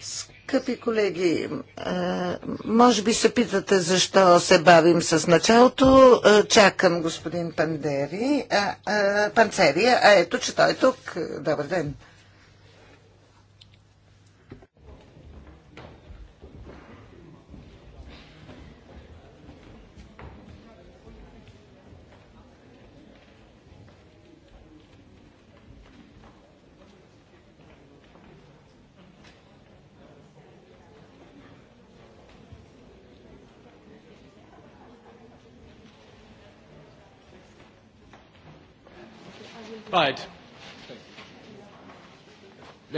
Скъпи колеги, е, може би се питате защо се бавим с началото. Е, чакам господин Пандери, а, Панцери, а ето, че той е тук. Добър ден.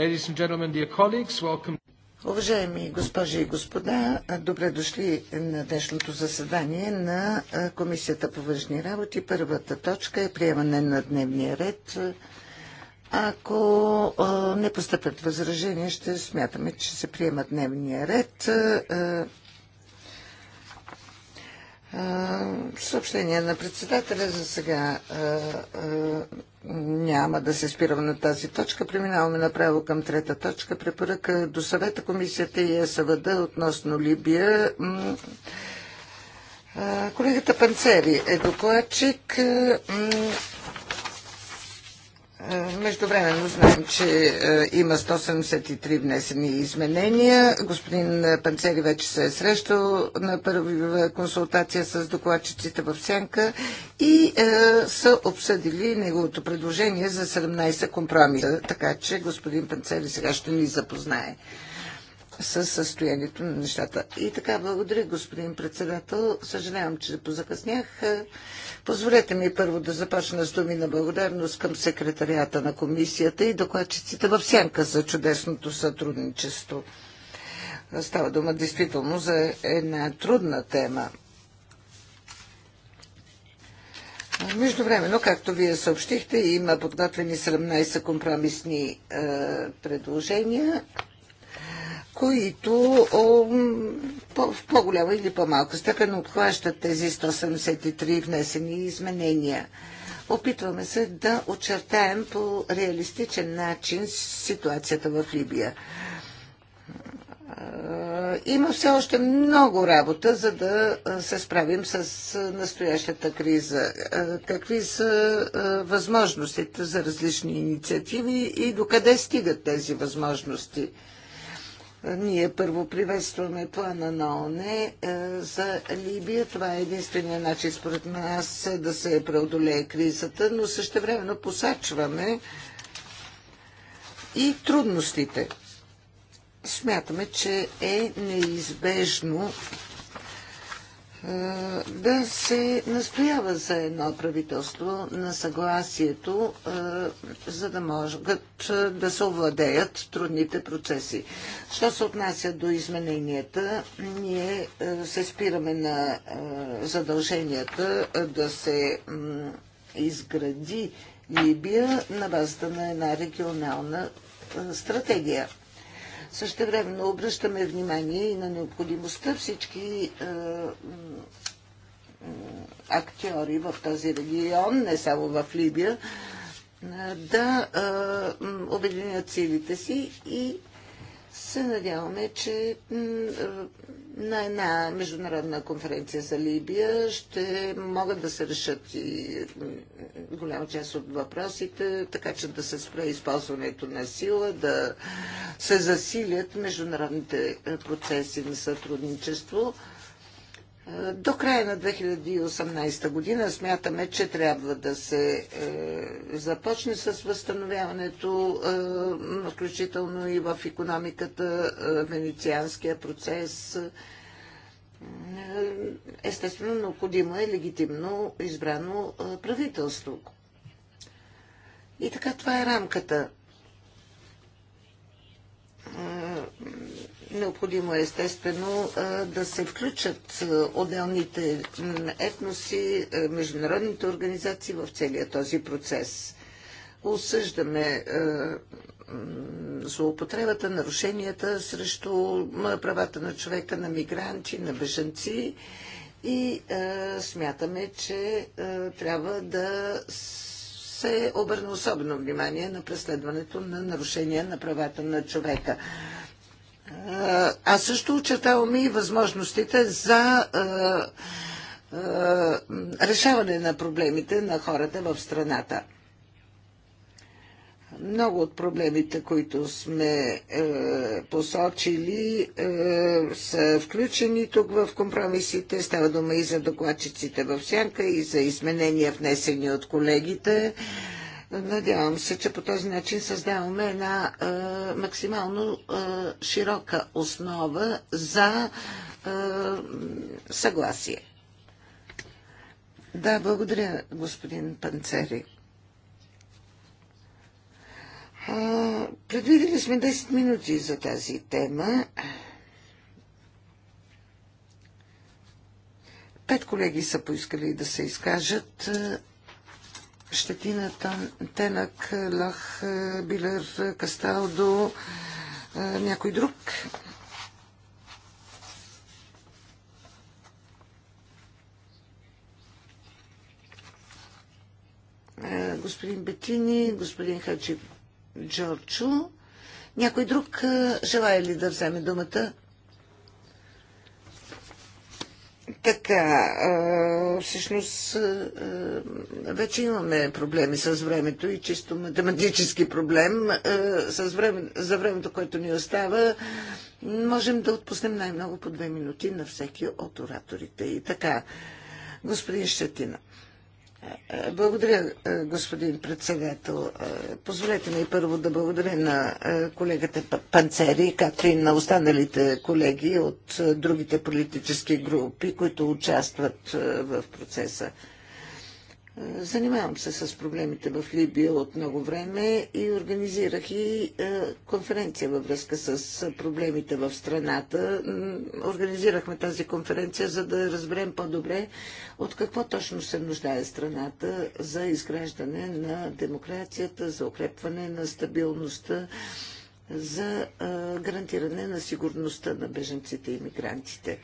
Ladies and gentlemen, dear colleagues, welcome. Уважаеми госпожи и господа, добре дошли на днешното заседание на Комисията по външни работи. Първата точка е приемане на дневния ред. Ако не постъпят възражения, ще смятаме, че се приема дневния ред. Съобщение на председателя за сега няма да се спирам на тази точка. Преминаваме направо към трета точка. Препоръка до съвета комисията и СВД относно Либия. Колегата Панцери е докладчик. Е, междувременно знаем, че е, има 173 внесени изменения. Господин Панцери вече се е срещал на първа е, консултация с докладчиците в Сянка и е, са обсъдили неговото предложение за 17 компромиса. Така че господин Панцери сега ще ни запознае с състоянието на нещата. И така, благодаря, господин председател. Съжалявам, че позакъснях. Позволете ми първо да започна с думи на благодарност към секретарията на комисията и докладчиците в сянка за чудесното сътрудничество. Става дума действително за една трудна тема. Междувременно, както вие съобщихте, има подготвени 17 компромисни е, предложения които в по-голяма или по-малка степен обхващат тези 173 внесени изменения. Опитваме се да очертаем по реалистичен начин ситуацията в Либия. Има все още много работа, за да се справим с настоящата криза. Какви са възможностите за различни инициативи и докъде стигат тези възможности? Ние първо приветстваме плана на ОНЕ за Либия. Това е единствения начин, според нас, е да се преодолее кризата, но времено посачваме и трудностите. Смятаме, че е неизбежно е, да се настоява за едно правителство на съгласието, е, за да могат е, да се овладеят трудните процеси. Що се отнася до измененията, ние се спираме на задълженията да се изгради Либия на базата на една регионална стратегия. Същевременно обръщаме внимание и на необходимостта всички е, актьори в този регион, не само в Либия, е, да е, обединят силите си и се надяваме, че е, на една международна конференция за Либия ще могат да се решат и голяма част от въпросите, така че да се спре използването на сила, да се засилят международните процеси на сътрудничество. До края на 2018 година смятаме, че трябва да се е, започне с възстановяването, е, включително и в економиката, е, венецианския процес. Е, естествено, необходимо е легитимно избрано е, правителство. И така, това е рамката е, Необходимо е естествено да се включат отделните етноси, международните организации в целия този процес. Осъждаме злоупотребата, нарушенията срещу правата на човека, на мигранти, на бежанци и смятаме, че трябва да се обърне особено внимание на преследването на нарушения на правата на човека а също очертаваме и възможностите за решаване на проблемите на хората в страната. Много от проблемите, които сме е, посочили, е, са включени тук в компромисите. Става дума и за докладчиците в сянка, и за изменения внесени от колегите. Надявам се, че по този начин създаваме една а, е, максимално а, е, широка основа за а, е, съгласие. Да, благодаря, господин Панцери. А, предвидели сме 10 минути за тази тема. Пет колеги са поискали да се изкажат. Щетина Тенък, Лах, Билер, Касталдо, някой друг. Господин Бетини, господин Хачи Джорджо, Някой друг желая ли да вземе думата? Така, всъщност вече имаме проблеми с времето и чисто математически проблем. С време, за времето, което ни остава, можем да отпуснем най-много по две минути на всеки от ораторите. И така, господин Щетина. Благодаря, е, господин председател. Е, позволете ми първо да благодаря на е, колегата Панцери, както и на останалите колеги от другите политически групи, които участват в процеса. Занимавам се с проблемите в Либия от много време и организирах и е, конференция във връзка с е, проблемите в страната. Организирахме тази конференция, за да разберем по-добре от какво точно се нуждае страната за изграждане на демокрацията, за укрепване на стабилността, за е, гарантиране на сигурността на беженците и мигрантите.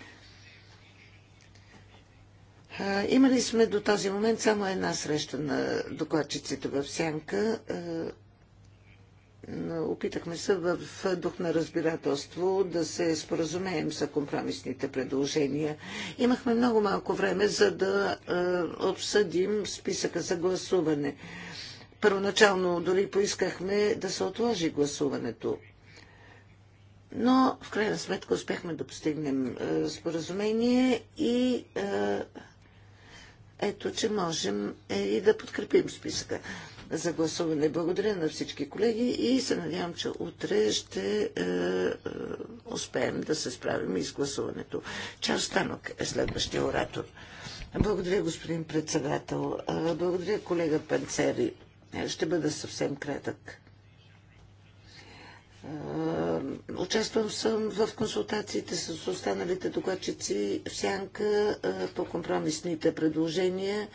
Имали сме до този момент само една среща на докладчиците в Сянка. Опитахме се в дух на разбирателство да се споразумеем за компромисните предложения. Имахме много малко време, за да обсъдим списъка за гласуване. Първоначално дори поискахме да се отложи гласуването. Но в крайна сметка успяхме да постигнем споразумение и ето, че можем е, и да подкрепим списъка за гласуване. Благодаря на всички колеги и се надявам, че утре ще е, е, успеем да се справим и с гласуването. Чар Станок е следващия оратор. Благодаря, господин председател. Е, благодаря, колега Панцери. Е, ще бъда съвсем кратък. Е, Участвам съм в консултациите с останалите докладчици в сянка е, по компромисните предложения.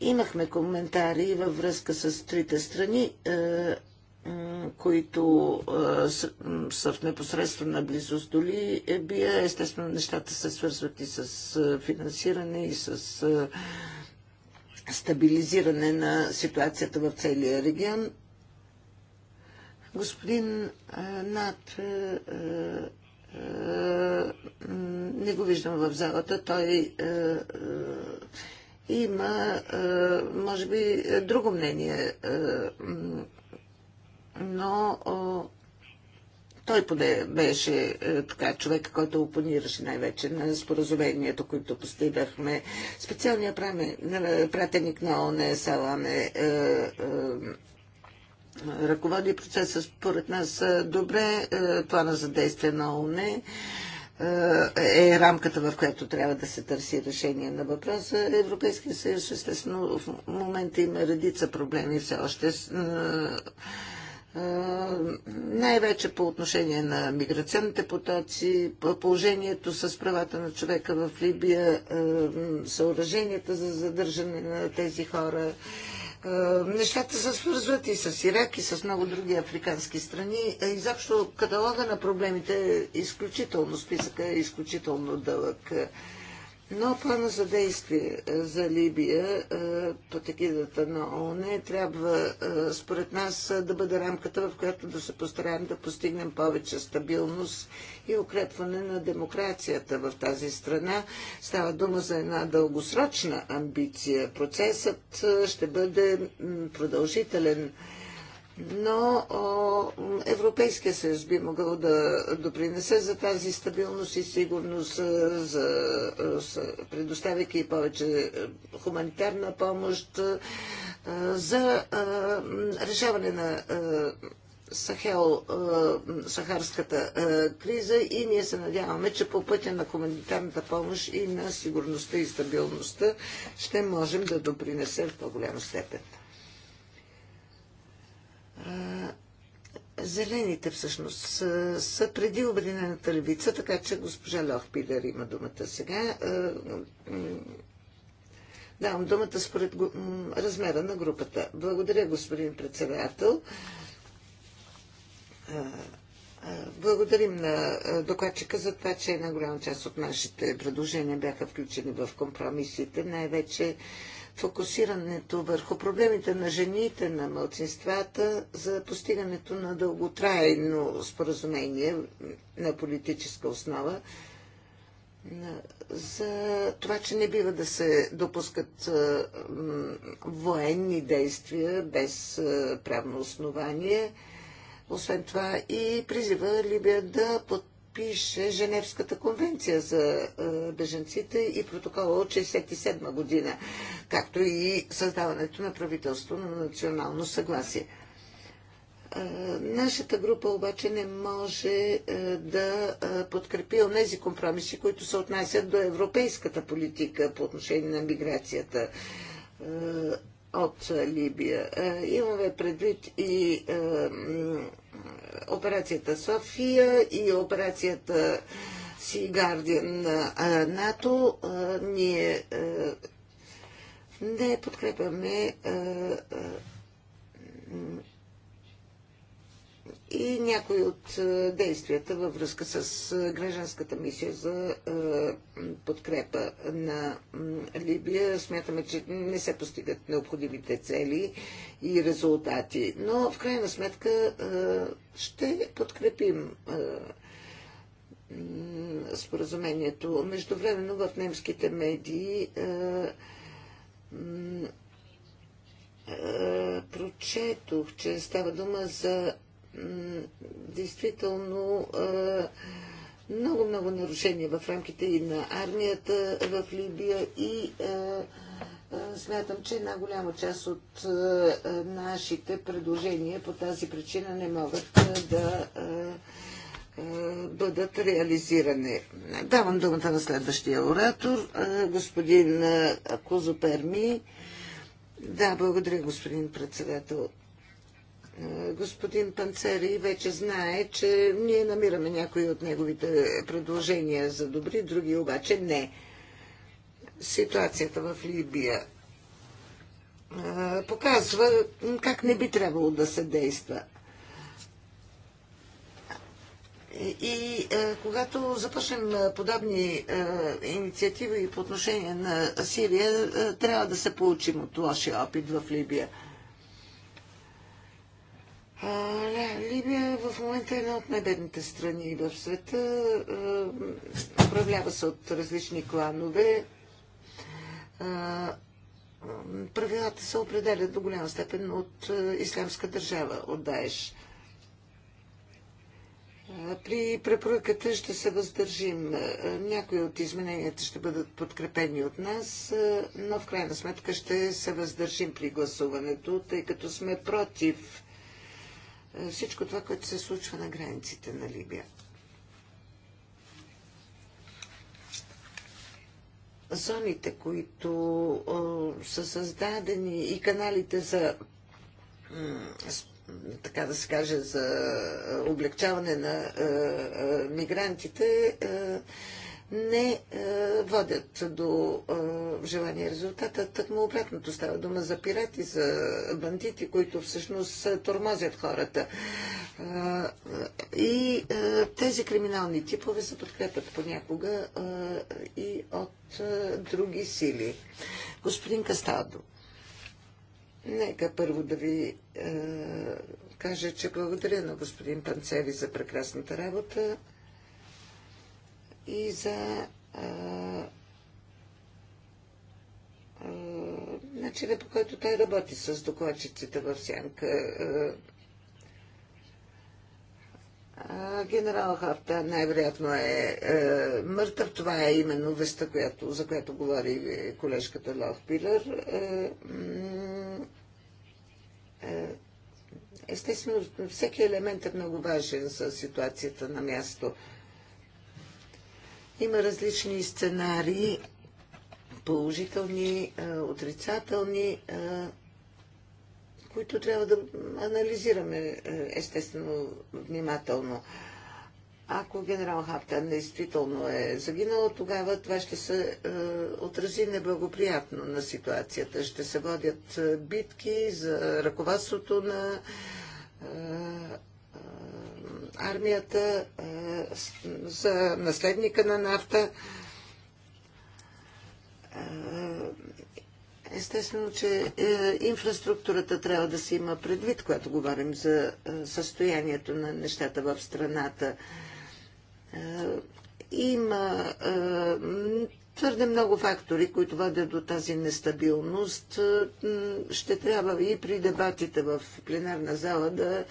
Имахме коментари във връзка с трите страни, е, които са в непосредствена близост до Либия. Естествено, нещата се свързват и с финансиране, и с стабилизиране на ситуацията в целия регион. Господин Над не го виждам в залата. Той има, може би, друго мнение, но той поне беше така човек, който опонираше най-вече на споразумението, които постигнахме. Специалният пратеник на ОНЕ Саламе ръководи процеса, според нас е, добре. Плана за действие на ОНЕ е рамката, в която трябва да се търси решение на въпроса. Европейския съюз, естествено, в момента има редица проблеми все още. Е, е, най-вече по отношение на миграционните потоци, положението с правата на човека в Либия, съоръженията за задържане на тези хора е, нещата се свързват и с Ирак, и с много други африкански страни. Е, изобщо каталога на проблемите е изключително, списъка е изключително дълъг. Но плана за действие е, за Либия е, по такидата на ООН трябва, е, според нас, да бъде рамката, в която да се постараем да постигнем повече стабилност и укрепване на демокрацията в тази страна. Става дума за една дългосрочна амбиция. Процесът ще бъде продължителен но Европейския съюз би могъл да допринесе за тази стабилност и сигурност, за, за, предоставяйки повече хуманитарна помощ за решаване на Сахел, сахарската криза и ние се надяваме, че по пътя на хуманитарната помощ и на сигурността и стабилността ще можем да допринесем в по-голяма степен. Зелените всъщност са, преди Обединената левица, така че госпожа Лохпилер има думата сега. Давам думата според размера на групата. Благодаря, господин председател. Благодарим на докладчика за това, че една голяма част от нашите предложения бяха включени в компромисите, най-вече фокусирането върху проблемите на жените, на младсинствата, за постигането на дълготрайно споразумение на политическа основа, за това, че не бива да се допускат военни действия без правно основание. Освен това и призива Либия да подпише подпише Женевската конвенция за е, беженците и протокола от 1967 година, както и създаването на правителство на национално съгласие. Е, нашата група обаче не може е, да подкрепи онези компромиси, които се отнасят до европейската политика по отношение на миграцията от Либия. Имаме предвид и операцията София и операцията Си Гардиан на НАТО. Ние не подкрепяме и някои от е, действията във връзка с е, гражданската мисия за е, подкрепа на Либия. Смятаме, че не се постигат необходимите цели и резултати, но в крайна сметка ще подкрепим споразумението. Междувременно в немските медии прочетох, че става дума за действително много-много нарушения в рамките и на армията в Либия и смятам, че една голяма част от нашите предложения по тази причина не могат да бъдат реализирани. Давам думата на следващия оратор, господин Кузо Перми. Да, благодаря, господин председател господин Панцери вече знае, че ние намираме някои от неговите предложения за добри, други обаче не. Ситуацията в Либия показва как не би трябвало да се действа. И когато започнем подобни инициативи по отношение на Сирия, трябва да се получим от лошия опит в Либия. Либия в момента е една от най-бедните страни в света. Управлява се от различни кланове. Правилата се определят до голяма степен от ислямска държава, от Даеш. При препоръката ще се въздържим. Някои от измененията ще бъдат подкрепени от нас, но в крайна сметка ще се въздържим при гласуването, тъй като сме против всичко това, което се случва на границите на Либия. Зоните, които о, са създадени и каналите за така да се каже, за облегчаване на а, а, мигрантите, а, не е, водят до е, желания резултата. Так му обратното става дума за пирати, за бандити, които всъщност тормозят хората. Е, и тези криминални типове се подкрепят понякога и от други сили. Господин Кастадо, нека първо да ви кажа, че благодаря на господин Панцеви за прекрасната работа и за начина по който той работи с докладчиците в сянка. Генерал Хафта най-вероятно е, е мъртъв. Това е именно веста, която, за която говори колежката Лохпилер. Е, е, естествено, всеки елемент е много важен за ситуацията на място. Е, има различни сценарии, положителни, отрицателни, които трябва да анализираме естествено внимателно. Ако генерал Хаптан действително е загинал, тогава това ще се е, отрази неблагоприятно на ситуацията. Ще се водят битки за ръководството на е, армията, за наследника на нафта. Естествено, че е, инфраструктурата трябва да се има предвид, когато говорим за състоянието на нещата в страната. Има твърде много фактори, които водят до тази нестабилност. Ще трябва и при дебатите в пленарна зала да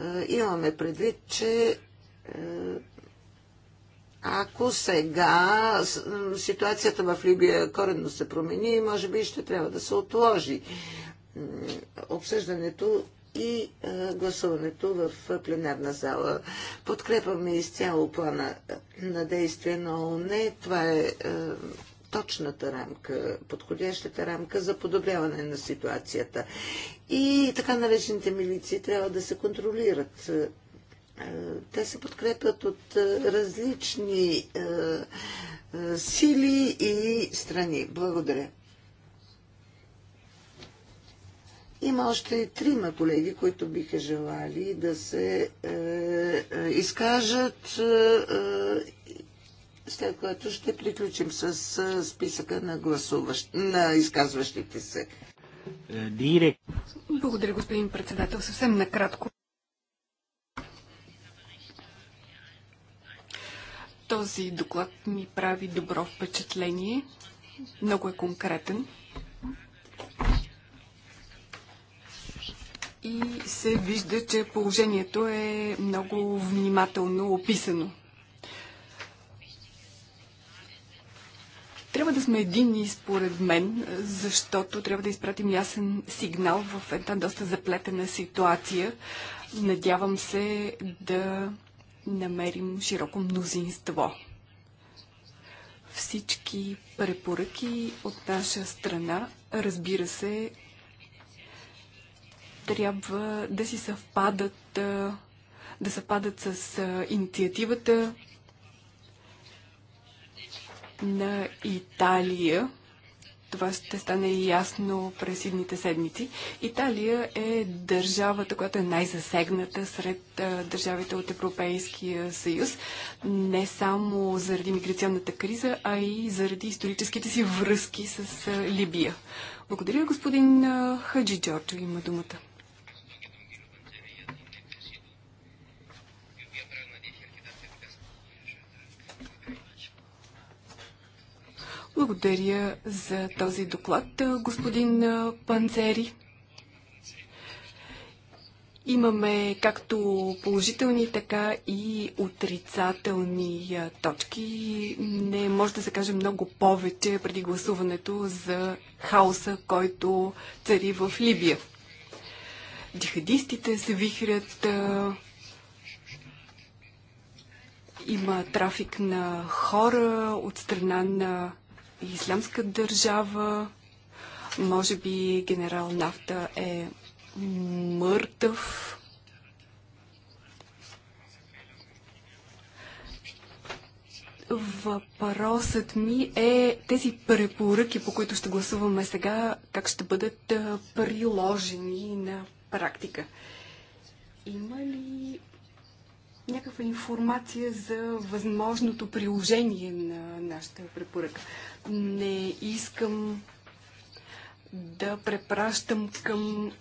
е, имаме предвид, че е, ако сега ситуацията в Либия коренно се промени, може би ще трябва да се отложи обсъждането и е, гласуването в пленарна зала. Подкрепаме изцяло плана на действие на не. Това е точната рамка, подходящата рамка за подобряване на ситуацията. И така наречените милиции трябва да се контролират. Е, те се подкрепят от е, различни е, сили и страни. Благодаря. Има още и трима колеги, които биха желали да се е, е, изкажат е, след което ще приключим с списъка на, гласуващ, на изказващите се. Е, директ. Благодаря, господин председател. Съвсем накратко. Този доклад ми прави добро впечатление. Много е конкретен. И се вижда, че положението е много внимателно описано. Трябва да сме единни, според мен, защото трябва да изпратим ясен сигнал в една доста заплетена ситуация. Надявам се да намерим широко мнозинство. Всички препоръки от наша страна, разбира се, трябва да си съвпадат, да съвпадат с инициативата на Италия. Това ще стане ясно през едните седмици. Италия е държавата, която е най-засегната сред държавите от Европейския съюз. Не само заради миграционната криза, а и заради историческите си връзки с Либия. Благодаря, господин Хаджи Джорджо. Има думата. Благодаря за този доклад, господин Панцери. Имаме както положителни, така и отрицателни точки. Не може да се каже много повече преди гласуването за хаоса, който цари в Либия. Джихадистите се вихрят, има трафик на хора от страна на ислямска държава. Може би генерал Нафта е мъртъв. Въпросът ми е тези препоръки, по които ще гласуваме сега, как ще бъдат приложени на практика. Има ли някаква информация за възможното приложение на нашата препоръка. Не искам да препращам към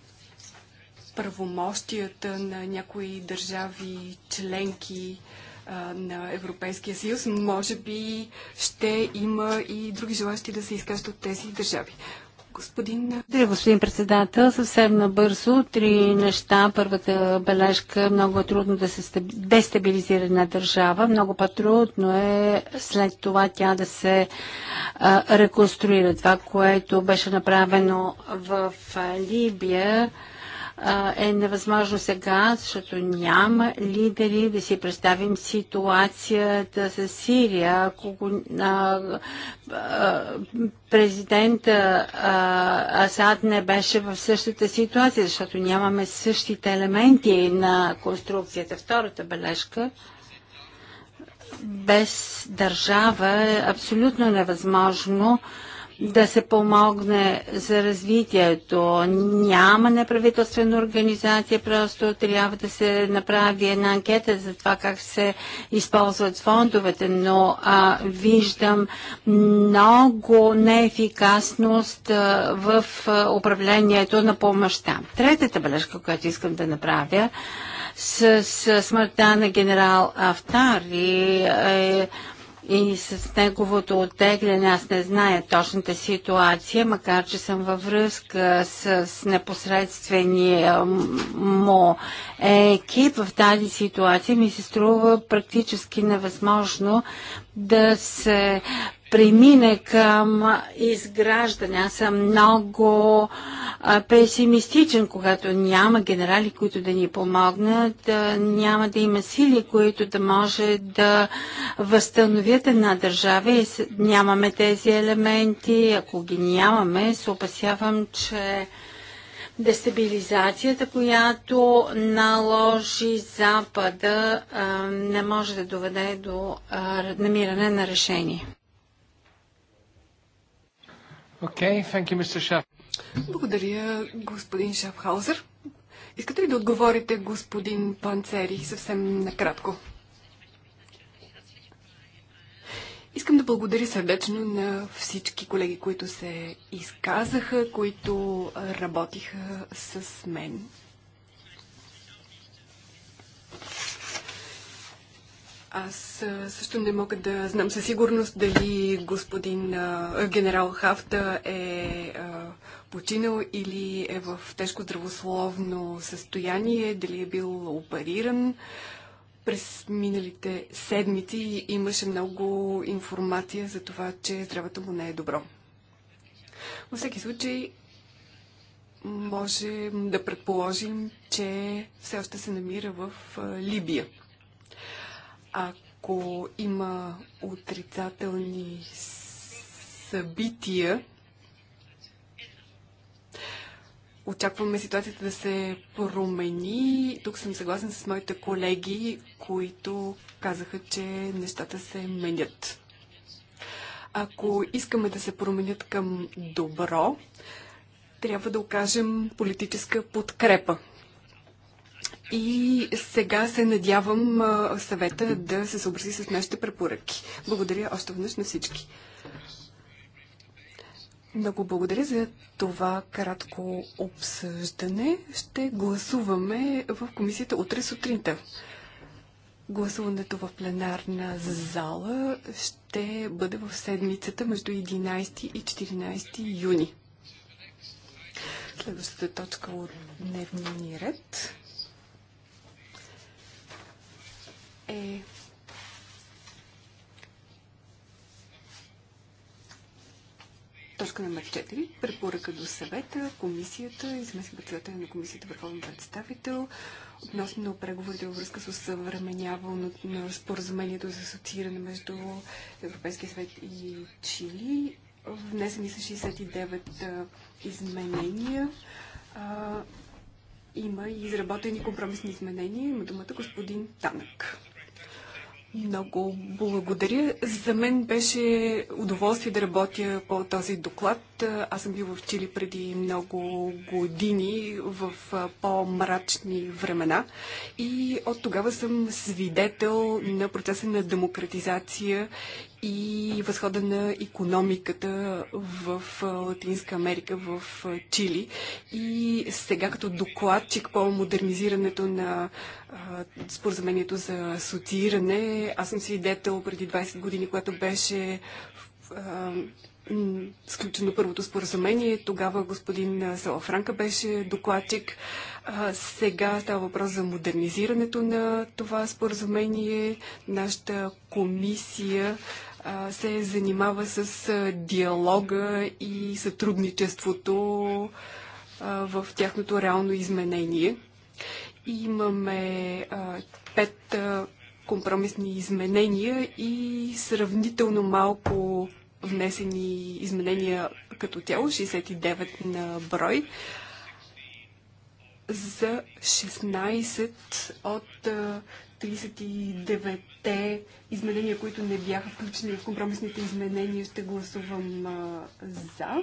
правомощията на някои държави членки а, на Европейския съюз. Може би ще има и други желащи да се изкажат от тези държави. Господин... господин председател, съвсем набързо три неща. Първата бележка много е трудно да се дестабилизира една държава. Много по-трудно е след това тя да се а, реконструира. Това, което беше направено в Либия, е невъзможно сега, защото няма лидери да си представим ситуацията с Сирия. Ако президента Асад не беше в същата ситуация, защото нямаме същите елементи на конструкцията. Втората бележка без държава е абсолютно невъзможно да се помогне за развитието. Няма неправителствена организация, просто трябва да се направи една анкета за това как се използват фондовете, но а, виждам много неефикасност а, в а, управлението на помощта. Третата бележка, която искам да направя, с, с смъртта на генерал Автар и е, и с неговото оттегляне аз не зная точната ситуация, макар че съм във връзка с, с непосредствения му екип. В тази ситуация ми се струва практически невъзможно да се премине към изграждане. Аз съм много песимистичен, когато няма генерали, които да ни помогнат, няма да има сили, които да може да възстановят една държава и нямаме тези елементи. Ако ги нямаме, се опасявам, че дестабилизацията, която наложи Запада, не може да доведе до намиране на решение. Okay, thank you, Mr. Schaff. Благодаря, господин Шафхаузер. Искате ли да отговорите, господин Панцери, съвсем накратко? Искам да благодаря сърдечно на всички колеги, които се изказаха, които работиха с мен. Аз също не мога да знам със сигурност дали господин генерал Хафта е починал или е в тежко здравословно състояние, дали е бил опериран. През миналите седмици имаше много информация за това, че здравето му не е добро. Във всеки случай, може да предположим, че все още се намира в Либия – ако има отрицателни събития, очакваме ситуацията да се промени. Тук съм съгласен с моите колеги, които казаха, че нещата се менят. Ако искаме да се променят към добро, трябва да окажем политическа подкрепа и сега се надявам съвета да се съобрази с нашите препоръки. Благодаря още веднъж на всички. Много благодаря за това кратко обсъждане. Ще гласуваме в комисията утре сутринта. Гласуването в пленарна зала ще бъде в седмицата между 11 и 14 юни. Следващата точка от дневния ни ред е Точка номер 4. Препоръка до съвета, комисията и заместник председател на комисията Върховен представител относно преговорите във връзка с съвременяването на споразумението за асоцииране между Европейския съвет и Чили. Внесени са 69 изменения. А, има и изработени компромисни изменения. Има думата господин Танък. Много благодаря. За мен беше удоволствие да работя по този доклад. Аз съм бил в Чили преди много години в по-мрачни времена и от тогава съм свидетел на процеса на демократизация и възхода на економиката в Латинска Америка, в Чили. И сега като докладчик по модернизирането на споразумението за асоцииране, аз съм свидетел преди 20 години, когато беше сключено първото споразумение. Тогава господин Салафранка беше докладчик. сега става въпрос за модернизирането на това споразумение. Нашата комисия се занимава с диалога и сътрудничеството в тяхното реално изменение. Имаме пет компромисни изменения и сравнително малко внесени изменения като тяло, 69 на брой, за 16 от 39-те изменения, които не бяха включени в компромисните изменения, ще гласувам а, за.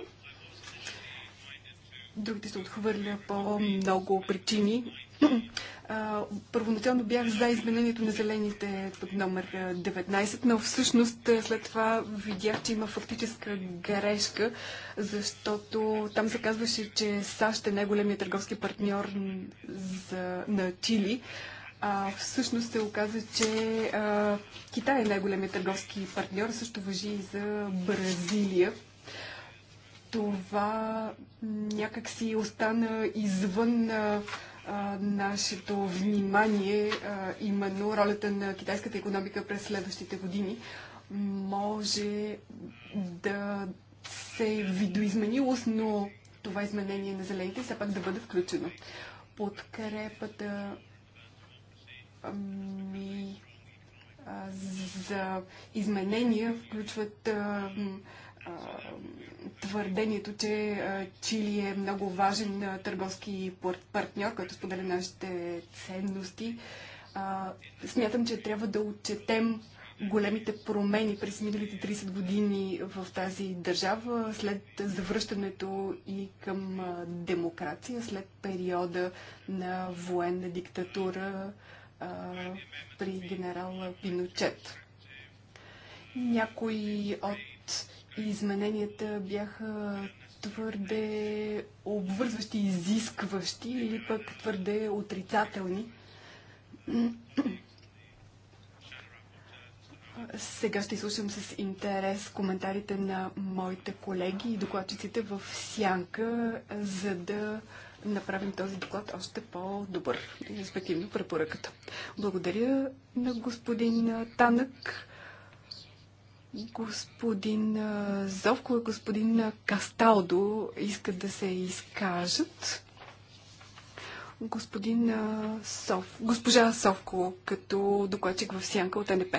Другите се отхвърля по много причини. първоначално бях за изменението на зелените под номер 19, но всъщност след това видях, че има фактическа грешка, защото там се казваше, че САЩ е най-големият търговски партньор за, на Чили. А, всъщност се оказа, че а, Китай е най-големият търговски партньор, също въжи и за Бразилия. Това някак си остана извън а, нашето внимание, а, именно ролята на китайската економика през следващите години може да се видоизмени но това изменение на зелените все пак да бъде включено. Подкрепата ми, а, за изменения включват а, а, твърдението, че а, Чили е много важен а, търговски партньор, който споделя нашите ценности. А, смятам, че трябва да отчетем големите промени през миналите 30 години в тази държава, след завръщането и към демокрация, след периода на военна диктатура, а, при генерал Пиночет. Някои от измененията бяха твърде обвързващи, изискващи или пък твърде отрицателни. Сега ще изслушам с интерес коментарите на моите колеги и докладчиците в Сянка, за да направим този доклад още по-добър, респективно препоръката. Благодаря на господин Танък, господин Зовко и господин Касталдо искат да се изкажат. Господин Сов, госпожа Совко като докладчик в Сянка от НП.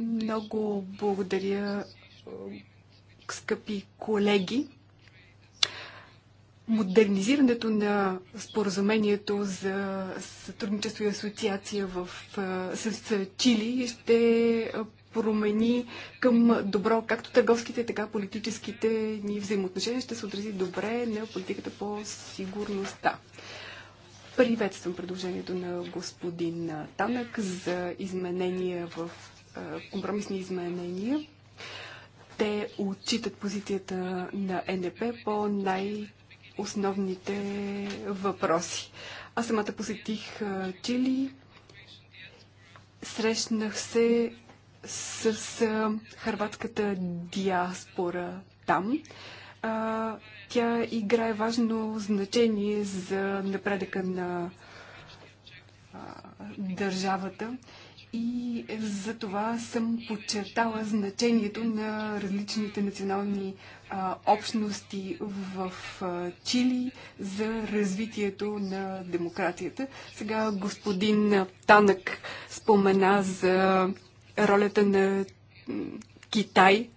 Много благодаря, скъпи колеги модернизирането на споразумението за сътрудничество и асоциация в, с, с Чили ще промени към добро както търговските, така политическите ни взаимоотношения ще се отрази добре на политиката по сигурността. Приветствам предложението на господин Танък за изменения в компромисни изменения. Те отчитат позицията на НДП по най- основните въпроси. Аз самата посетих Чили, срещнах се с харватската диаспора там. Тя играе важно значение за напредъка на държавата и за това съм подчертала значението на различните национални а, общности в а, Чили за развитието на демокрацията. Сега господин Танък спомена за ролята на Китай.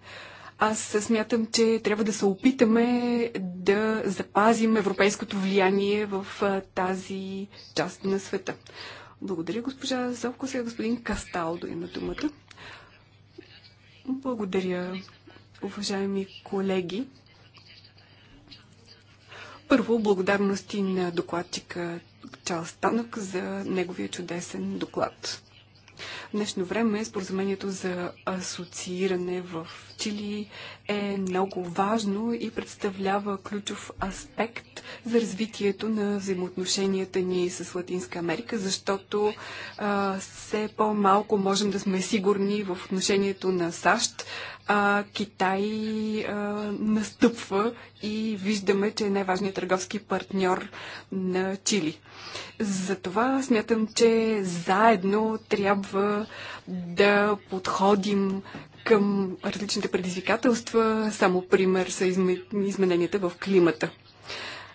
Аз смятам, че трябва да се опитаме да запазим европейското влияние в а, тази част на света. Благодаря, госпожа Зовко. Сега господин Касталдо има думата. Благодаря, уважаеми колеги. Първо, благодарности на докладчика Чарлз Танък за неговия чудесен доклад. В днешно време споразумението за асоцииране в Чили е много важно и представлява ключов аспект за развитието на взаимоотношенията ни с Латинска Америка, защото а, все по-малко можем да сме сигурни в отношението на САЩ. А, Китай а, настъпва и виждаме, че е най-важният търговски партньор на Чили. Затова смятам, че заедно трябва да подходим към различните предизвикателства. Само пример са измененията в климата.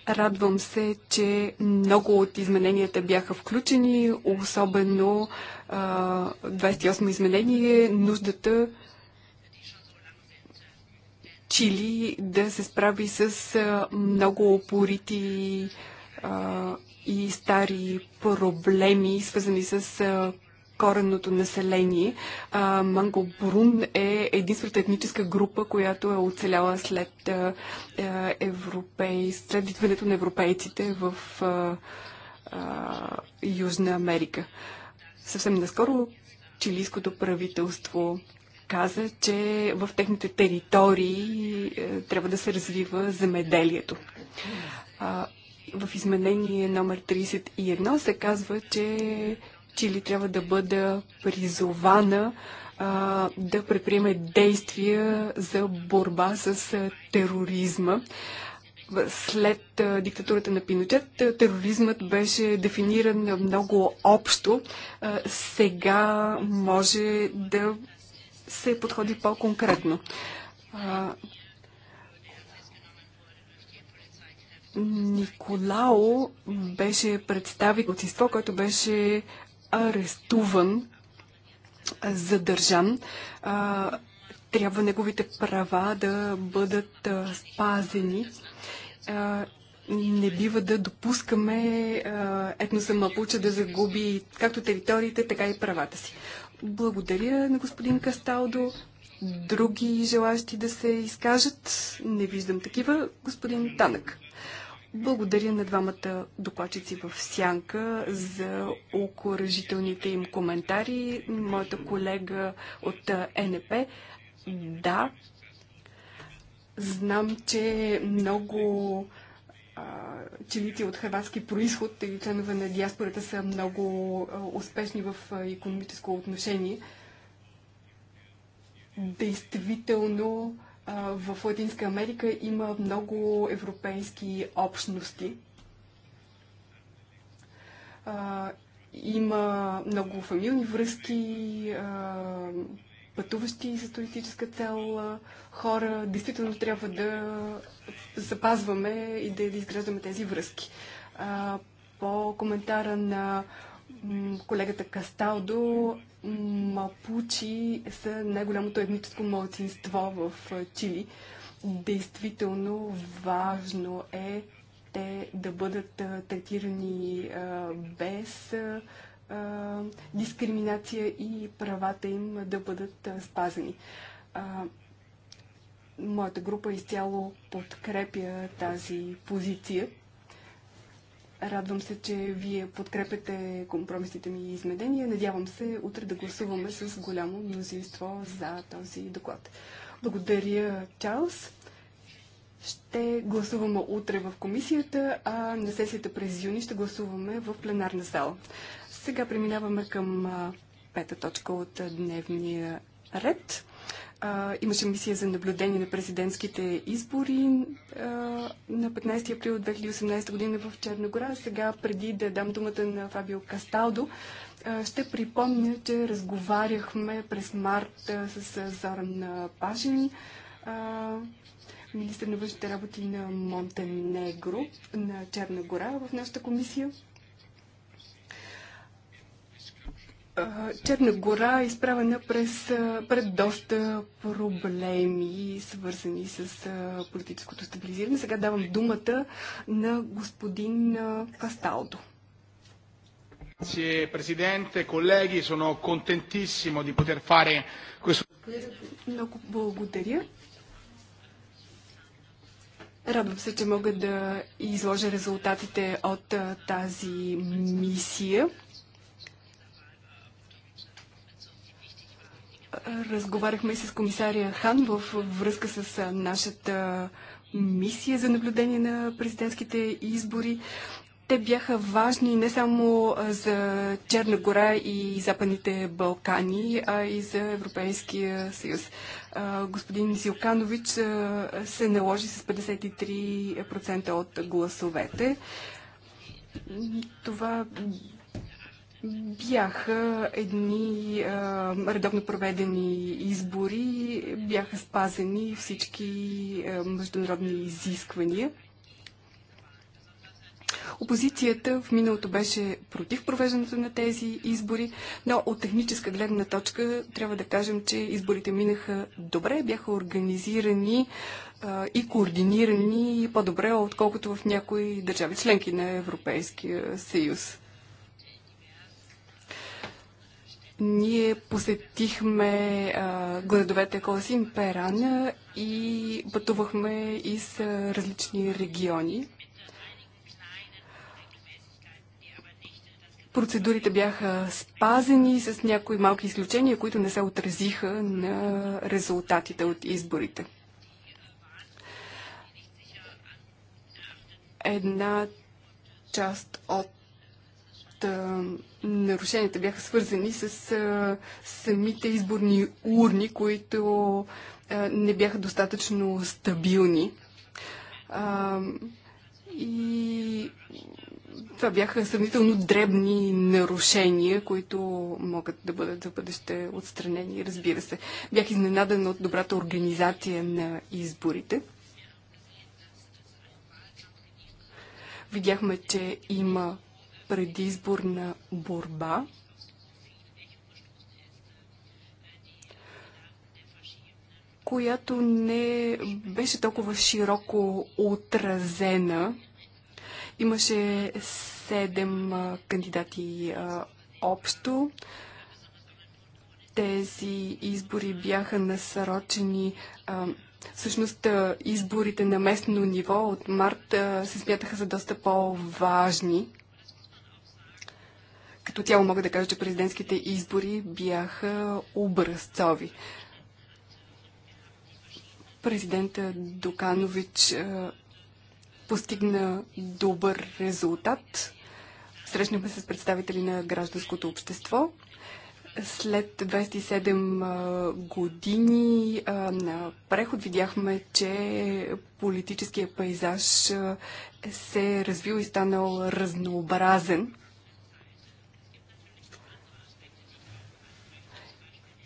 Радвам се, че много от измененията бяха включени, особено 28 изменение нуждата Чили да се справи с много опорити и стари проблеми, свързани с коренното население. Манго Бурун е единствената етническа група, която е оцеляла след, идването на европейците в Южна Америка. Съвсем наскоро чилийското правителство каза, че в техните територии е, трябва да се развива земеделието. в изменение номер 31 се казва, че ли трябва да бъда призована а, да предприеме действия за борба с а, тероризма. След а, диктатурата на Пиночет тероризмът беше дефиниран много общо. А, сега може да се подходи по-конкретно. Николао беше представител от което беше арестуван, задържан, трябва неговите права да бъдат спазени. Не бива да допускаме етноса Мапуча да загуби както териториите, така и правата си. Благодаря на господин Касталдо. Други желащи да се изкажат? Не виждам такива. Господин Танък. Благодаря на двамата докладчици в Сянка за окоръжителните им коментари. Моята колега от НП. Да, знам, че много чините от хаваски происход и членове на диаспората са много успешни в економическо отношение. Действително, в Латинска Америка има много европейски общности. Има много фамилни връзки, пътуващи за туристическа цел хора. Действително трябва да запазваме и да, изграждаме тези връзки. По коментара на колегата Касталдо, мапучи са най-голямото етническо младсинство в Чили. Действително важно е те да бъдат третирани без дискриминация и правата им да бъдат спазени. Моята група изцяло подкрепя тази позиция. Радвам се, че вие подкрепяте компромисите ми и изменения. Надявам се утре да гласуваме с голямо мнозинство за този доклад. Благодаря, Чарлз. Ще гласуваме утре в комисията, а на сесията през юни ще гласуваме в пленарна зала. Сега преминаваме към пета точка от дневния ред а, имаше мисия за наблюдение на президентските избори а, на 15 април 2018 година в Черна гора. Сега, преди да дам думата на Фабио Касталдо, а, ще припомня, че разговаряхме през март а, с Зоран Пашин, а, министър на външните работи на Монтенегро, на Черна гора в нашата комисия. Черна гора е изправена през, пред доста проблеми, свързани с политическото стабилизиране. Сега давам думата на господин Касталдо. Grazie Presidente, colleghi, sono contentissimo di poter fare questo. Много благодаря. Радвам се, че мога да изложа резултатите от тази мисия. Разговаряхме и с комисария Хан в връзка с нашата мисия за наблюдение на президентските избори. Те бяха важни не само за Черна гора и Западните Балкани, а и за Европейския съюз. Господин Зилканович се наложи с 53% от гласовете. Това бяха едни а, редовно проведени избори, бяха спазени всички а, международни изисквания. Опозицията в миналото беше против провеждането на тези избори, но от техническа гледна точка трябва да кажем, че изборите минаха добре, бяха организирани а, и координирани по-добре, отколкото в някои държави членки на Европейския съюз. Ние посетихме а, градовете Косин, перан и пътувахме из а, различни региони. Процедурите бяха спазени с някои малки изключения, които не се отразиха на резултатите от изборите. Една част от а, нарушенията бяха свързани с а, самите изборни урни, които а, не бяха достатъчно стабилни. А, и това бяха сравнително дребни нарушения, които могат да бъдат за бъдеще отстранени, разбира се. Бях изненадан от добрата организация на изборите. Видяхме, че има предизборна борба. която не беше толкова широко отразена. Имаше седем кандидати а, общо. Тези избори бяха насрочени. А, всъщност изборите на местно ниво от март а, се смятаха за доста по-важни като цяло мога да кажа, че президентските избори бяха образцови. Президента Доканович е, постигна добър резултат. Срещнахме се с представители на гражданското общество. След 27 е, години е, на преход видяхме, че политическия пейзаж се развил и станал разнообразен.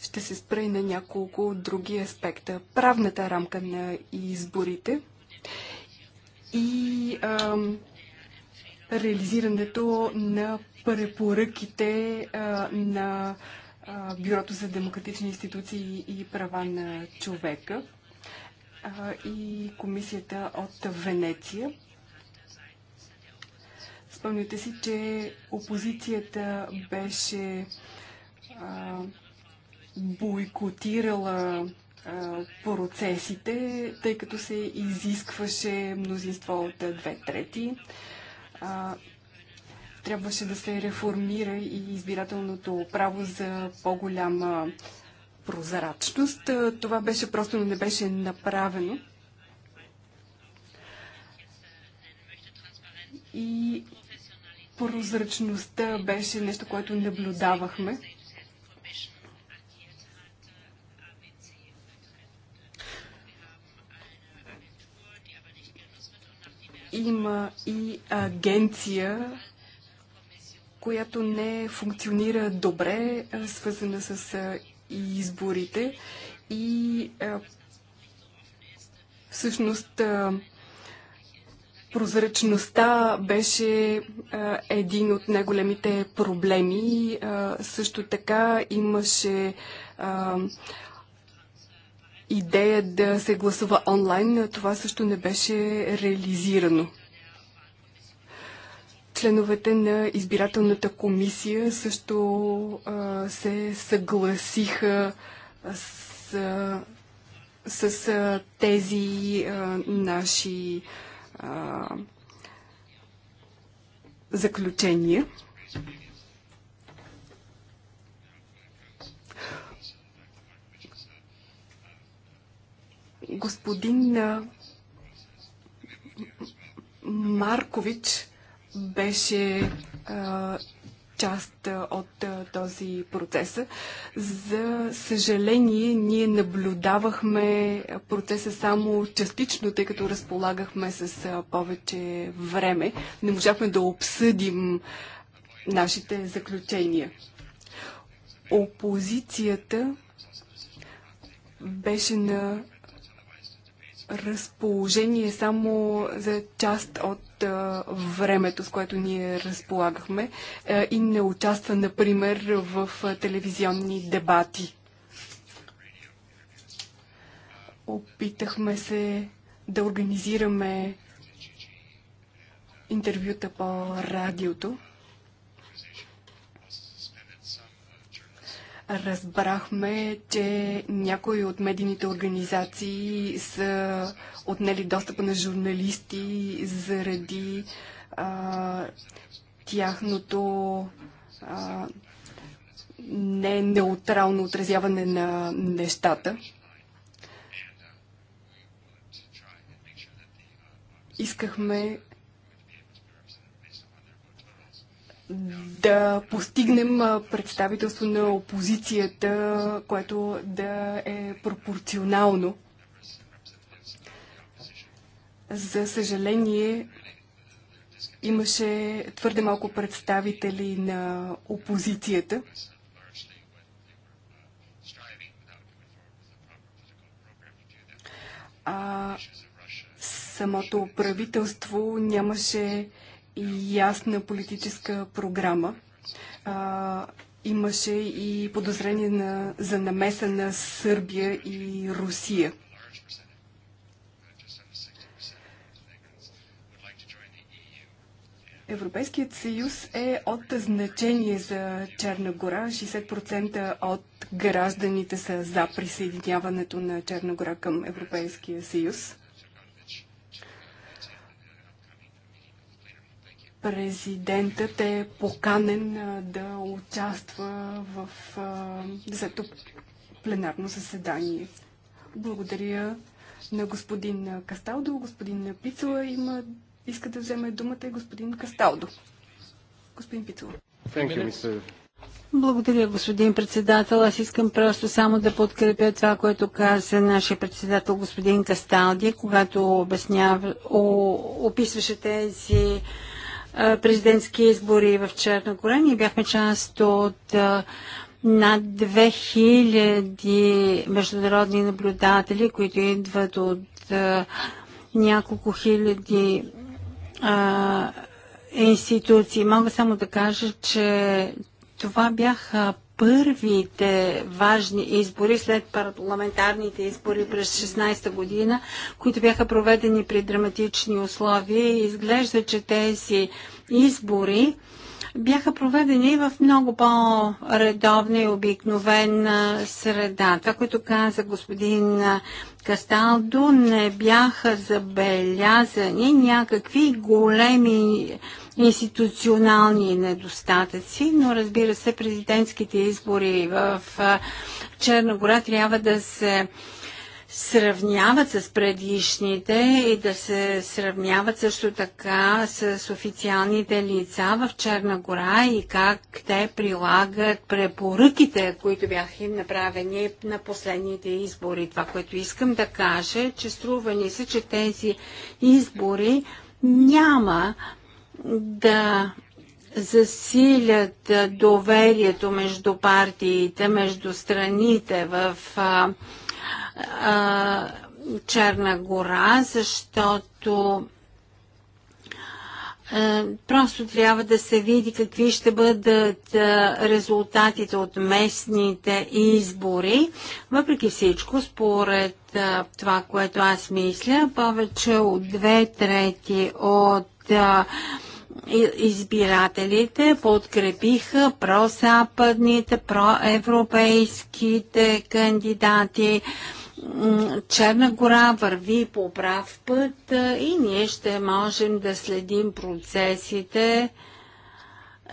Ще се спра и на няколко други аспекта. Правната рамка на изборите и ам, реализирането на препоръките а, на а, Бюрото за демократични институции и права на човека а, и комисията от Венеция. Спомняте си, че опозицията беше а, бойкотирала процесите, тъй като се изискваше мнозинство от две трети. Трябваше да се реформира и избирателното право за по-голяма прозрачност. Това беше просто но не беше направено. И прозрачността беше нещо, което наблюдавахме. има и агенция, която не функционира добре, свързана с изборите и всъщност прозрачността беше един от най-големите проблеми. също така имаше идея да се гласува онлайн, това също не беше реализирано. Членовете на избирателната комисия също а, се съгласиха с, с тези а, наши а, заключения. Господин Маркович беше а, част от а, този процес. За съжаление, ние наблюдавахме процеса само частично, тъй като разполагахме с а, повече време. Не можахме да обсъдим нашите заключения. Опозицията беше на разположение само за част от времето, с което ние разполагахме и не участва, например, в телевизионни дебати. Опитахме се да организираме интервюта по радиото. Разбрахме, че някои от медийните организации са отнели достъпа на журналисти заради а, тяхното а, не неутрално отразяване на нещата. Искахме да постигнем представителство на опозицията, което да е пропорционално. За съжаление, имаше твърде малко представители на опозицията. А самото правителство нямаше ясна политическа програма. А, имаше и подозрение на, за намеса на Сърбия и Русия. Европейският съюз е от значение за Черна гора. 60% от гражданите са за присъединяването на Черна гора към Европейския съюз. президентът е поканен да участва в зато пленарно заседание. Благодаря на господин Касталдо. Господин Пицела има, иска да вземе думата и господин Касталдо. Господин Пицела. Благодаря, господин председател. Аз искам просто само да подкрепя това, което каза нашия председател господин Касталди, когато обяснява, описваше тези президентски избори в Черна гора. Ние бяхме част от над 2000 международни наблюдатели, които идват от няколко хиляди институции. Мога само да кажа, че това бяха първите важни избори след парламентарните избори през 16-та година, които бяха проведени при драматични условия и изглежда, че тези избори бяха проведени в много по-редовна и обикновена среда. Това, което каза господин Касталдо не бяха забелязани някакви големи институционални недостатъци, но разбира се, президентските избори в Черна гора трябва да се сравняват с предишните и да се сравняват също така с официалните лица в Черна гора и как те прилагат препоръките, които бяха им направени на последните избори. Това, което искам да кажа, е, че струва ни се, че тези избори няма да засилят доверието между партиите, между страните в а, Черна гора, защото е, просто трябва да се види какви ще бъдат е, резултатите от местните избори. Въпреки всичко, според е, това, което аз мисля, повече от две трети от избирателите подкрепиха прозападните, проевропейските кандидати. Черна гора върви по прав път и ние ще можем да следим процесите.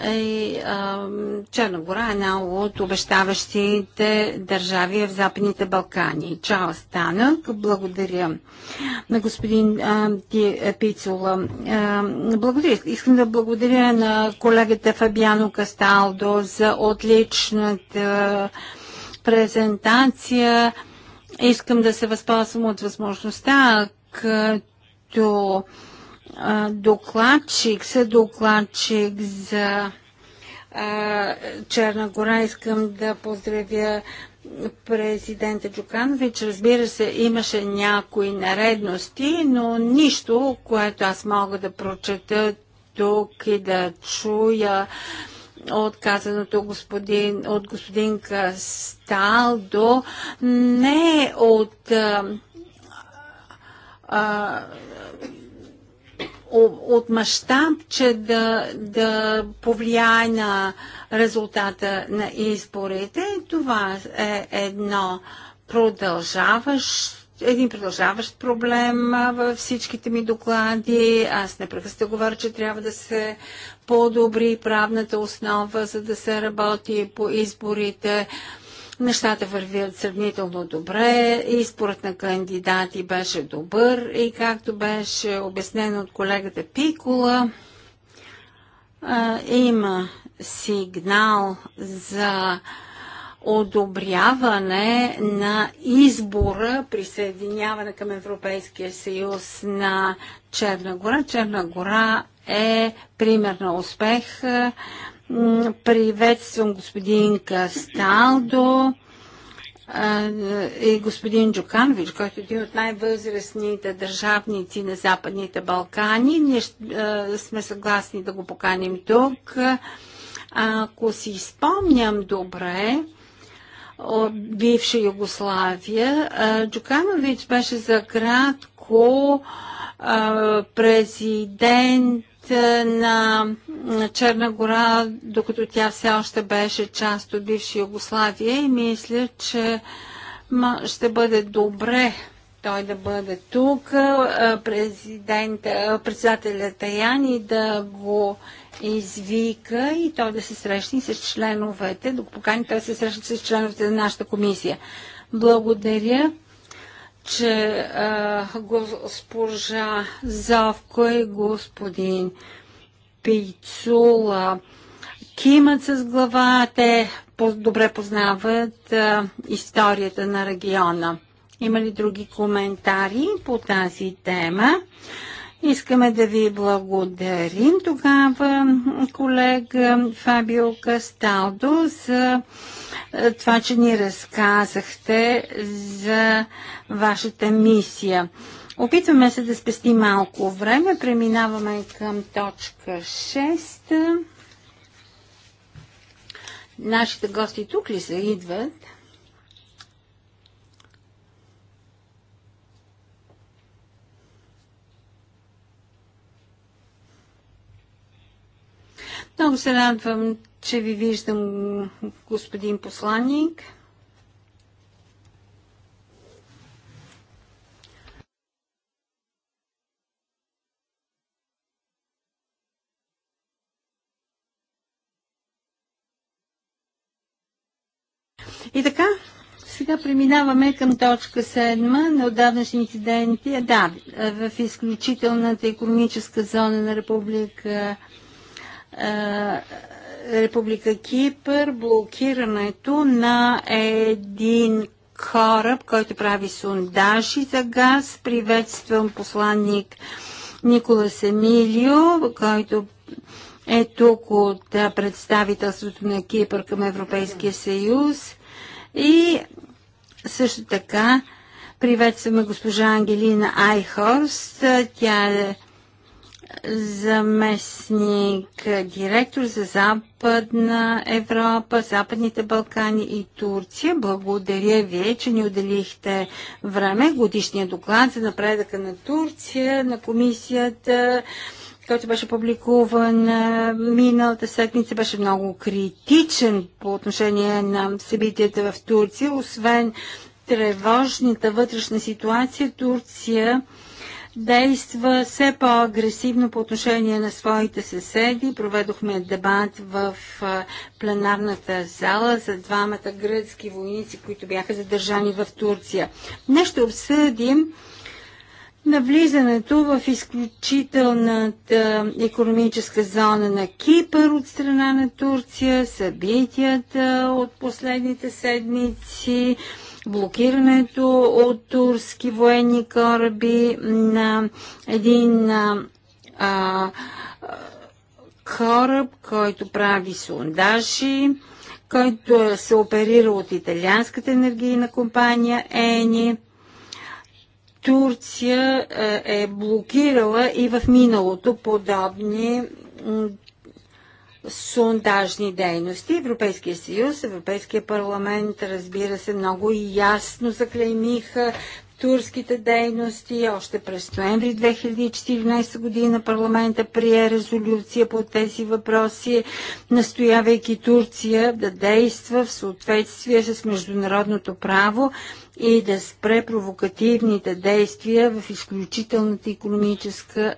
И, а, Черна гора е една от обещаващите държави в Западните Балкани. Чао Станък, благодаря на господин Ти, Пицула. благодаря. Искам да благодаря на колегата Фабиано Касталдо за отличната презентация. Искам да се възползвам от възможността, като докладчик, съдокладчик за Черна гора. Искам да поздравя президента Джуканович. Разбира се, имаше някои наредности, но нищо, което аз мога да прочета тук и да чуя от казаното господин, от господин Касталдо, не от а, а, от мащаб, че да, да повлияе на резултата на изборите. Това е едно продължаващо един продължаващ проблем във всичките ми доклади. Аз непрекъснато говоря, че трябва да се по-добри правната основа, за да се работи по изборите. Нещата вървят сравнително добре. Изборът на кандидати беше добър и както беше обяснено от колегата Пикола, има сигнал за одобряване на избора присъединяване към Европейския съюз на Черна гора. Черна гора е пример на успех. Приветствам господин Касталдо и господин Джуканович, който е един от най-възрастните държавници на Западните Балкани. Ние сме съгласни да го поканим тук. Ако си спомням добре, от бивша Югославия, Джуканович беше за кратко президент е, на Черна гора, докато тя все още беше част от бивши Югославия и мисля, че ще бъде добре той да бъде тук, е, председателя Таяни да го извика и той да се срещне с членовете, да покани той да се срещне с членовете на нашата комисия. Благодаря че а, госпожа Завко и господин Пицула кимат с глава, те добре познават а, историята на региона. Има ли други коментари по тази тема? Искаме да ви благодарим тогава, колега Фабио Касталдо, за е, това, че ни разказахте за вашата мисия. Опитваме се да спести малко време. Преминаваме към точка 6. Нашите гости тук ли са? Идват. Много се радвам, че ви виждам, господин посланник. И така, сега преминаваме към точка 7 на отдавнашни инциденти. Да, в изключителната економическа зона на Република е, Република Кипър блокирането на един кораб, който прави сондажи за газ. Приветствам посланник Николас Емилио, който е тук от е, представителството на Кипър към Европейския съюз. И също така приветстваме госпожа Ангелина Айхорст. Тя е заместник директор за Западна Европа, Западните Балкани и Турция. Благодаря ви, че ни отделихте време. Годишният доклад за напредъка на Турция, на комисията който беше публикуван миналата седмица, беше много критичен по отношение на събитията в Турция. Освен тревожната вътрешна ситуация, Турция действа все по-агресивно по отношение на своите съседи. Проведохме дебат в пленарната зала за двамата гръцки войници, които бяха задържани в Турция. Не ще обсъдим Навлизането в изключителната економическа зона на Кипър от страна на Турция, събитията от последните седмици, блокирането от турски военни кораби на един а, а, кораб, който прави сондажи, който се оперира от италианската енергийна компания ЕНИ. Турция е, е блокирала и в миналото подобни сондажни дейности. Европейския съюз, Европейския парламент, разбира се, много ясно заклеймиха турските дейности. Още през ноември 2014 година парламента прие резолюция по тези въпроси, настоявайки Турция да действа в съответствие с международното право и да спре провокативните действия в изключителната економическа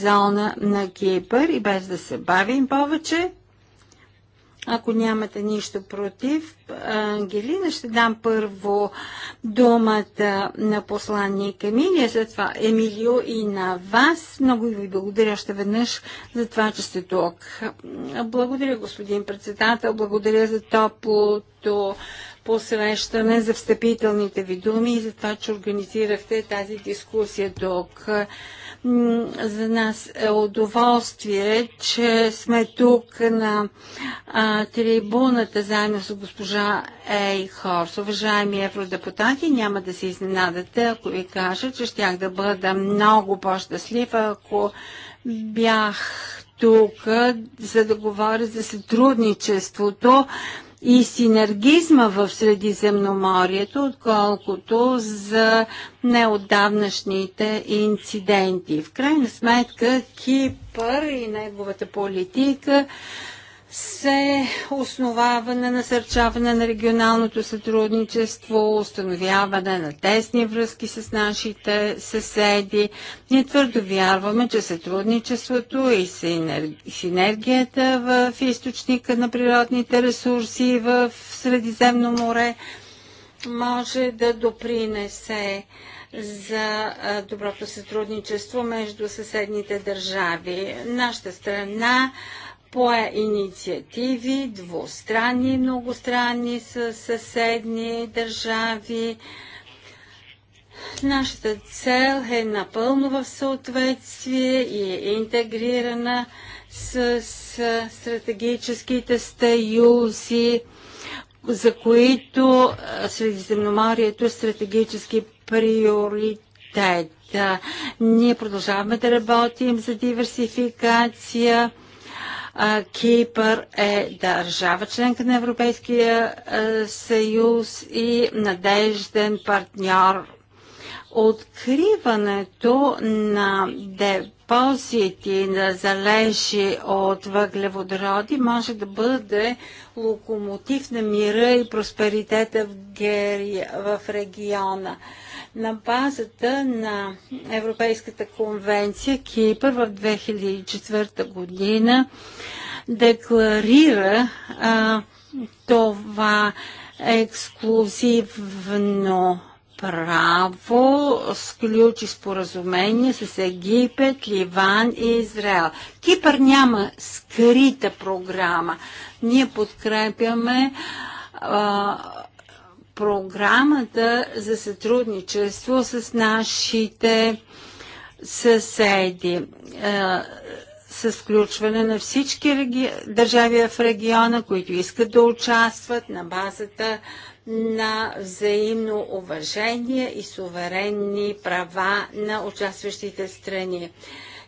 зона на Кипър и без да се бавим повече. Ако нямате нищо против, Ангелина, ще дам първо думата на посланник Емилия, след това Емилио и на вас. Много ви благодаря още веднъж за това, че сте тук. Благодаря, господин председател, благодаря за топлото посрещане, за встъпителните ви думи и за това, че организирахте тази дискусия тук. За нас е удоволствие, че сме тук на а, трибуната заедно с госпожа Ей Хорс. Уважаеми евродепутати, няма да се изненадате, ако ви кажа, че щях да бъда много по-щастлив, ако бях тук, за да говоря за сътрудничеството и синергизма в Средиземноморието, отколкото за неотдавнашните инциденти. В крайна сметка Кипър и неговата политика се основава на насърчаване на регионалното сътрудничество, установяване на тесни връзки с нашите съседи. Ние твърдо вярваме, че сътрудничеството и синергията в източника на природните ресурси в Средиземно море може да допринесе за доброто сътрудничество между съседните държави. Нашата страна по инициативи, двустранни многостранни с съседни държави. Нашата цел е напълно в съответствие и е интегрирана с, с стратегическите съюзи, за които Средиземноморието е стратегически приоритет. Ние продължаваме да работим за диверсификация Кипър е държава членка на Европейския е, съюз и надежден партньор. Откриването на депозити на залежи от въглеводороди може да бъде локомотив на мира и просперитета в, Герия, в региона. На базата на Европейската конвенция Кипър в 2004 година декларира а, това ексклюзивно право сключи споразумение с Египет, Ливан и Израел. Кипър няма скрита програма. Ние подкрепяме а, програмата за сътрудничество с нашите съседи, с включване на всички реги... държави в региона, които искат да участват на базата на взаимно уважение и суверенни права на участващите страни.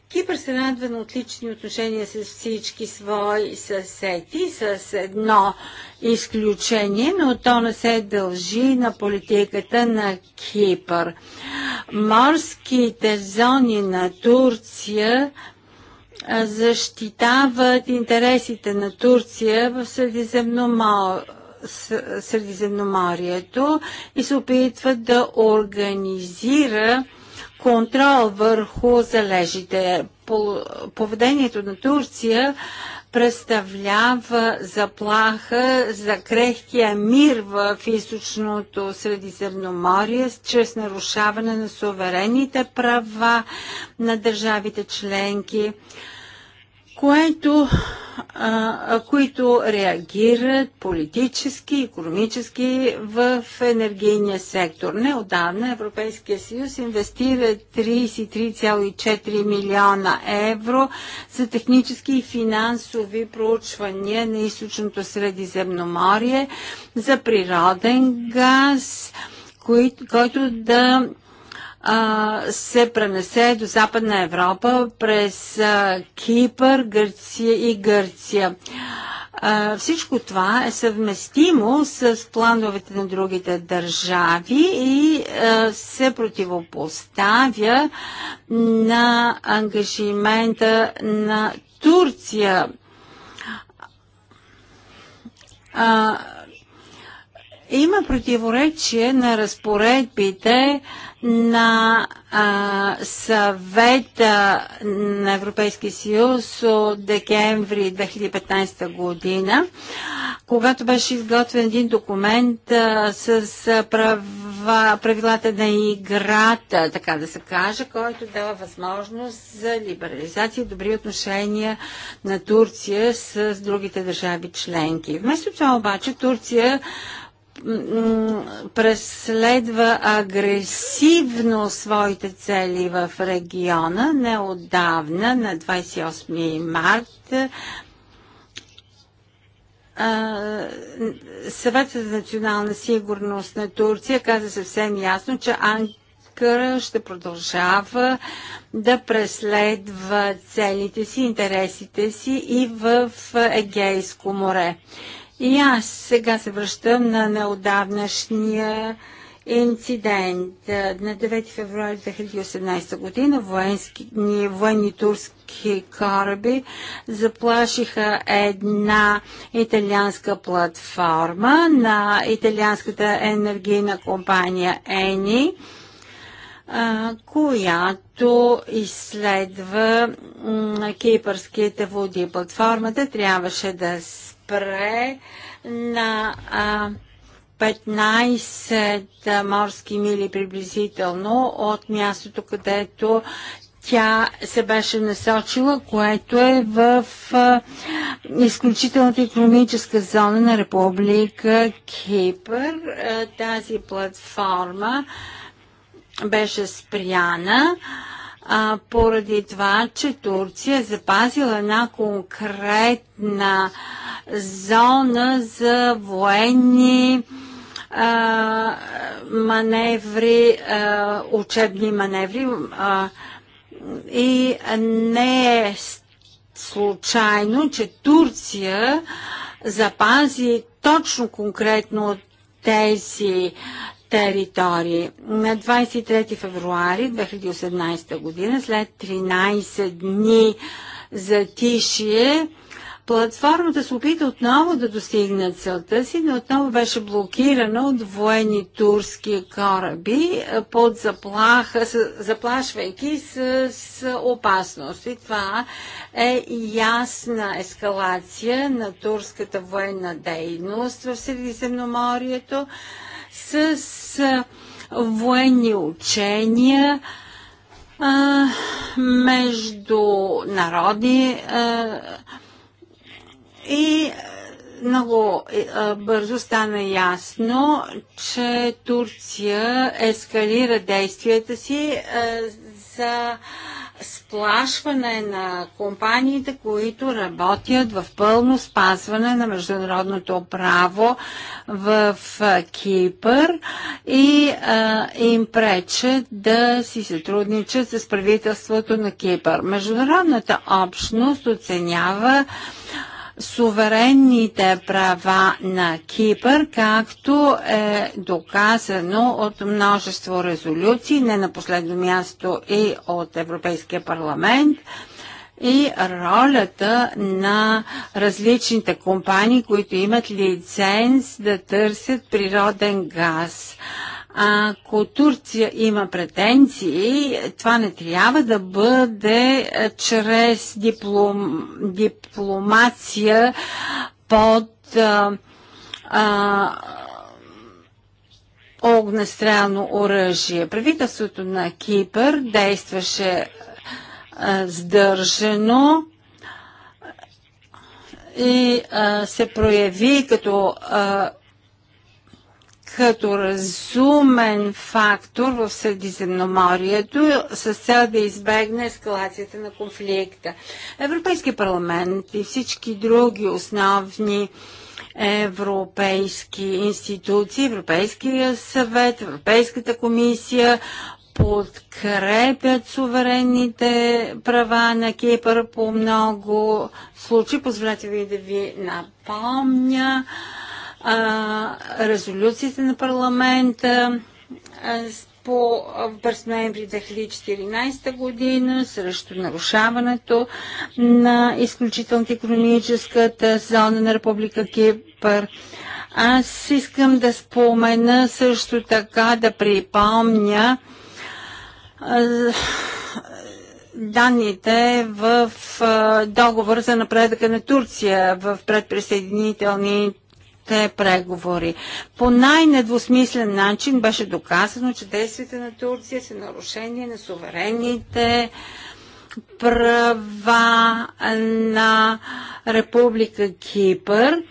Кипър се радва на отлични отношения с всички свои съседи, с едно изключение, но то не се дължи на политиката на Кипър. Морските зони на Турция защитават интересите на Турция в Средиземноморието и се опитват да организира контрол върху залежите. Поведението на Турция представлява заплаха за крехкия мир в източното Средиземноморие чрез нарушаване на суверенните права на държавите членки което, а, които реагират политически, економически в енергийния сектор. Неодавна Европейския съюз инвестира 33,4 милиона евро за технически и финансови проучвания на източното Средиземноморие за природен газ, който да а, се пренесе до Западна Европа през а, Кипър, Гърция и Гърция. А, всичко това е съвместимо с плановете на другите държави и а, се противопоставя на ангажимента на Турция. А, има противоречие на разпоредбите на а, съвета на Европейския съюз от декември 2015 година, когато беше изготвен един документ а, с права, правилата на играта, така да се каже, който дава възможност за либерализация и добри отношения на Турция с другите държави членки. Вместо това обаче Турция преследва агресивно своите цели в региона. Неодавна, на 28 март, Съветът за национална сигурност на Турция каза съвсем ясно, че Анкара ще продължава да преследва целите си, интересите си и в Егейско море. И аз сега се връщам на неодавнашния инцидент. На 9 февруари 2018 година военски, военни турски кораби заплашиха една италианска платформа на италианската енергийна компания Ени която изследва кипърските води. Платформата трябваше да спре на а, 15 морски мили приблизително от мястото, където тя се беше насочила, което е в а, изключителната економическа зона на Република Кипър. А, тази платформа беше спряна. А, а, поради това, че Турция е запазила една конкретна зона за военни а, маневри, а, учебни маневри а, и не е случайно, че Турция запази точно конкретно тези територии. На 23 февруари 2018 година, след 13 дни за тишие, платформата се опита отново да достигне целта си, но отново беше блокирана от военни турски кораби под заплаха, заплашвайки с, с опасност. И това е ясна ескалация на турската военна дейност в Средиземноморието с военни учения а, между народи а, и много бързо стана ясно, че Турция ескалира действията си за сплашване на компаниите, които работят в пълно спазване на международното право в Кипър и а, им пречат да си сътрудничат с правителството на Кипър. Международната общност оценява суверенните права на Кипър, както е доказано от множество резолюции, не на последно място и от Европейския парламент и ролята на различните компании, които имат лиценз да търсят природен газ. А, ако Турция има претенции, това не трябва да бъде е, чрез диплом, дипломация под а, е, а, е, огнестрелно оръжие. Правителството на Кипър действаше а, сдържано и а, се прояви като а, като разумен фактор в Средиземноморието с цел да избегне ескалацията на конфликта. Европейския парламент и всички други основни европейски институции, Европейския съвет, Европейската комисия подкрепят суверенните права на Кипър по много случаи. Позволете ви да ви напомня а, резолюциите на парламента а, по, през ноември 2014 година срещу нарушаването на изключителната економическата зона на Република Кипър. Аз искам да спомена също така, да припомня данните в договор за напредъка на Турция в предприсъединителните те преговори. По най-недвусмислен начин беше доказано, че действията на Турция са нарушение на суверенните права на Република Кипър.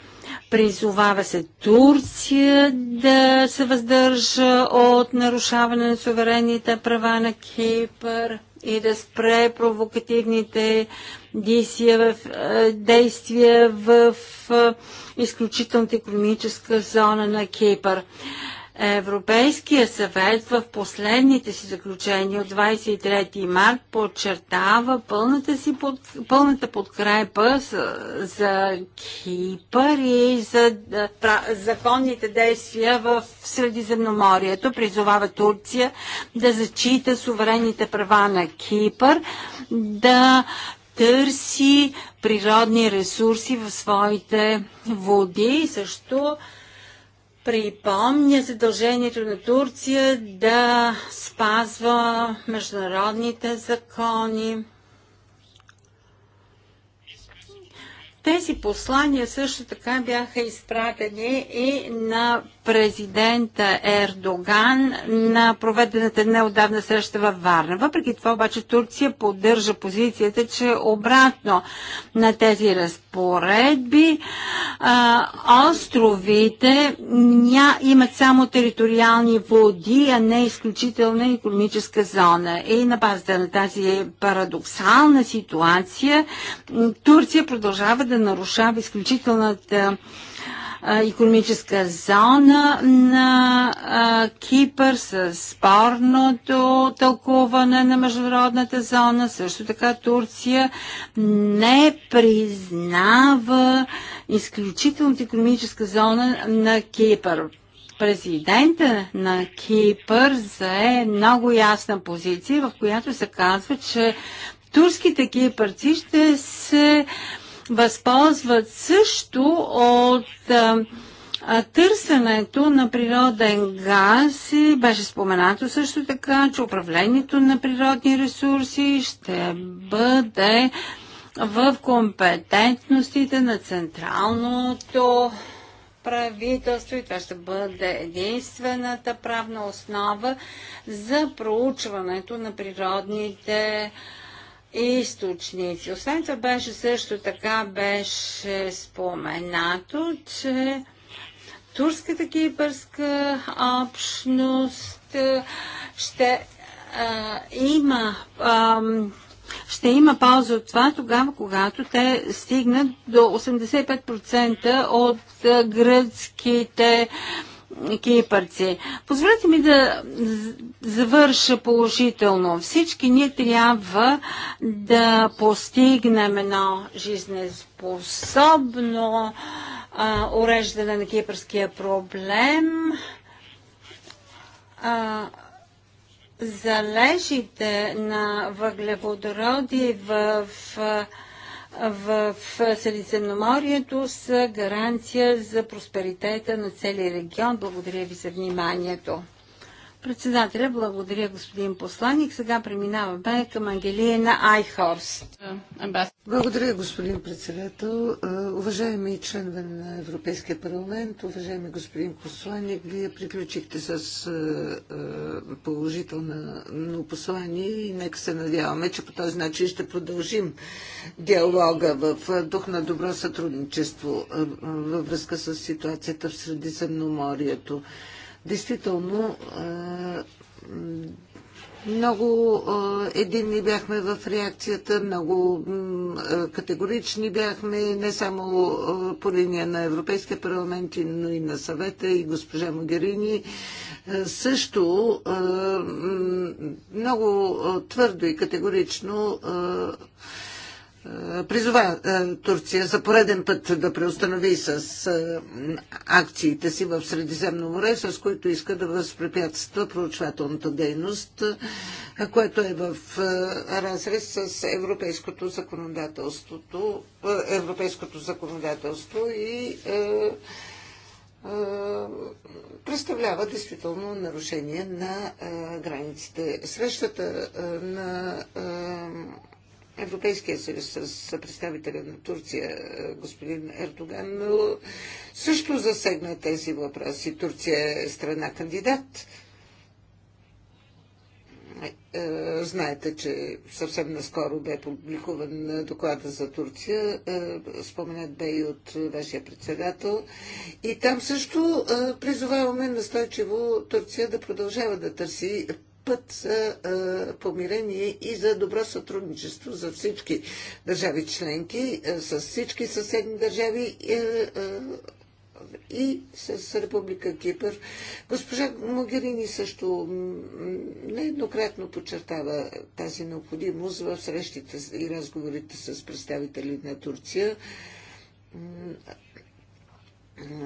Призовава се Турция да се въздържа от нарушаване на суверенните права на Кипър и да спре провокативните е, действия в, действия в изключителната економическа зона на Кипър. Европейския съвет в последните си заключения от 23 март подчертава пълната, си под, пълната подкрепа за, за Кипър и за законните действия в Средиземноморието. Призовава Турция да зачита суверенните права на Кипър, да търси природни ресурси в своите води и също припомня задължението на Турция да спазва международните закони. Тези послания също така бяха изпратени и на президента Ердоган на проведената неодавна среща във Варна. Въпреки това обаче Турция поддържа позицията, че е обратно на тези разпоредби а, островите ня, имат само териториални води, а не изключителна економическа зона. И на базата на тази парадоксална ситуация Турция продължава да нарушава изключителната економическа зона на Кипър с спорното тълкуване на международната зона. Също така Турция не признава изключителната економическа зона на Кипър президента на Кипър зае много ясна позиция, в която се казва, че турските кипърци ще се възползват също от търсенето на природен газ и беше споменато също така, че управлението на природни ресурси ще бъде в компетентностите на централното правителство и това ще бъде единствената правна основа за проучването на природните ресурси източници. Освен това беше също така беше споменато, че турската кипърска общност ще а, има а, ще има пауза от това тогава, когато те стигнат до 85% от гръцките а, кипърци. Позволете ми да завърша положително. Всички ние трябва да постигнем едно жизнеспособно а, уреждане на кипърския проблем. А, залежите на въглеводороди в, в в Средиземноморието са гаранция за просперитета на целия регион. Благодаря ви за вниманието. Председателя, благодаря господин посланник. Сега преминаваме към на Айхорст. Благодаря господин председател. Уважаеми членове на Европейския парламент, уважаеми господин посланник, вие приключихте с положително послание и нека се надяваме, че по този начин ще продължим диалога в дух на добро сътрудничество във връзка с ситуацията в Средиземноморието. Действително, е, много е, единни бяхме в реакцията, много е, категорични бяхме, не само по линия на Европейския парламент, но и на съвета и госпожа Могерини. Също много твърдо и категорично е, призова е, Турция за пореден път да преустанови с е, акциите си в Средиземно море, с които иска да възпрепятства проучвателната дейност, което е в разрез с европейското законодателството, европейското законодателство и представлява действително нарушение на границите. Срещата на Европейския съюз с представителя на Турция, е, господин Ердоган, но също засегна тези въпроси. Турция е страна кандидат. Е, е, знаете, че съвсем наскоро бе публикуван доклада за Турция, споменат бе и от вашия председател. И там също призоваваме настойчиво Турция да продължава да търси път за помирение и за добро сътрудничество за всички държави членки, с всички съседни държави и с Република Кипър. Госпожа Могерини също нееднократно подчертава тази необходимост в срещите и разговорите с представители на Турция.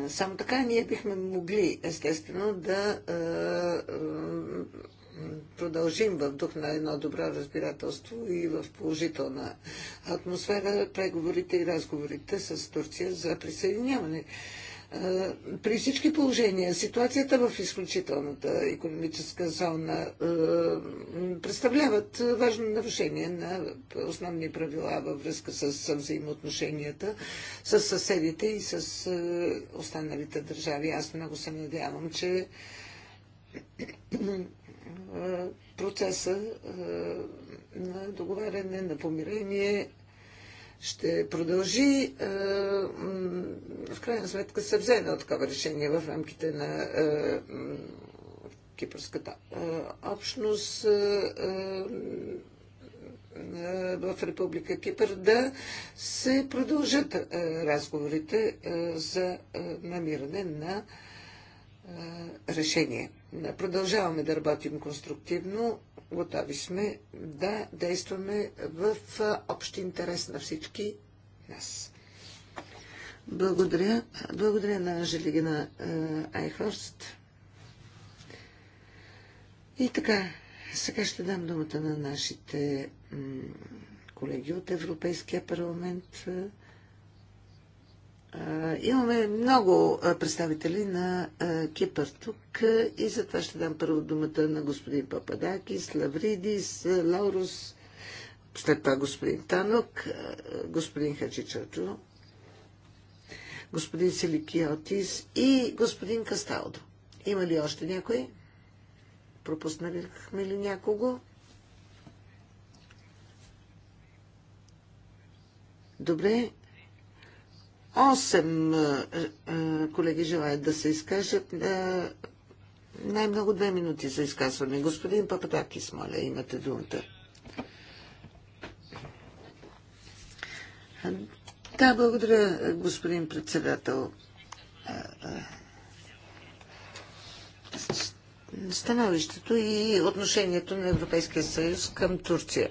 Само така ние бихме могли, естествено, да продължим в дух на едно добро разбирателство и в положителна атмосфера преговорите и разговорите с Турция за присъединяване. При всички положения, ситуацията в изключителната економическа зона представляват важно нарушение на основни правила във връзка с взаимоотношенията с съседите и с останалите държави. Аз много се надявам, че процеса на договаряне, на помирение ще продължи. В крайна сметка се взе едно такова решение в рамките на кипърската общност в Република Кипър да се продължат разговорите за намиране на решение. Продължаваме да работим конструктивно. Готови сме да действаме в общ интерес на всички нас. Благодаря. Благодаря на Желигина Айхорст. И така, сега ще дам думата на нашите колеги от Европейския парламент. Имаме много представители на Кипър тук и затова ще дам първо думата на господин Пападакис, Лавридис, Лаурус, след това господин Танок, господин Хаджичаджо, господин Силикиотис и господин Касталдо. Има ли още някой? Пропуснахме ли някого? Добре, Осем е, е, колеги желаят да се изкажат. Е, най-много две минути за изказване. Господин Пападакис, моля, имате думата. Да, благодаря, господин председател. Становището и отношението на Европейския съюз към Турция.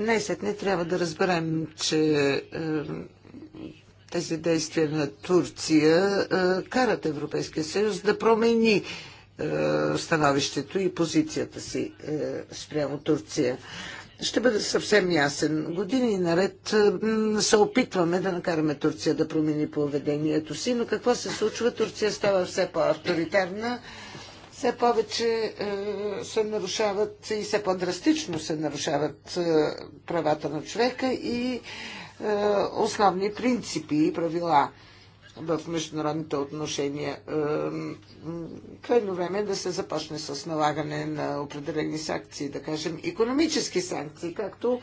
Най-сетне трябва да разберем, че тези действия на Турция карат Европейския съюз да промени становището и позицията си спрямо Турция. Ще бъде съвсем ясен. Години наред се опитваме да накараме Турция да промени поведението си, но какво се случва? Турция става все по-авторитарна, все повече се нарушават и все по-драстично се нарушават правата на човека и е, основни принципи и правила в международните отношения. Е, крайно време е да се започне с налагане на определени санкции, да кажем економически санкции, както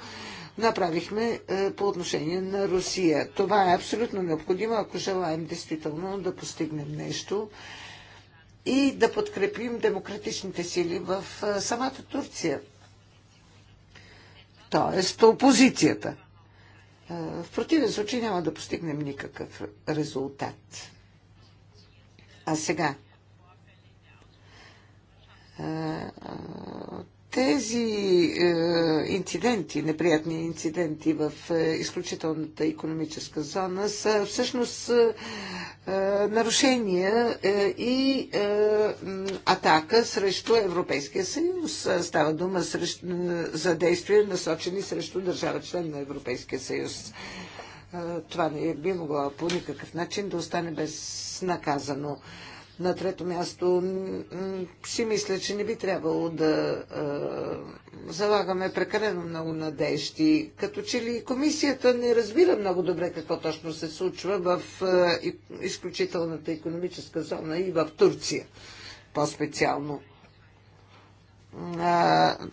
направихме е, по отношение на Русия. Това е абсолютно необходимо, ако желаем действително да постигнем нещо и да подкрепим демократичните сили в самата Турция. Тоест опозицията. В противен случай няма да постигнем никакъв резултат. А сега тези е, инциденти, неприятни инциденти в е, изключителната економическа зона са всъщност е, е, нарушения е, и е, атака срещу Европейския съюз. Става дума срещу, е, за действия насочени срещу държава член на Европейския съюз. Е, това не би могло по никакъв начин да остане безнаказано. Е, на трето място си мисля, че не би трябвало да а, залагаме прекалено много надежди. Като че ли комисията не разбира много добре какво точно се случва в е, изключителната економическа зона и в Турция по-специално.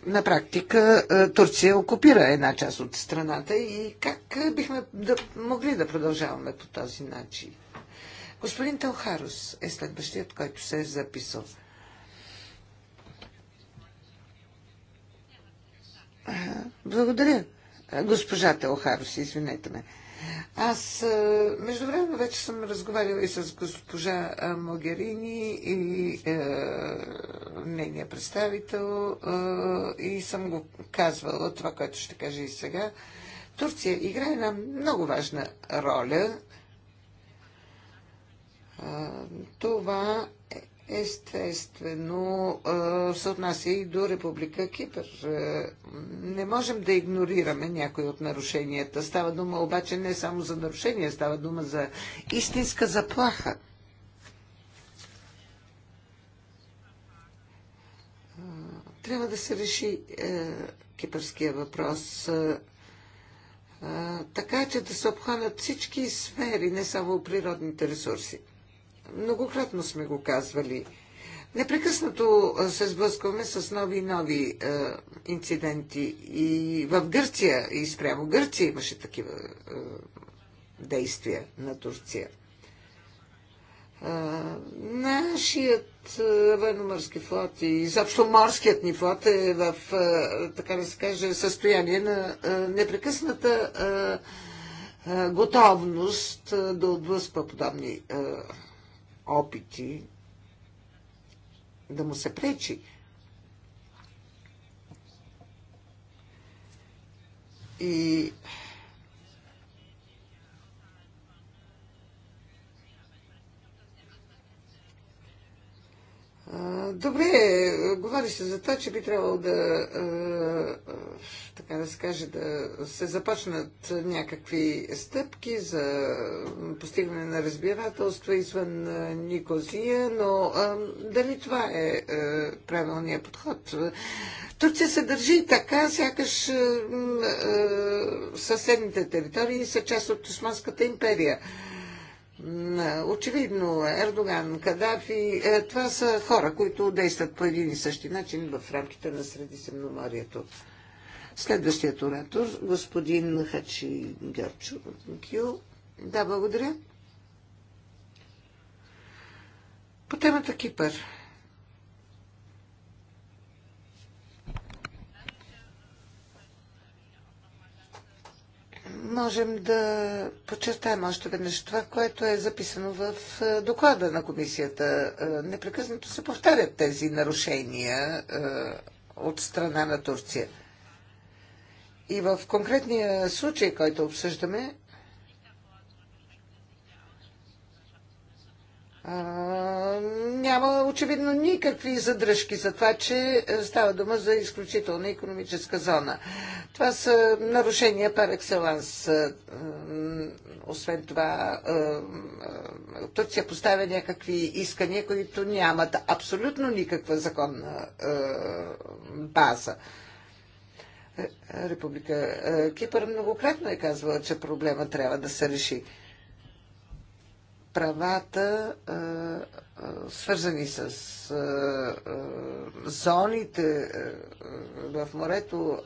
На практика Турция окупира една част от страната и как бихме да, могли да продължаваме по този начин? Господин Талхарус е следващият, който се е записал. Благодаря. Госпожа Телхарус, извинете ме. Аз е, между време вече съм разговаряла и с госпожа е, Могерини и е, нейния представител е, и съм го казвала, това, което ще кажа и сега. Турция играе една много важна роля това естествено се отнася и до Република Кипър. Не можем да игнорираме някои от нарушенията. Става дума обаче не само за нарушения, става дума за истинска заплаха. Трябва да се реши е, кипърския въпрос е, е, така, че да се обхванат всички сфери, не само природните ресурси. Многократно сме го казвали. Непрекъснато се сблъскваме с нови и нови е, инциденти. И в Гърция, и спрямо Гърция имаше такива е, действия на Турция. Е, нашият е, военно-морски флот и изобщо морският ни флот е в, е, така да се каже, състояние на е, непрекъсната е, готовност да отблъсква подобни опити да му се пречи. И Добре, говори се за това, че би трябвало да, така да се каже, да се започнат някакви стъпки за постигане на разбирателство извън Никозия, но дали това е правилният подход? Турция се държи така, сякаш съседните територии са част от Османската империя. Очевидно, Ердоган, Кадафи, е, това са хора, които действат по един и същи начин в рамките на Средиземноморието. Следващият оратор, господин Хачи Гърчо. Да, благодаря. По темата Кипър. можем да подчертаем още веднъж това, което е записано в е, доклада на комисията. Е, непрекъснато се повтарят тези нарушения е, от страна на Турция. И в конкретния случай, който обсъждаме, няма очевидно никакви задръжки за това, че е, става дума за изключителна економическа зона. Това са нарушения пар екселанс. Е, освен това, е, Турция поставя някакви искания, които нямат абсолютно никаква законна база. Република Кипър многократно е казвала, че проблема трябва да се реши правата, свързани с зоните в морето,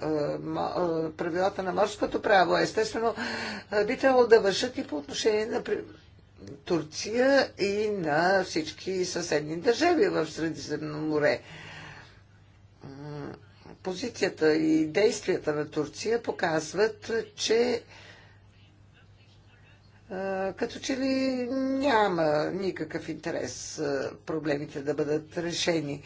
правилата на морското право, естествено, би трябвало да вършат и по отношение на Турция и на всички съседни държави в Средиземно море. Позицията и действията на Турция показват, че като че ли няма никакъв интерес проблемите да бъдат решени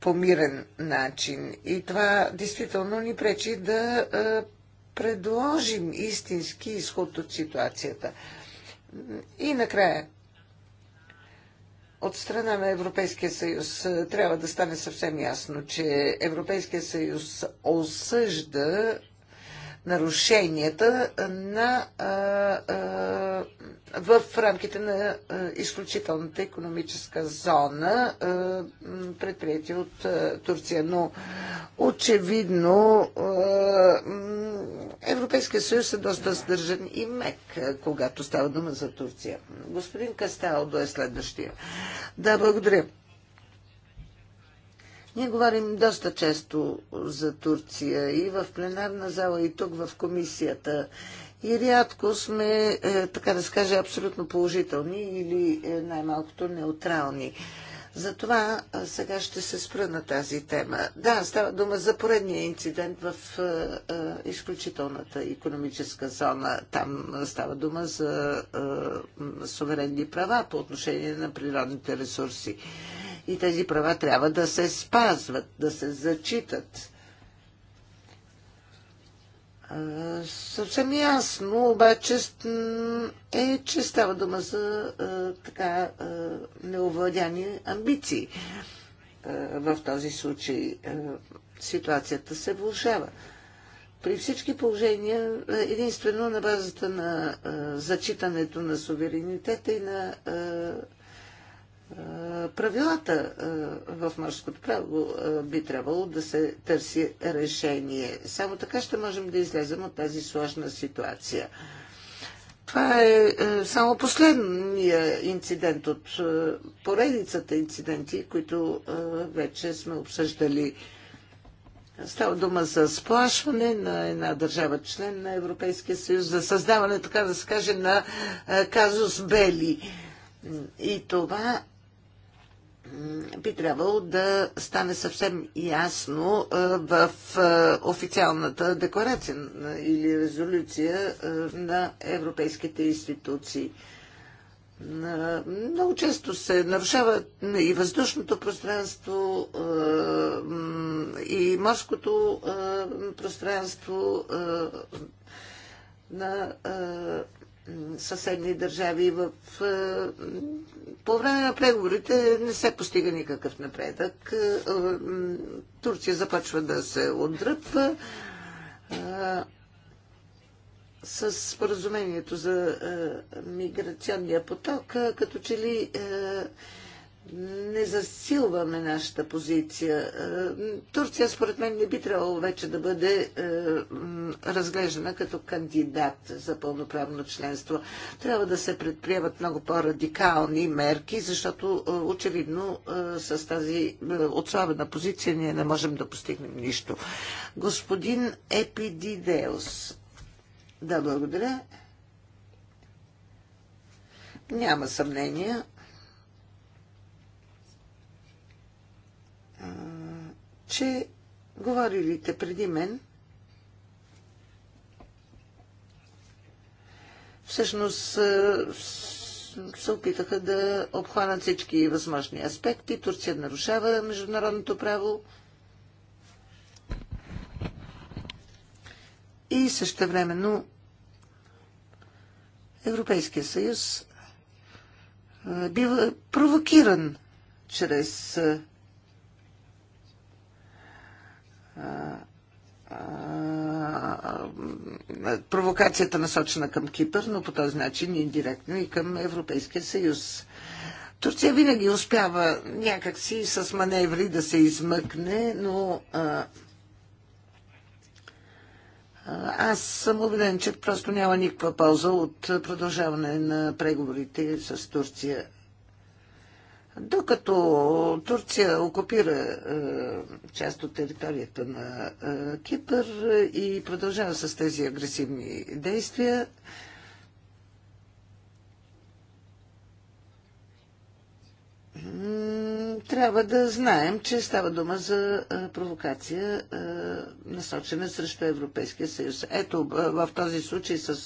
по мирен начин. И това действително ни пречи да предложим истински изход от ситуацията. И накрая, от страна на Европейския съюз трябва да стане съвсем ясно, че Европейския съюз осъжда нарушенията на, а, а, в рамките на а, изключителната економическа зона, а, от а, Турция. Но очевидно Европейския съюз е доста сдържан и мек, когато става дума за Турция. Господин до е следващия. Да, благодаря. Ние говорим доста често за Турция и в пленарна зала, и тук в комисията. И рядко сме, е, така да се каже, абсолютно положителни или е, най-малкото неутрални. Затова е, сега ще се спра на тази тема. Да, става дума за поредния инцидент в е, е, изключителната економическа зона. Там става дума за е, суверенни права по отношение на природните ресурси. Е, и тези права трябва да се спазват, да се зачитат. Съвсем ясно обаче е, че става дума за така неовладяни амбиции. В този случай ситуацията се влушава. При всички положения, единствено на базата на зачитането на суверенитета и на е, правилата е, в морското право е, би трябвало да се търси решение. Само така ще можем да излезем от тази сложна ситуация. Това е само последния инцидент от поредицата инциденти, които вече сме обсъждали. Става дума за сплашване на една държава член на Европейския съюз, за създаване, така да се каже, на казус Бели. И това би трябвало да стане съвсем ясно в официалната декларация или резолюция на европейските институции. Много често се нарушава и въздушното пространство, и морското пространство на съседни държави. В, по време на преговорите не се постига никакъв напредък. Турция започва да се отдръпва. С споразумението за миграционния поток, като че ли не засилваме нашата позиция. Е, Турция, според мен, не би трябвало вече да бъде е, разглеждана като кандидат за пълноправно членство. Трябва да се предприемат много по-радикални мерки, защото е, очевидно с тази отслабена позиция ние не можем да постигнем нищо. Господин Епидидеус. Да, благодаря. Няма съмнение че говорилите преди мен всъщност се опитаха да обхванат всички възможни аспекти. Турция нарушава международното право и също времено Европейския съюз бива провокиран чрез провокацията насочена към Кипър, но по този начин индиректно и към Европейския съюз. Турция винаги успява някакси с маневри да се измъкне, но а, аз съм убеден, че просто няма никаква полза от продължаване на преговорите с Турция докато Турция окупира е, част от територията на е, Кипър и продължава с тези агресивни действия, трябва да знаем, че става дума за провокация, насочена срещу Европейския съюз. Ето, в този случай с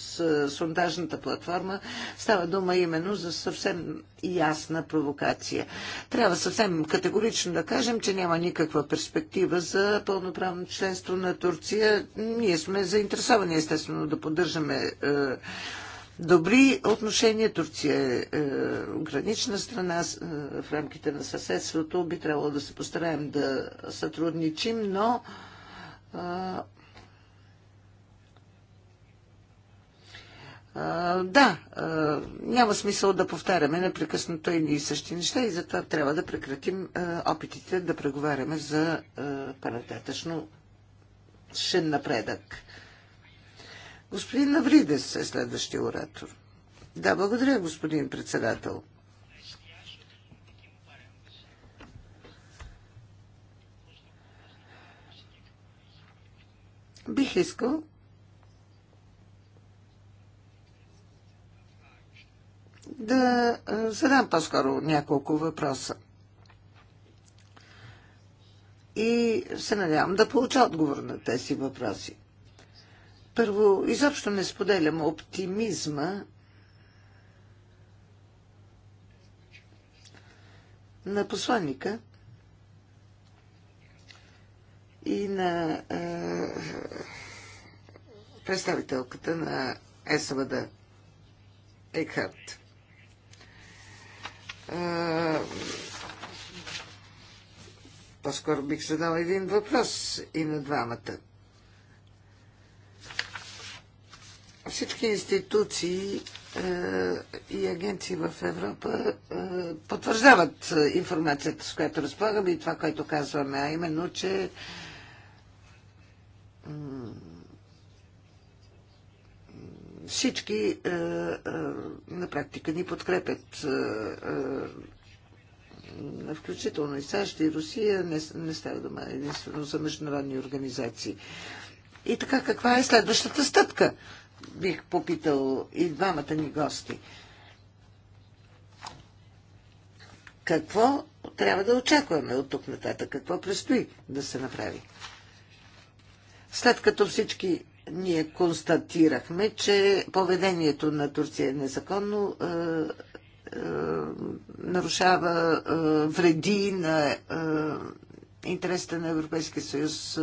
сондажната платформа става дума именно за съвсем ясна провокация. Трябва съвсем категорично да кажем, че няма никаква перспектива за пълноправно членство на Турция. Ние сме заинтересовани, естествено, да поддържаме добри отношения. Турция е, е гранична страна е, в рамките на съседството. Би трябвало да се постараем да сътрудничим, но да, няма смисъл да повтаряме непрекъснато едни и същи неща и затова трябва да прекратим опитите да преговаряме за а, панататъчно шен напредък. Господин Навридес е следващия оратор. Да, благодаря, господин председател. Бих искал да задам по-скоро няколко въпроса. И се надявам да получа отговор на тези въпроси. Първо, изобщо не споделям оптимизма на посланника и на е, представителката на СВД Екхарт. Е, по-скоро бих задал един въпрос и на двамата. Всички институции е, и агенции в Европа е, потвърждават е, информацията, с която разполагаме и това, което казваме, а именно, че всички на практика ни подкрепят включително и САЩ и Русия, не, не става дума единствено за международни организации. И така, каква е следващата стъпка? бих попитал и двамата ни гости. Какво трябва да очакваме от тук нататък? Какво предстои да се направи? След като всички ние констатирахме, че поведението на Турция е незаконно, е, е, нарушава е, вреди на е, интересите на Европейския съюз е,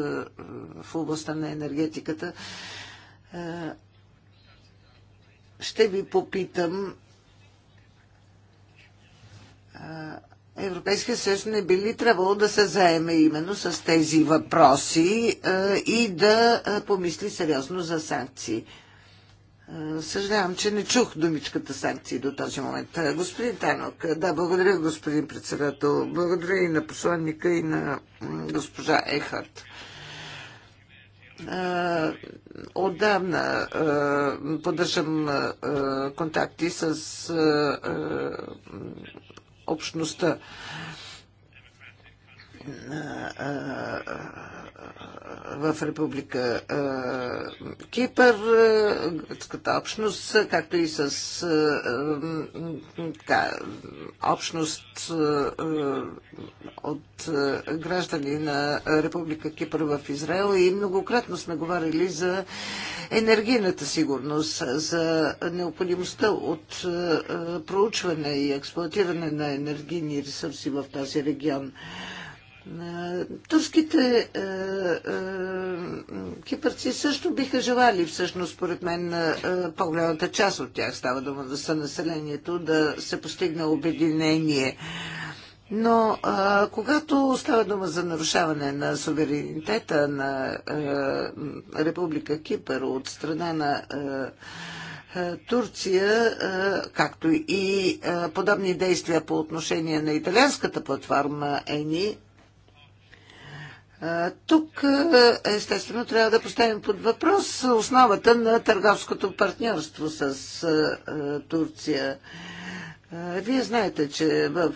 в областта на енергетиката. Е, ще ви попитам. Европейския съюз не би ли трябвало да се заеме именно с тези въпроси и да помисли сериозно за санкции? Съжалявам, че не чух думичката санкции до този момент. Господин Танок, да, благодаря, господин председател. Благодаря и на посланника, и на госпожа Ехарт отдавна поддържам контакти с общността в Република Кипър, гръцката общност, както и с така, общност от граждани на Република Кипър в Израел и многократно сме говорили за енергийната сигурност, за необходимостта от проучване и експлуатиране на енергийни ресурси в тази регион. Турските е, е, кипърци също биха желали, всъщност, според мен, е, по-голямата част от тях става дума да са населението, да се постигне обединение. Но а, когато става дума за нарушаване на суверенитета на а, Република Кипър от страна на а, Турция, както и подобни действия по отношение на италианската платформа ЕНИ, тук, естествено, трябва да поставим под въпрос основата на търговското партньорство с Турция. Вие знаете, че в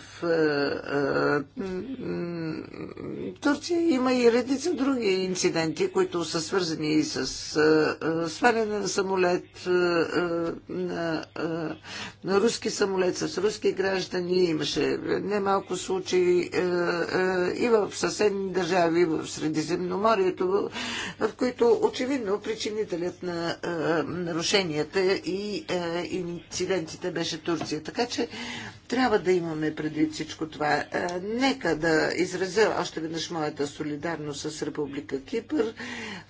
Турция има и редица други инциденти, които са свързани и с сваляне на самолет, на, на руски самолет с руски граждани. Имаше немалко случаи и в съседни държави, в Средиземноморието, в които очевидно причинителят на нарушенията и инцидентите беше Турция. Така че трябва да имаме предвид всичко това. Е, нека да изразя още веднъж моята солидарност с Република Кипър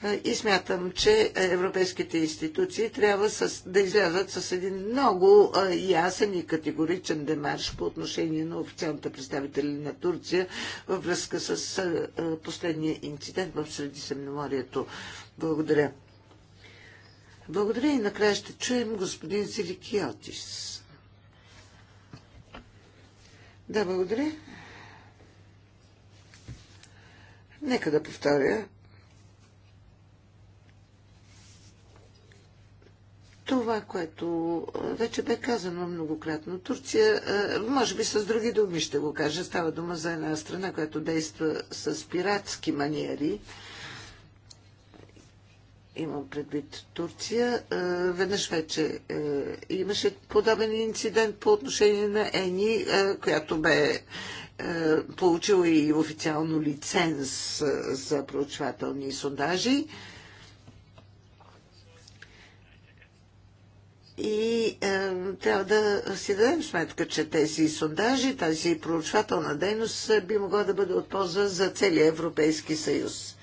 е, и смятам, че европейските институции трябва да излязат с един много е, ясен и категоричен демарш по отношение на официалната представители на Турция във връзка с последния инцидент в Средиземноморието. Благодаря. Благодаря и накрая ще чуем господин Сирики Отис. Да, благодаря. Нека да повторя. Това, което вече бе казано многократно, Турция, може би с други думи ще го кажа, става дума за една страна, която действа с пиратски маниери, имам предвид Турция. Веднъж вече имаше подобен инцидент по отношение на ЕНИ, която бе получила и официално лиценз за проучвателни сондажи. И е, трябва да си дадем сметка, че тези сондажи, тази проучвателна дейност би могла да бъде от полза за целия Европейски съюз.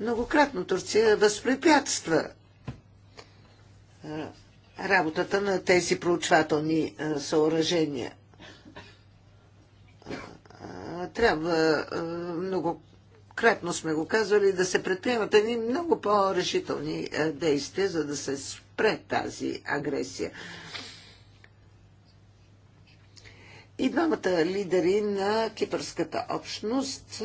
Многократно Турция възпрепятства е, работата на тези проучвателни е, съоръжения. Е, трябва много кратно сме го казвали, да се предприемат едни много по-решителни действия, за да се спре тази агресия. И двамата лидери на кипърската общност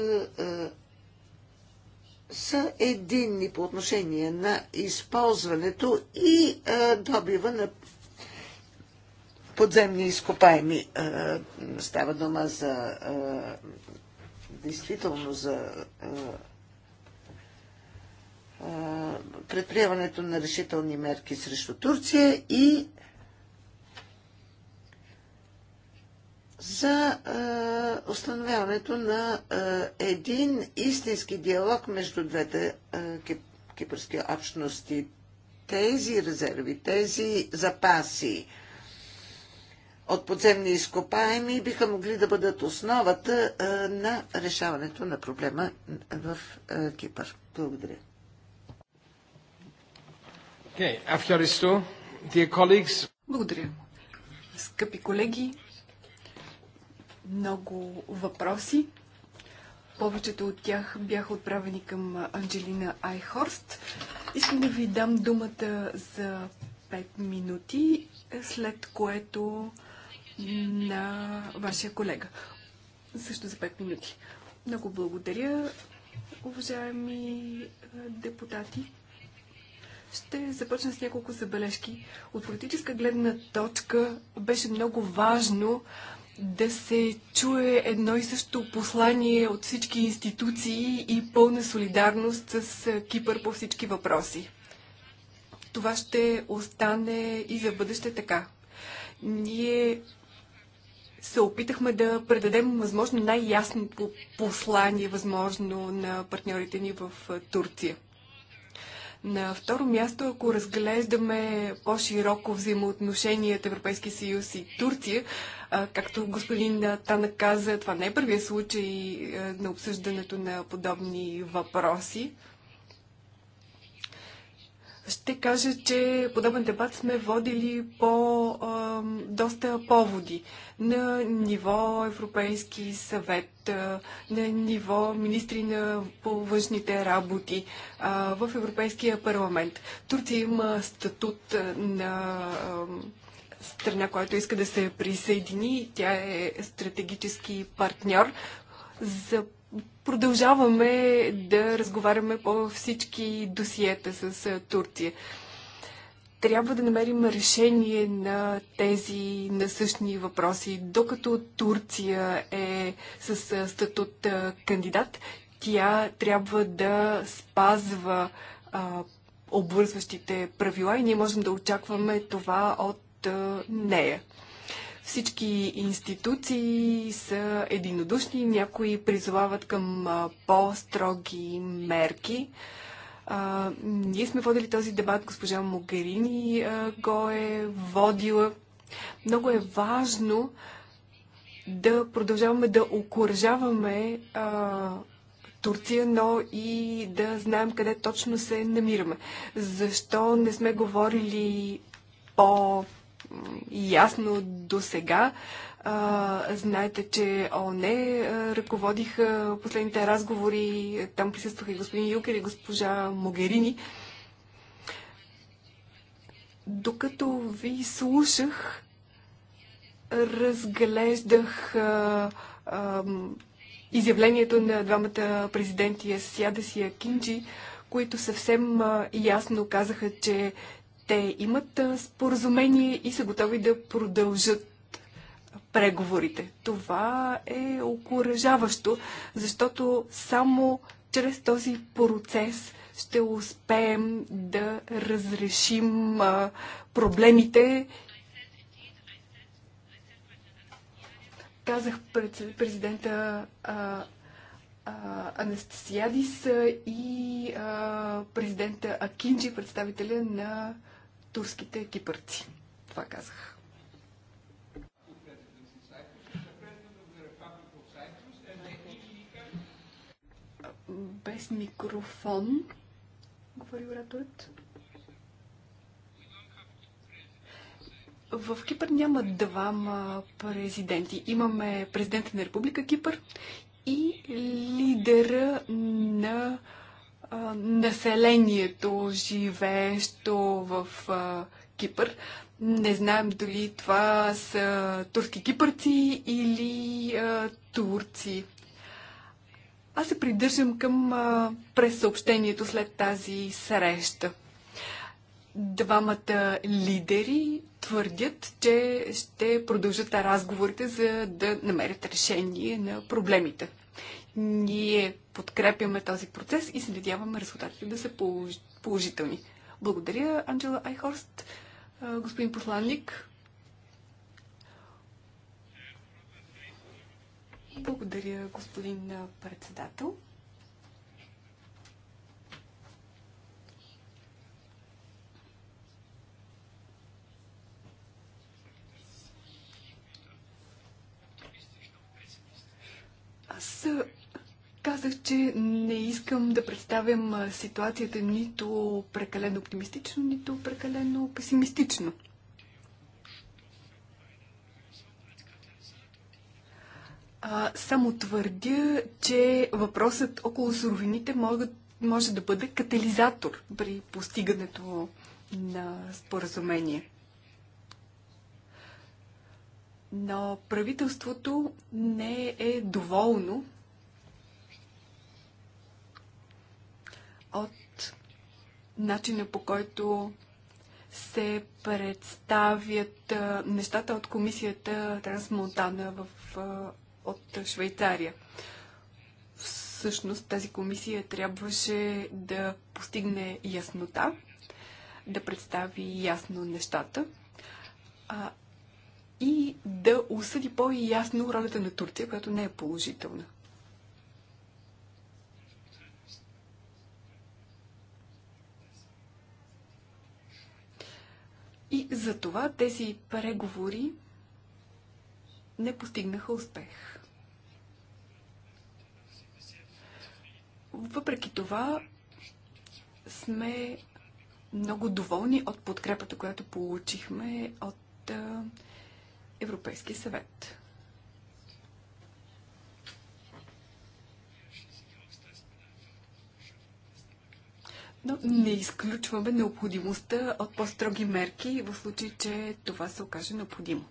са единни по отношение на използването и а, добива на подземни изкопаеми. А, става дума за а, действително за а, предприемането на решителни мерки срещу Турция и за е, установяването на е, един истински диалог между двете е, кип, кипърски общности. Тези резерви, тези запаси от подземни изкопаеми биха могли да бъдат основата е, на решаването на проблема в е, Кипър. Благодаря. Okay. Благодаря. Скъпи колеги, много въпроси. Повечето от тях бяха отправени към Анджелина Айхорст. Искам да ви дам думата за 5 минути, след което на вашия колега. Също за 5 минути. Много благодаря, уважаеми депутати. Ще започна с няколко забележки. От политическа гледна точка беше много важно да се чуе едно и също послание от всички институции и пълна солидарност с Кипър по всички въпроси. Това ще остане и за бъдеще така. Ние се опитахме да предадем възможно най-ясното послание, възможно на партньорите ни в Турция. На второ място, ако разглеждаме по-широко взаимоотношенията Европейски съюз и Турция, както господин Тана каза, това не е първият случай на обсъждането на подобни въпроси ще кажа, че подобен дебат сме водили по а, доста поводи. На ниво Европейски съвет, а, на ниво министри на външните работи а, в Европейския парламент. Турция има статут на а, страна, която иска да се присъедини. Тя е стратегически партньор. За продължаваме да разговаряме по всички досиета с Турция. Трябва да намерим решение на тези насъщни въпроси. Докато Турция е с статут кандидат, тя трябва да спазва а, обвързващите правила и ние можем да очакваме това от а, нея. Всички институции са единодушни, някои призовават към по-строги мерки. А, ние сме водили този дебат, госпожа Могерини а, го е водила. Много е важно да продължаваме да окоръжаваме Турция, но и да знаем къде точно се намираме. Защо не сме говорили по ясно до сега. Знаете, че ООН ръководиха последните разговори. Там присъстваха и господин Юкер и госпожа Могерини. Докато ви слушах, разглеждах а, а, изявлението на двамата президенти Асиадес и Акинджи, които съвсем а, ясно казаха, че те имат споразумение и са готови да продължат преговорите. Това е окоръжаващо, защото само чрез този процес ще успеем да разрешим проблемите. Казах президента Анастасиадис и президента Акинджи, представителя на турските кипърци. Това казах. Без микрофон, говори ораторът. В Кипър няма двама президенти. Имаме президента на Република Кипър и лидера на населението, живеещо в Кипър. Не знаем дали това са турски кипърци или а, турци. Аз се придържам към а, пресъобщението след тази среща. Двамата лидери твърдят, че ще продължат разговорите, за да намерят решение на проблемите. Ние подкрепяме този процес и се надяваме резултатите да са положителни. Благодаря, Анджела Айхорст. Господин посланник. Благодаря, господин председател. Аз Казах, че не искам да представям ситуацията нито прекалено оптимистично, нито прекалено песимистично. А, само твърдя, че въпросът около суровините могат, може да бъде катализатор при постигането на споразумение. Но правителството не е доволно от начина по който се представят нещата от комисията Трансмонтана в, от Швейцария. Всъщност тази комисия трябваше да постигне яснота, да представи ясно нещата а, и да осъди по-ясно ролята на Турция, която не е положителна. И за това тези преговори не постигнаха успех. Въпреки това сме много доволни от подкрепата, която получихме от Европейския съвет. но не изключваме необходимостта от по-строги мерки в случай, че това се окаже необходимо.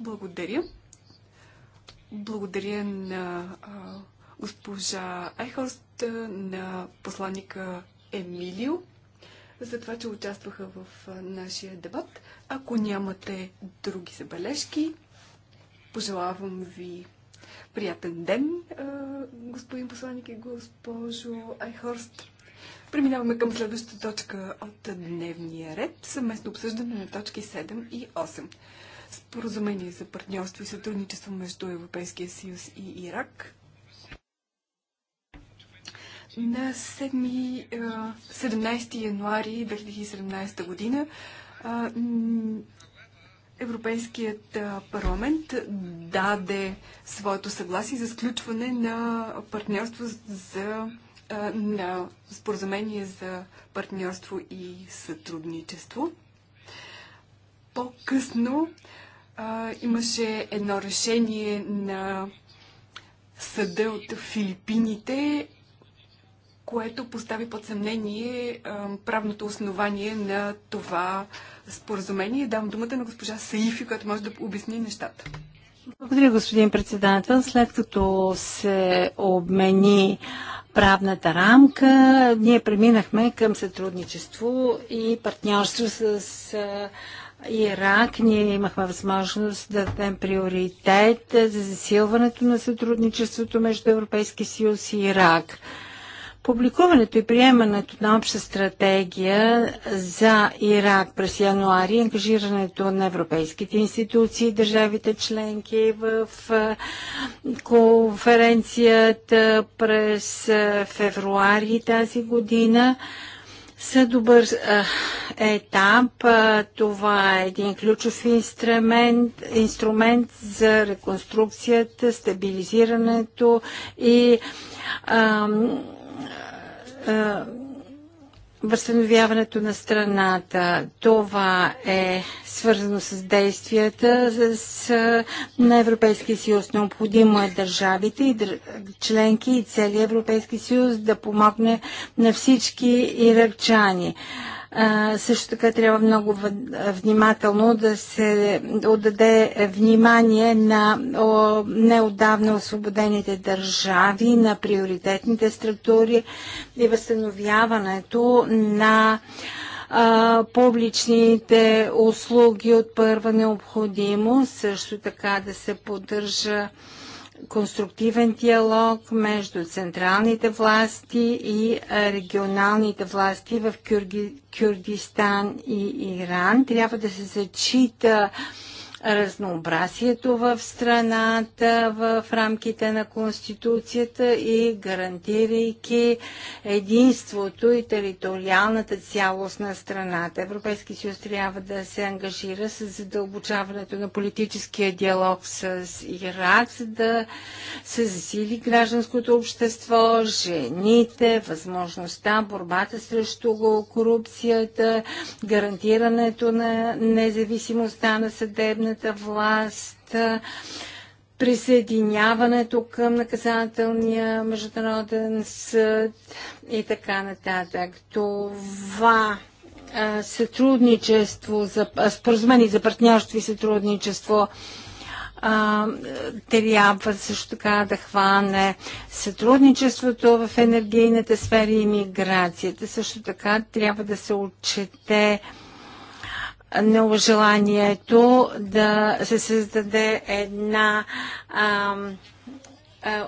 Благодаря. Благодаря на а, госпожа Айхост на посланника Емилио, за това, че участваха в нашия дебат. Ако нямате други забележки, пожелавам ви приятен ден, господин посланник и госпожо Айхорст. Преминаваме към следващата точка от дневния ред. Съвместно обсъждане на точки 7 и 8. Споразумение за партньорство и сътрудничество между Европейския съюз и Ирак. На 7, 17 януари 2017 година Европейският парламент даде своето съгласие за сключване на партньорство за на споразумение за партньорство и сътрудничество. По-късно имаше едно решение на съда от Филипините, което постави под съмнение правното основание на това споразумение. Давам думата на госпожа Саифи, която може да обясни нещата. Благодаря, господин председател. След като се обмени правната рамка, ние преминахме към сътрудничество и партньорство с Ирак. Ние имахме възможност да дадем приоритет за засилването на сътрудничеството между Европейския съюз и Ирак. Публикуването и приемането на обща стратегия за Ирак през януари, ангажирането на европейските институции, държавите членки в конференцията през февруари тази година, са добър етап. Това е един ключов инструмент, инструмент за реконструкцията, стабилизирането и ам, възстановяването на страната. Това е свързано с действията с, на Европейския съюз. Необходимо е държавите и членки и целият Европейски съюз да помогне на всички иракчани също така трябва много внимателно да се отдаде внимание на неодавна освободените държави, на приоритетните структури и възстановяването на публичните услуги от първа необходимост, също така да се поддържа конструктивен диалог между централните власти и регионалните власти в Кюрги, Кюрдистан и Иран. Трябва да се зачита разнообразието в страната в рамките на Конституцията и гарантирайки единството и териториалната цялост на страната. Европейски съюз трябва да се ангажира с задълбочаването на политическия диалог с Ирак, за да се засили гражданското общество, жените, възможността, борбата срещу корупцията, гарантирането на независимостта на съдебната съдебната власт, присъединяването към наказателния международен съд и така нататък. Това сътрудничество, за, споразумение за партньорство и сътрудничество трябва също така да хване сътрудничеството в енергийната сфера и миграцията. Също така трябва да се отчете а, много желанието да се създаде една а,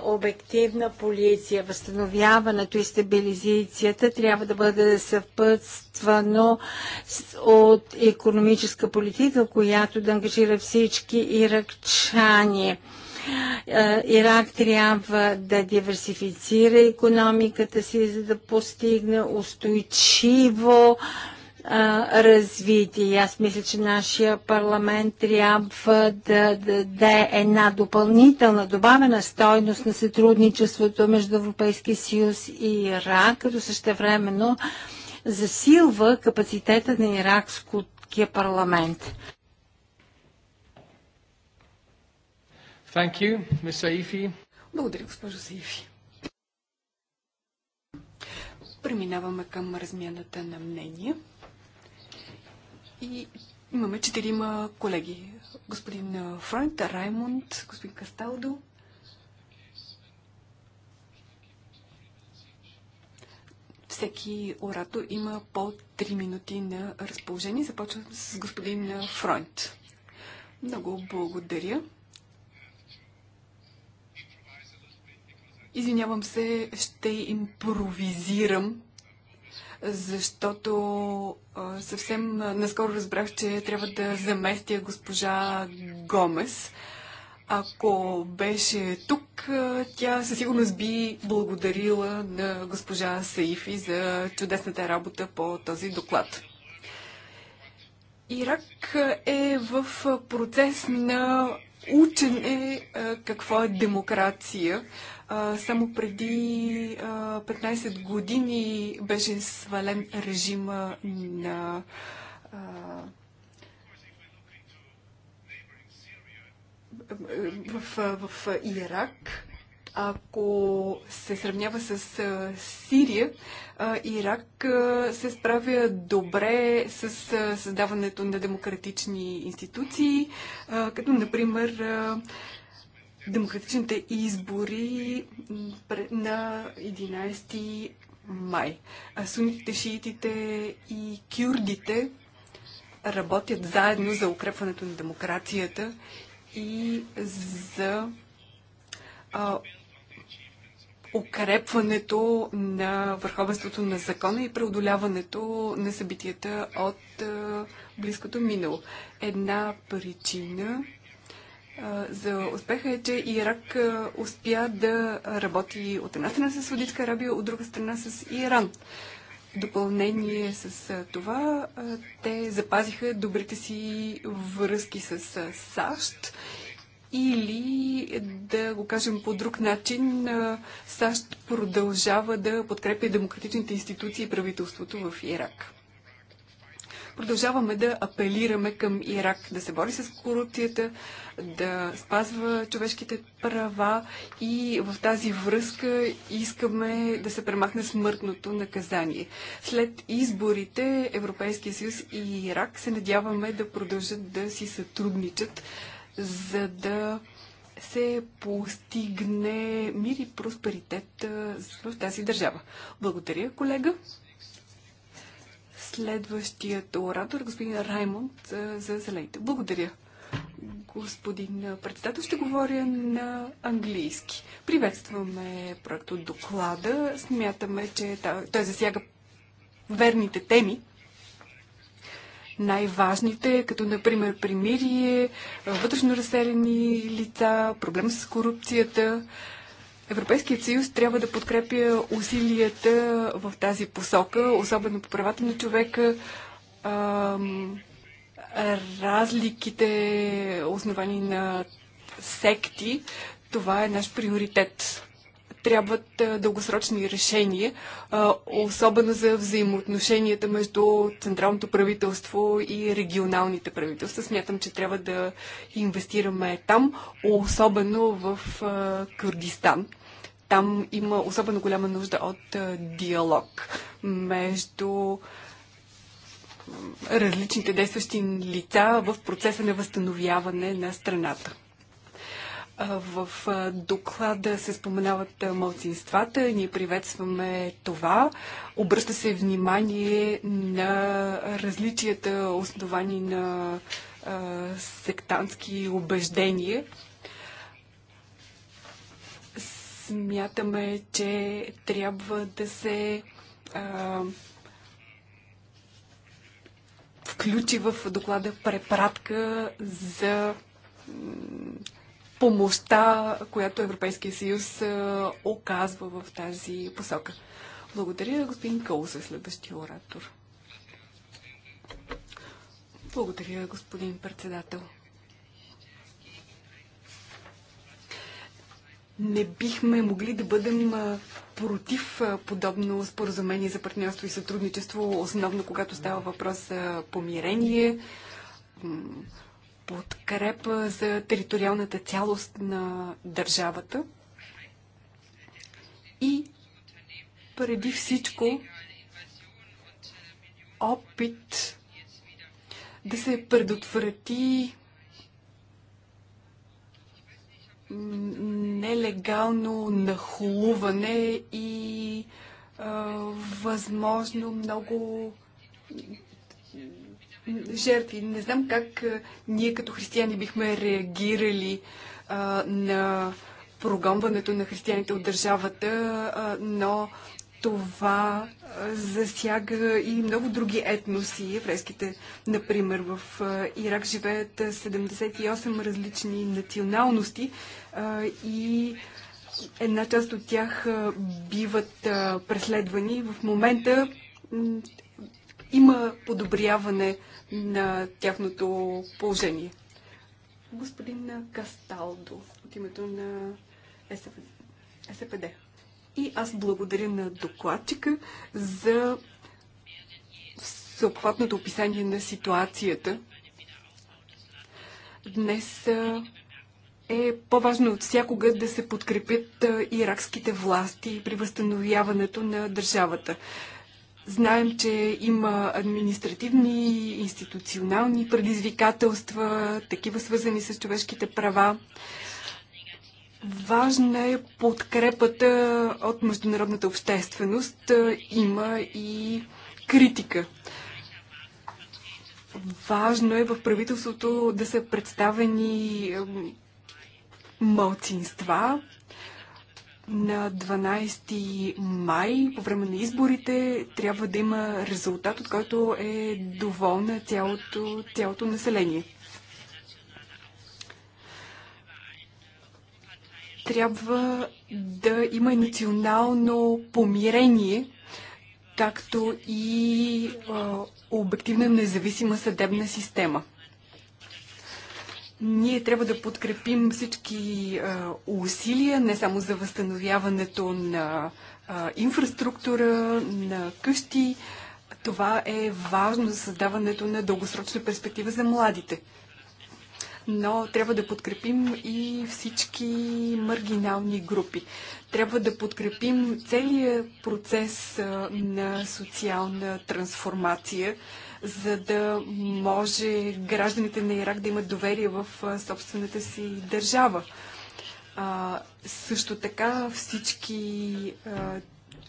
обективна полиция. Възстановяването и стабилизацията трябва да бъде съпътствано от економическа политика, която да ангажира всички иракчани. Ирак трябва да диверсифицира економиката си, за да постигне устойчиво а, развитие. Аз мисля, че нашия парламент трябва да даде една допълнителна, добавена стойност на сътрудничеството между Европейския съюз и Ирак, като същевременно засилва капацитета на иракския парламент. Thank you, Ms. Saifi. Благодаря, госпожо Саифи. Преминаваме към размяната на мнения. И имаме четирима колеги. Господин Фронт, Раймонд, господин Касталдо. Всеки оратор има по 3 минути на разположение. Започвам с господин Фронт. Много благодаря. Извинявам се, ще импровизирам, защото съвсем наскоро разбрах, че трябва да заместя госпожа Гомес. Ако беше тук, тя със сигурност би благодарила на госпожа Саифи за чудесната работа по този доклад. Ирак е в процес на учене какво е демокрация. Само преди 15 години беше свален режима на в, в, в Ирак ако се сравнява с Сирия, Ирак се справя добре с създаването на демократични институции, като например демократичните избори на 11 май. Сунитите, шиитите и кюрдите работят заедно за укрепването на демокрацията и за а, укрепването на върховенството на закона и преодоляването на събитията от а, близкото минало. Една причина за успеха е, че Ирак успя да работи от една страна с Саудитска Арабия, от друга страна с Иран. В допълнение с това, те запазиха добрите си връзки с САЩ или, да го кажем по друг начин, САЩ продължава да подкрепя демократичните институции и правителството в Ирак. Продължаваме да апелираме към Ирак да се бори с корупцията, да спазва човешките права и в тази връзка искаме да се премахне смъртното наказание. След изборите Европейския съюз и Ирак се надяваме да продължат да си сътрудничат, за да се постигне мир и просперитет в тази държава. Благодаря, колега. Следващият оратор, господин Раймонд за зелените. Благодаря. Господин председател, ще говоря на английски. Приветстваме проекто доклада. Смятаме, че той засяга верните теми, най-важните, като например примирие, вътрешно разселени лица, проблем с корупцията, Европейският съюз трябва да подкрепя усилията в тази посока, особено по правата на човека, разликите, основани на секти. Това е наш приоритет трябват дългосрочни решения, особено за взаимоотношенията между централното правителство и регионалните правителства. Смятам, че трябва да инвестираме там, особено в Кюргистан. Там има особено голяма нужда от диалог между различните действащи лица в процеса на възстановяване на страната. В доклада се споменават младсинствата. Ние приветстваме това. Обръща се внимание на различията, основани на сектантски убеждения. Смятаме, че трябва да се а, включи в доклада препратка за помощта, която Европейския съюз е, оказва в тази посока. Благодаря, господин Кълс е следващия оратор. Благодаря, господин председател. не бихме могли да бъдем против подобно споразумение за партньорство и сътрудничество, основно когато става въпрос за помирение, подкрепа за териториалната цялост на държавата и преди всичко опит да се предотврати нелегално нахлуване и а, възможно много жертви. Не знам как ние като християни бихме реагирали а, на прогонването на християните от държавата, а, но това засяга и много други етноси. Еврейските, например, в Ирак живеят 78 различни националности и една част от тях биват преследвани. В момента има подобряване на тяхното положение. Господин Касталдо от името на СПД. И аз благодаря на докладчика за съобхватното описание на ситуацията. Днес е по-важно от всякога да се подкрепят иракските власти при възстановяването на държавата. Знаем, че има административни, институционални предизвикателства, такива свързани с човешките права. Важна е подкрепата от международната общественост. Има и критика. Важно е в правителството да са представени малцинства, на 12 май, по време на изборите, трябва да има резултат, от който е доволна цялото, цялото население. Трябва да има национално помирение, както и а, обективна независима съдебна система – ние трябва да подкрепим всички а, усилия, не само за възстановяването на а, инфраструктура, на къщи. Това е важно за създаването на дългосрочна перспектива за младите. Но трябва да подкрепим и всички маргинални групи. Трябва да подкрепим целият процес а, на социална трансформация за да може гражданите на Ирак да имат доверие в собствената си държава. А, също така всички а,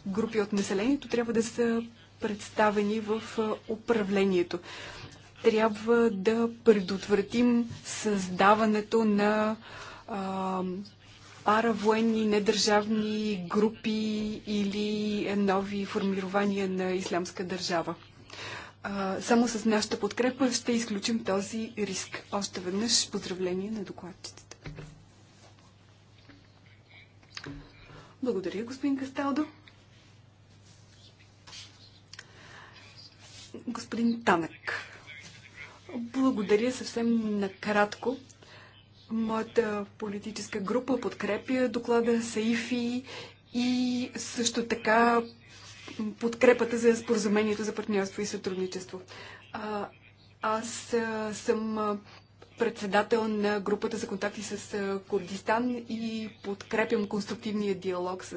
групи от населението трябва да са представени в а, управлението. Трябва да предотвратим създаването на а, паравоенни недържавни групи или нови формирования на ислямска държава само с нашата подкрепа ще изключим този риск. Още веднъж поздравление на докладчицата. Благодаря, господин Касталдо. Господин Танък. Благодаря съвсем накратко. Моята политическа група подкрепя доклада Саифи и също така подкрепата за споразумението за партньорство и сътрудничество. А, аз а, съм председател на групата за контакти с Курдистан и подкрепям конструктивния диалог с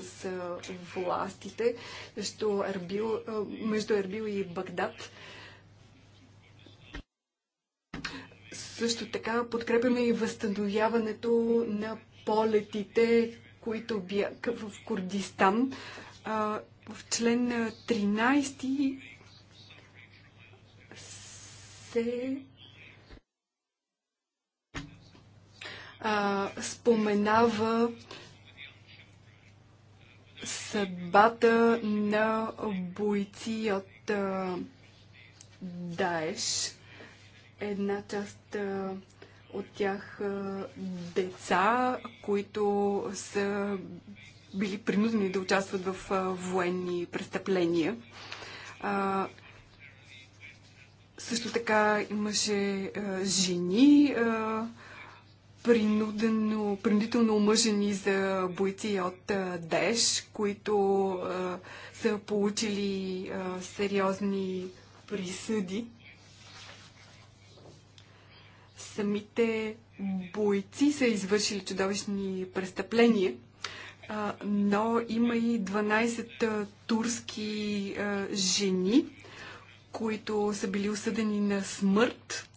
властите между Ербил, между Ербил и Багдад. Също така подкрепяме и възстановяването на полетите, които бяха в Курдистан в член 13 се а, споменава съдбата на бойци от а, Даеш. Една част а, от тях а, деца, които са били принудени да участват в а, военни престъпления. А, също така имаше а, жени, а, принудено, принудително омъжени за бойци от а, ДЕШ, които а, са получили а, сериозни присъди. Самите бойци са извършили чудовищни престъпления – но има и 12 турски жени, които са били осъдени на смърт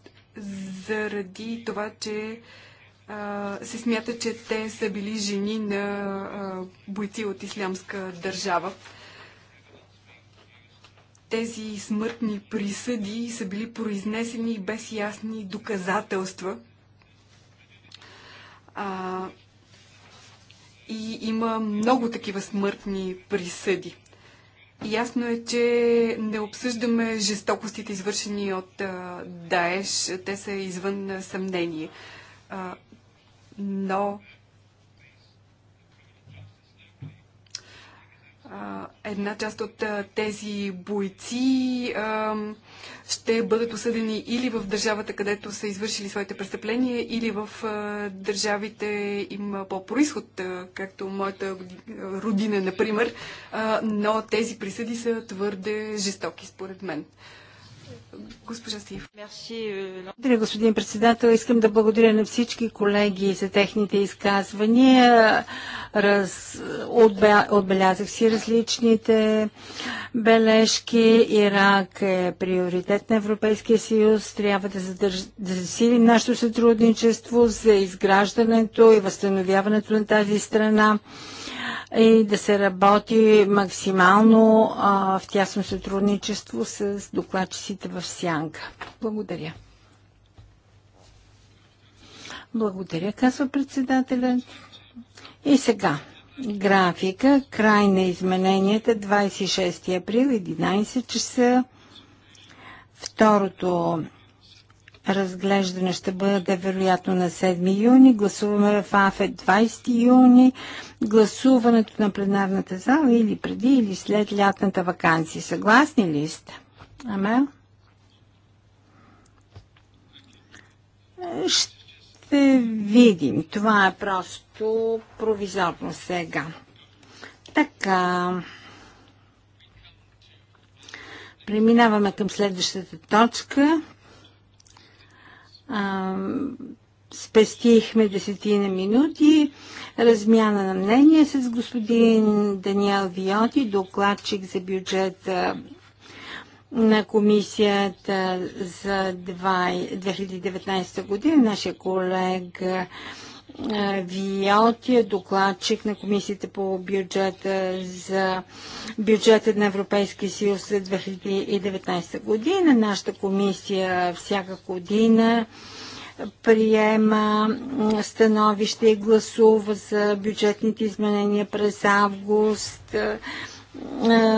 заради това, че се смята, че те са били жени на бойци от ислямска държава. Тези смъртни присъди са били произнесени без ясни доказателства и има много такива смъртни присъди. Ясно е, че не обсъждаме жестокостите, извършени от Даеш. Те са извън съмнение. но една част от тези бойци ще бъдат осъдени или в държавата, където са извършили своите престъпления, или в държавите им по происход, както моята родина, например. Но тези присъди са твърде жестоки, според мен. Госпожа е, Благодаря, господин председател. Искам да благодаря на всички колеги за техните изказвания. Раз... Отбе... Отбелязах си различните бележки. Ирак е приоритет на Европейския съюз. Трябва да, задърж... да засилим нашето сътрудничество за изграждането и възстановяването на тази страна и е да се работи максимално в тясно сътрудничество с докладчиците в Сянка. Благодаря. Благодаря, казва председателя. И сега графика, край на измененията 26 април 11 часа. Второто разглеждане ще бъде вероятно на 7 юни. Гласуваме в АФЕ 20 юни. Гласуването на пленарната зала или преди или след лятната вакансия. Съгласни ли сте? Амел? Ще видим. Това е просто провизорно сега. Така. Преминаваме към следващата точка спестихме десетина минути. Размяна на мнение с господин Даниел Виоти, докладчик за бюджета на комисията за 2019 година. Нашия колега Виоти е докладчик на Комисията по бюджета за бюджета на Европейския съюз за 2019 година. Нашата комисия всяка година приема становище и гласува за бюджетните изменения през август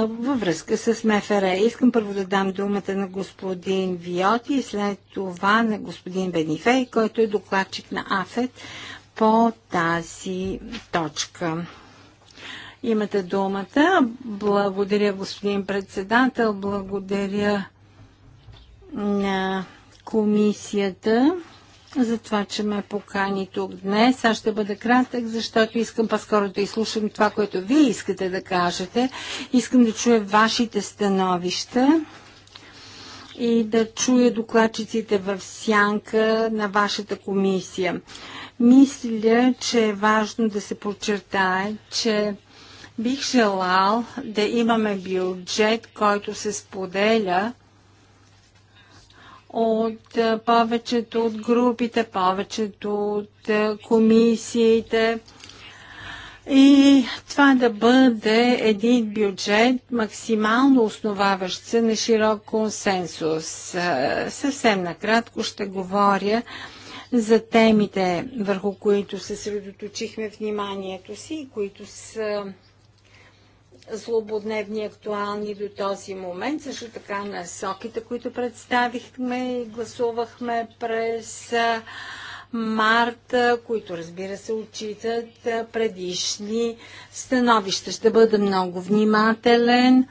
във връзка с МФР. Искам първо да дам думата на господин Виоти и след това на господин Бенифей, който е докладчик на АФЕТ по тази точка. Имате думата. Благодаря, господин председател. Благодаря на комисията за това, че ме покани тук днес. Аз ще бъда кратък, защото искам по-скоро да изслушам това, което вие искате да кажете. Искам да чуя вашите становища и да чуя докладчиците в сянка на вашата комисия. Мисля, че е важно да се подчертае, че бих желал да имаме бюджет, който се споделя от е, повечето от групите, повечето от е, комисиите. И това да бъде един бюджет максимално основаващ се на широк консенсус. Е, съвсем накратко ще говоря за темите, върху които се средоточихме вниманието си и които са злободневни и актуални до този момент. Също така насоките, които представихме и гласувахме през март, които разбира се отчитат предишни становища. Ще бъда много внимателен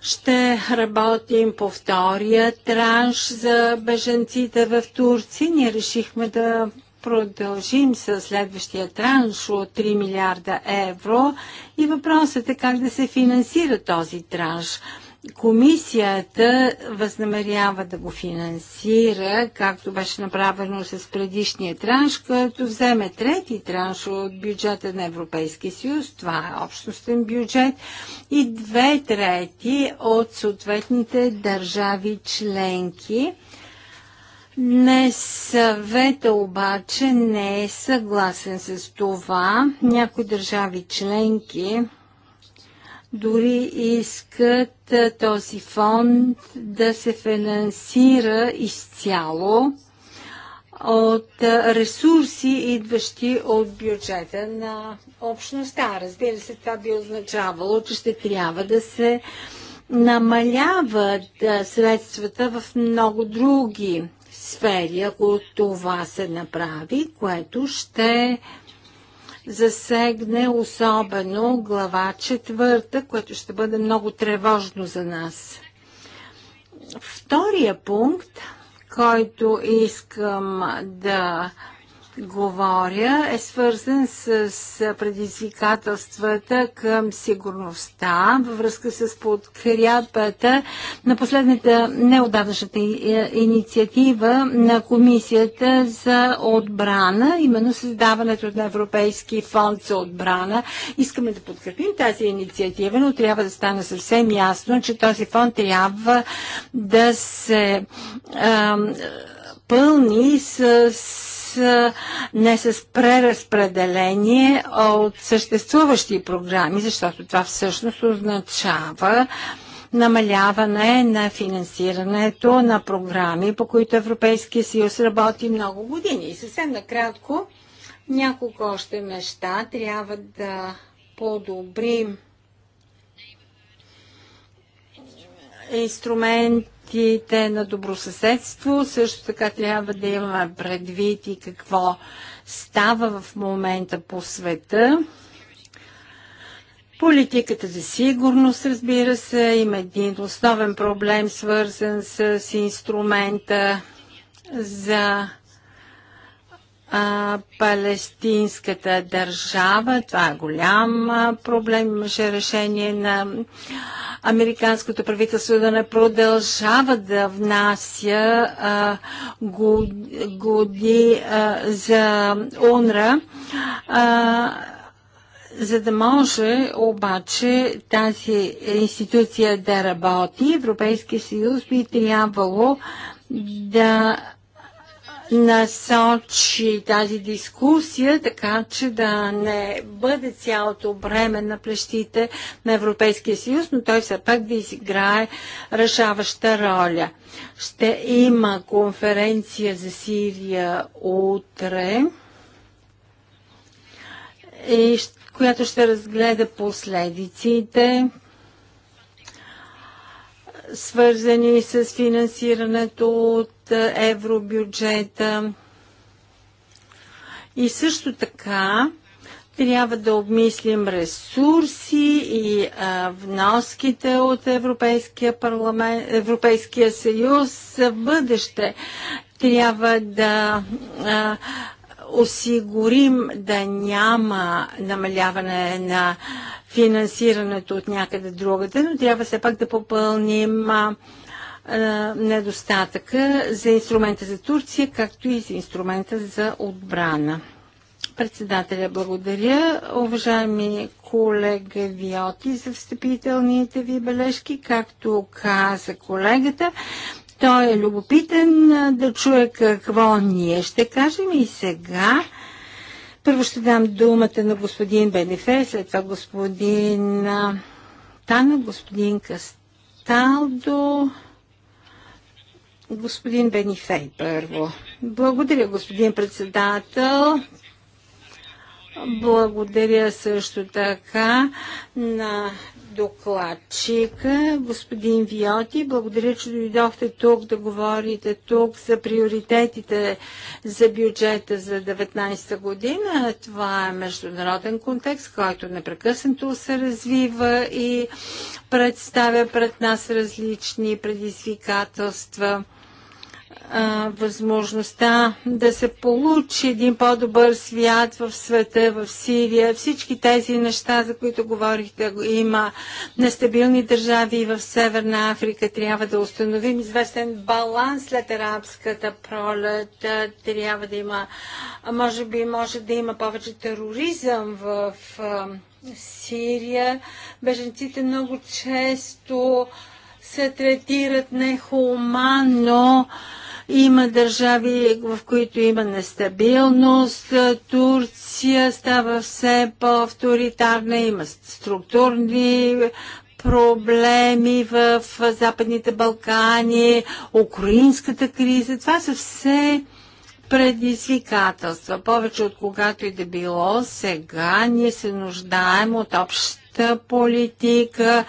ще работим по втория транш за беженците в Турция. Ние решихме да продължим с следващия транш от 3 милиарда евро и въпросът е как да се финансира този транш. Комисията възнамерява да го финансира, както беше направено с предишния транш, като вземе трети транш от бюджета на Европейския съюз, това е общностен бюджет, и две трети от съответните държави членки. Не съвета обаче не е съгласен с това. Някои държави членки дори искат този фонд да се финансира изцяло от ресурси, идващи от бюджета на общността. Разбира се, това би означавало, че ще трябва да се намаляват средствата в много други сфери, ако това се направи, което ще засегне особено глава четвърта, което ще бъде много тревожно за нас. Втория пункт, който искам да говоря, е свързан с, с предизвикателствата към сигурността във връзка с подкрепата на последната неодавнашната е, инициатива на Комисията за отбрана, именно създаването на Европейски фонд за отбрана. Искаме да подкрепим тази инициатива, но трябва да стане съвсем ясно, че този фонд трябва да се а, пълни с не с преразпределение от съществуващи програми, защото това всъщност означава намаляване на финансирането на програми, по които Европейския съюз работи много години. И съвсем накратко, няколко още неща трябва да подобрим инструмент проектите на добросъседство. Също така трябва да имаме предвид и какво става в момента по света. Политиката за сигурност, разбира се, има един основен проблем, свързан с инструмента за а, палестинската държава. Това е голям проблем. Имаше решение на американското правителство да не продължава да внася а, годи а, за ОНРА. А, за да може обаче тази институция да работи, Европейския съюз би трябвало да насочи тази дискусия, така че да не бъде цялото бреме на плещите на Европейския съюз, но той все пак да изиграе решаваща роля. Ще има конференция за Сирия утре, която ще разгледа последиците свързани с финансирането от евробюджета. И също така трябва да обмислим ресурси и а, вноските от Европейския, парламент, Европейския съюз в бъдеще. Трябва да а, осигурим да няма намаляване на финансирането от някъде другата, но трябва все пак да попълним а, недостатъка за инструмента за Турция, както и за инструмента за отбрана. Председателя, благодаря. Уважаеми колега Виоти за встъпителните ви бележки, както каза колегата. Той е любопитен да чуе какво ние ще кажем и сега. Първо ще дам думата на господин Бенефе, след това господин Тана, господин Касталдо. Господин Бенифей първо. Благодаря, господин председател. Благодаря също така на докладчика, господин Виоти. Благодаря, че дойдохте тук да говорите тук за приоритетите за бюджета за 19-та година. Това е международен контекст, който непрекъснато се развива и представя пред нас различни предизвикателства а, възможността да се получи един по-добър свят в света, в Сирия, всички тези неща, за които говорихте, да има нестабилни държави в Северна Африка, трябва да установим известен баланс след арабската пролет, трябва да има, може би може да има повече тероризъм в а, Сирия. Беженците много често се третират нехуманно има държави, в които има нестабилност. Турция става все по-авторитарна, има структурни проблеми в Западните Балкани, украинската криза. Това са все предизвикателства. Повече от когато и да било, сега ние се нуждаем от обща политика,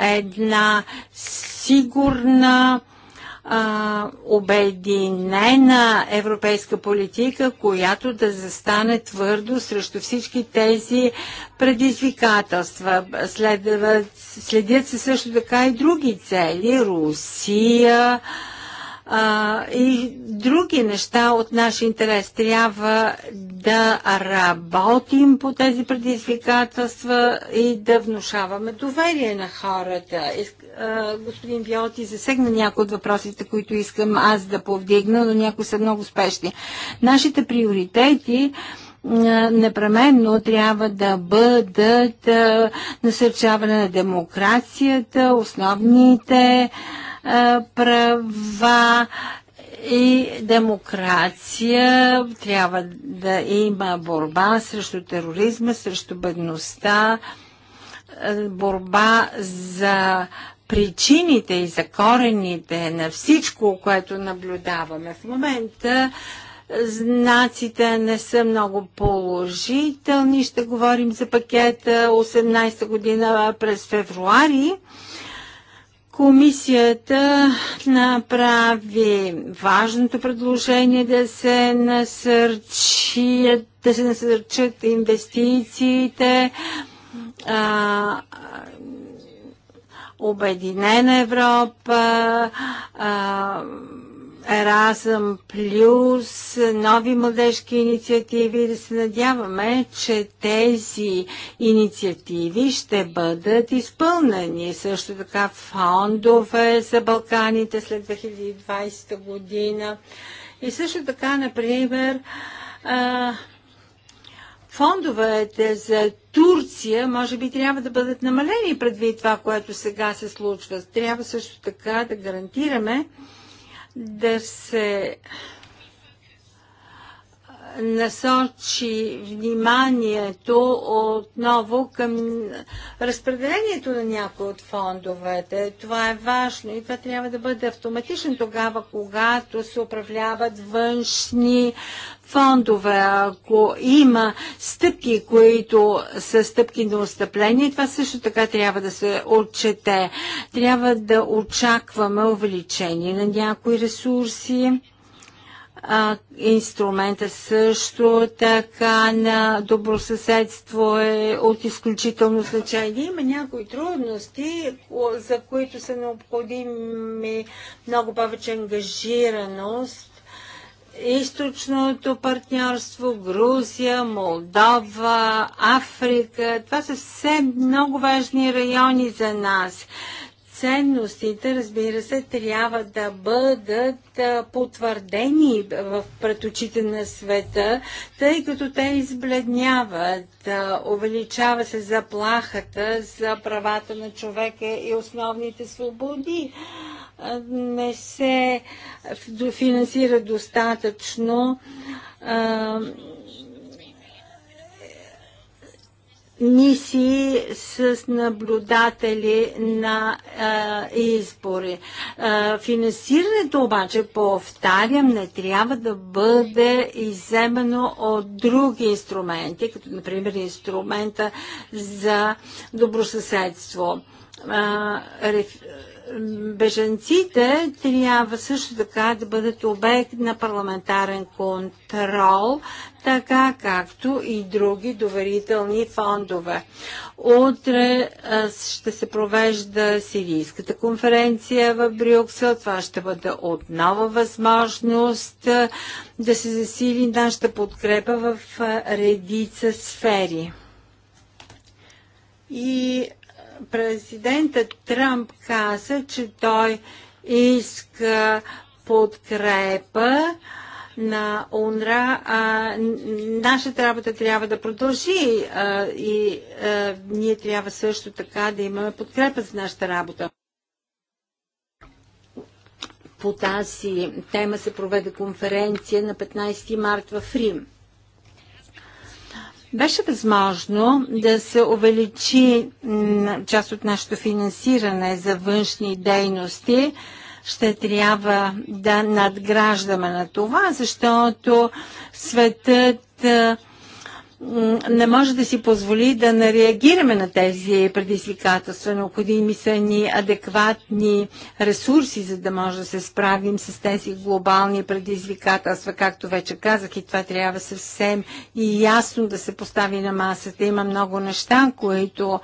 една сигурна а, обединена европейска политика, която да застане твърдо срещу всички тези предизвикателства. Следват, следят се също така и други цели. Русия, а, а, и други неща от наш интерес. Трябва да работим по тези предизвикателства и да внушаваме доверие на хората. А, господин Виоти засегна някои от въпросите, които искам аз да повдигна, но някои са много спешни. Нашите приоритети непременно трябва да бъдат насърчаване на демокрацията, основните а, права и демокрация. Трябва да има борба срещу тероризма, срещу бедността, борба за причините и за корените на всичко, което наблюдаваме в момента знаците не са много положителни. Ще говорим за пакета 18 година през февруари. Комисията направи важното предложение да се насърчат, да се насърчат инвестициите. А, Обединена Европа, а, Еразъм плюс, нови младежки инициативи да се надяваме, че тези инициативи ще бъдат изпълнени. Също така фондове за Балканите след 2020 година. И също така, например, фондовете за Турция може би трябва да бъдат намалени предвид това, което сега се случва. Трябва също така да гарантираме, да се насочи вниманието отново към разпределението на някои от фондовете. Това е важно и това трябва да бъде автоматично тогава, когато се управляват външни фондове, ако има стъпки, които са стъпки на отстъпление, това също така трябва да се отчете. Трябва да очакваме увеличение на някои ресурси а, инструмента също така на добросъседство е от изключително значение. Има някои трудности, за които са необходими много повече ангажираност източното партньорство, Грузия, Молдова, Африка. Това са все много важни райони за нас. Ценностите, разбира се, трябва да бъдат потвърдени в пред очите на света, тъй като те избледняват, увеличава се заплахата за правата на човека и основните свободи не се финансира достатъчно. мисии с наблюдатели на а, избори. А, финансирането обаче, повтарям, не трябва да бъде иземено от други инструменти, като например инструмента за добросъседство. А, реф беженците трябва също така да бъдат обект на парламентарен контрол, така както и други доверителни фондове. Утре ще се провежда сирийската конференция в Брюксел. Това ще бъде отново възможност да се засили нашата подкрепа в редица сфери. И президентът Трамп каза, че той иска подкрепа на УНРА. А, нашата работа трябва да продължи а, и а, ние трябва също така да имаме подкрепа за нашата работа. По тази тема се проведе конференция на 15 март в Рим. Беше възможно да се увеличи част от нашето финансиране за външни дейности. Ще трябва да надграждаме на това, защото светът не може да си позволи да не реагираме на тези предизвикателства. Необходими са ни адекватни ресурси, за да може да се справим с тези глобални предизвикателства. Както вече казах, и това трябва съвсем и ясно да се постави на масата. Има много неща, които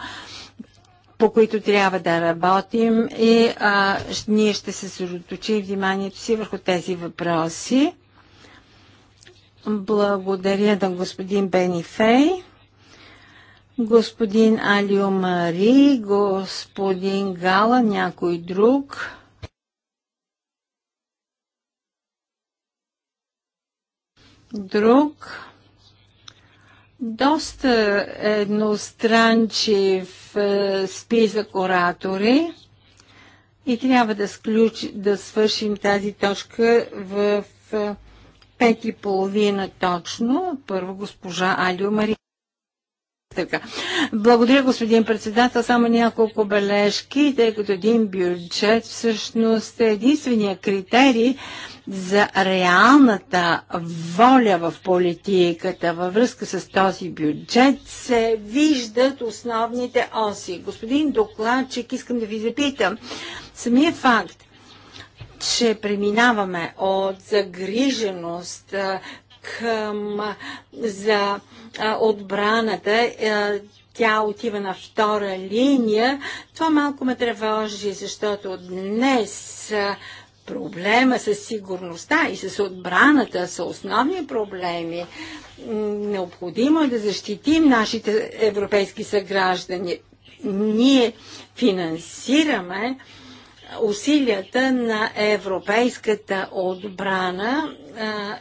по които трябва да работим и а, ние ще се съсредоточим вниманието си върху тези въпроси. Благодаря на господин Бени Фей, господин Алио Мари, господин Гала, някой друг. Друг доста едностранчив е, списък оратори и трябва да, сключ, да свършим тази точка в е, пет и половина точно. Първо госпожа Алио Мари. Така. Благодаря, господин председател. Само няколко бележки, тъй като един бюджет всъщност е единствения критерий за реалната воля в политиката във връзка с този бюджет се виждат основните оси. Господин докладчик, искам да ви запитам. Самия факт, че преминаваме от загриженост към за отбраната тя отива на втора линия, това малко ме тревожи, защото днес проблема с сигурността и с отбраната са основни проблеми. Необходимо е да защитим нашите европейски съграждани. Ние финансираме усилията на европейската отбрана,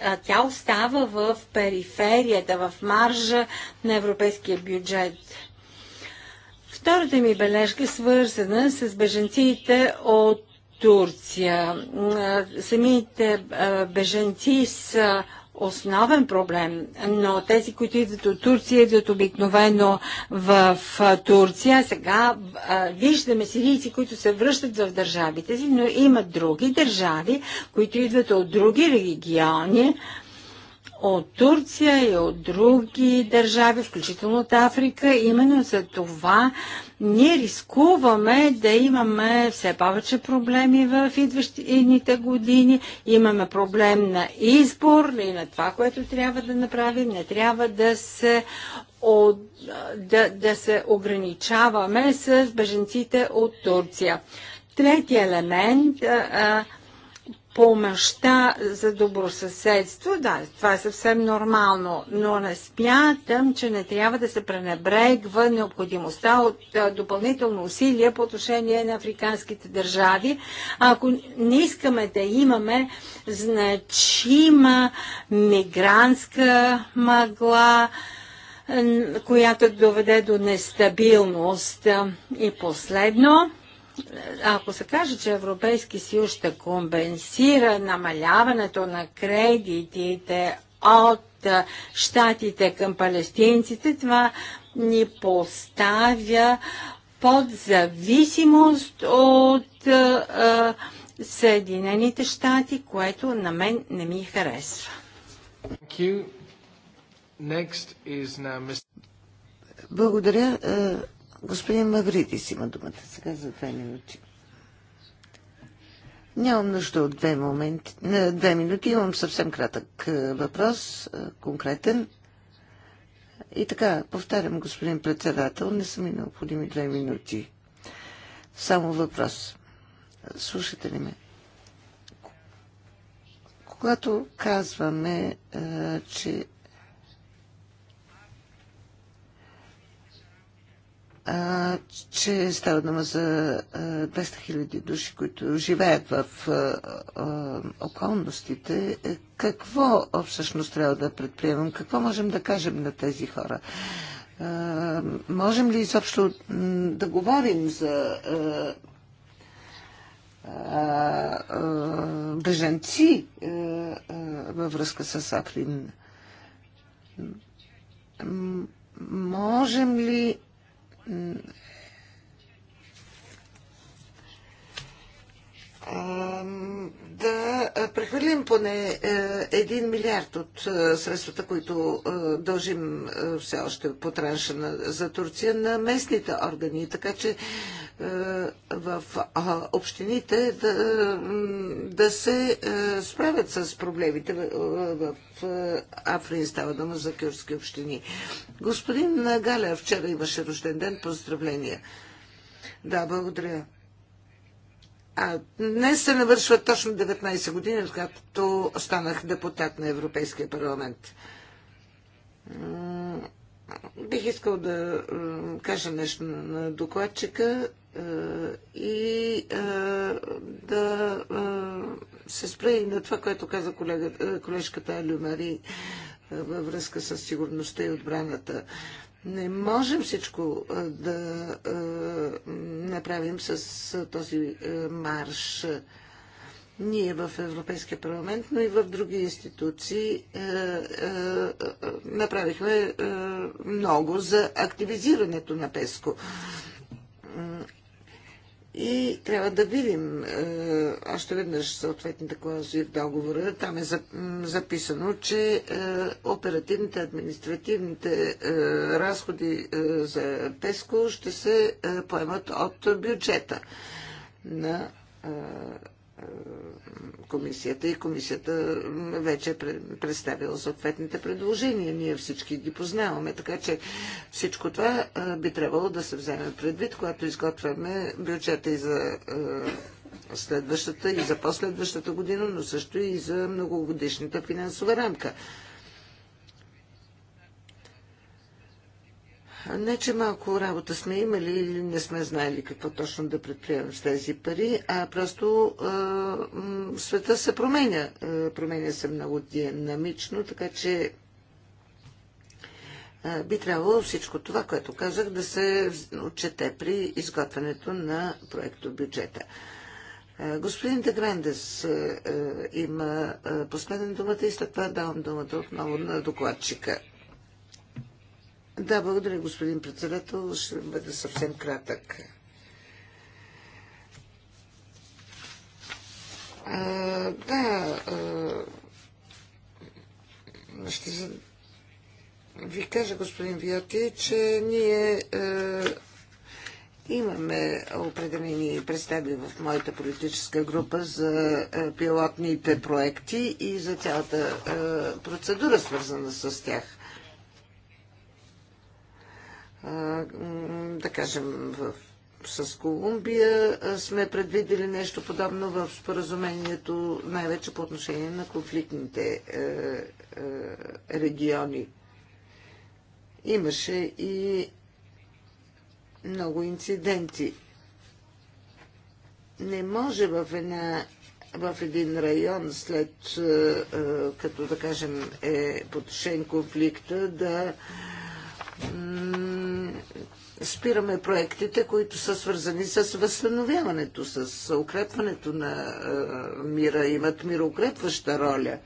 а тя остава в периферията, в маржа на европейския бюджет. Втората ми бележка е свързана с беженците от Турция. Самите беженци са основен проблем, но тези, които идват от Турция, идват обикновено в Турция. Сега а, виждаме сирийци, които се връщат в държавите си, но има други държави, които идват от други региони от Турция и от други държави, включително от Африка. Именно за това ние рискуваме да имаме все повече проблеми в идващите години. Имаме проблем на избор и на това, което трябва да направим. Не трябва да се от, да, да се ограничаваме с беженците от Турция. Трети елемент а, помощта за добросъседство, да, това е съвсем нормално, но не смятам, че не трябва да се пренебрегва необходимостта от допълнително усилие по отношение на африканските държави, ако не искаме да имаме значима мигрантска мъгла, която доведе до нестабилност. И последно, ако се каже, че Европейски съюз ще компенсира намаляването на кредитите от щатите към палестинците, това ни поставя под зависимост от Съединените щати, което на мен не ми харесва. Uh, Благодаря. Е, Господин Мавридис има думата сега за две минути. Нямам нужда от две, моменти, не, две минути. Имам съвсем кратък е, въпрос, е, конкретен. И така, повтарям, господин председател, не са ми необходими две минути. Само въпрос. Слушате ли ме? Когато казваме, е, че че става дума за 200 000 души, които живеят в околностите. Е, какво всъщност трябва да предприемем? Какво можем да кажем на тези хора? можем ли изобщо да говорим за беженци във връзка с Африн? Можем ли Um, да е, прехвърлим поне 1 е, милиард от е, средствата, които дължим все още по транша за Турция на местните органи. Така че в общините да, да се справят с проблемите в Африн става дума за кюрски общини. Господин Галя вчера имаше рожден ден. Поздравления. Да, благодаря. А, днес се навършват точно 19 години, откакто станах депутат на Европейския парламент. Бих искал да кажа нещо на докладчика е, и е, да е, се спра и на това, което каза колежката Алю Мари във връзка с сигурността и отбраната. Не можем всичко да направим с този марш. Ние в Европейския парламент, но и в други институции направихме много за активизирането на ПЕСКО. И трябва да видим е, още веднъж съответните клаузи в договора. Там е записано, че е, оперативните, административните е, разходи е, за ПЕСКО ще се е, поемат от бюджета на е, е, комисията и комисията вече е представила съответните предложения. Ние всички ги познаваме, така че всичко това е, би трябвало да се вземе предвид, когато изготвяме бюджета и за е, следващата и за последващата година, но също и за многогодишната финансова рамка. Не, че малко работа сме имали или не сме знаели какво точно да предприемем с тези пари, а просто а, света се променя. А, променя се много динамично, така че а, би трябвало всичко това, което казах, да се отчете при изготвянето на проекто бюджета. господин Деграндес има последен думата и след това давам думата отново на докладчика. Да, благодаря, господин председател. Ще бъда съвсем кратък. А, да, а, ще ви кажа, господин Виоти, че ние а, имаме определени представи в моята политическа група за пилотните проекти и за цялата процедура, свързана с тях да кажем, в с Колумбия сме предвидели нещо подобно в споразумението, най-вече по отношение на конфликтните е, е, региони. Имаше и много инциденти. Не може в, една, в един район, след е, е като, да кажем, е потушен конфликта, да спираме проектите, които са свързани с възстановяването, с укрепването на е, мира, имат мироукрепваща роля.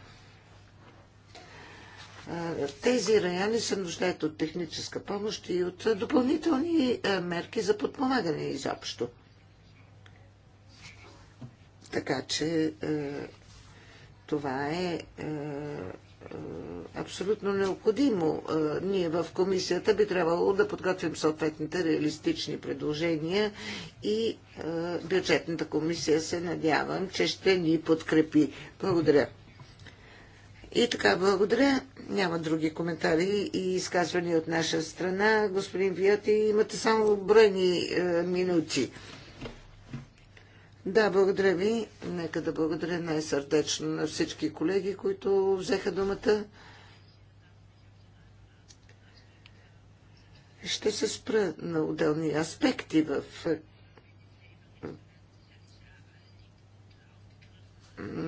Е, тези райони се нуждаят от техническа помощ и от допълнителни е, мерки за подпомагане изобщо. Така че това е е, абсолютно необходимо. Е, ние в комисията би трябвало да подготвим съответните реалистични предложения и е, бюджетната комисия се надявам, че ще ни подкрепи. Благодаря. И така, благодаря. Няма други коментари и изказвания от наша страна. Господин Виоти, имате само броени минути. Да, благодаря ви. Нека да благодаря най-сърдечно на всички колеги, които взеха думата. Ще се спра на отделни аспекти в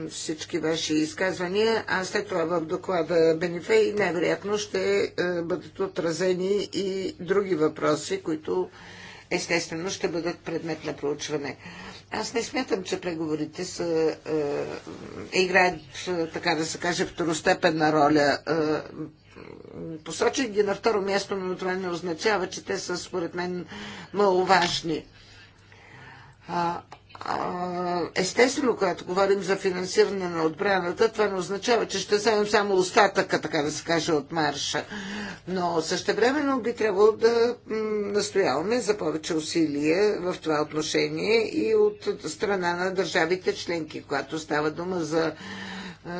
всички ваши изказвания, а след това в доклада Бенефей най-вероятно ще е, бъдат отразени и други въпроси, които естествено ще бъдат предмет на проучване. Аз не смятам, че преговорите са, е, играят, е, така да се каже, второстепенна роля. Е, посочих ги на второ място, но това не означава, че те са, според мен, маловажни естествено, когато говорим за финансиране на отбраната, това не означава, че ще вземем само остатъка, така да се каже, от марша. Но същевременно би трябвало да настояваме за повече усилия в това отношение и от страна на държавите членки, когато става дума за е,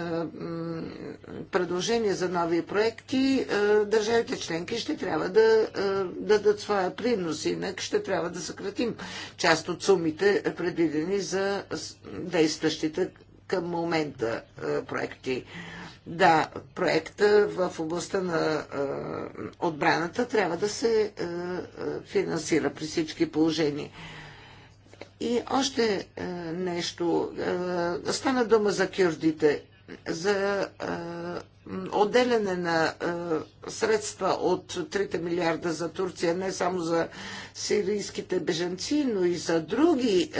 предложения за нови проекти, е, държавите членки ще трябва е, да дадат своя принос, инак ще трябва да съкратим част от сумите, предвидени за действащите към момента проекти. Да, проекта в областта на отбраната трябва да се финансира при всички положения. И още нещо. стана дума за кюрдите за отделяне на средства от 3 милиарда за Турция, не само за сирийските беженци, но и за други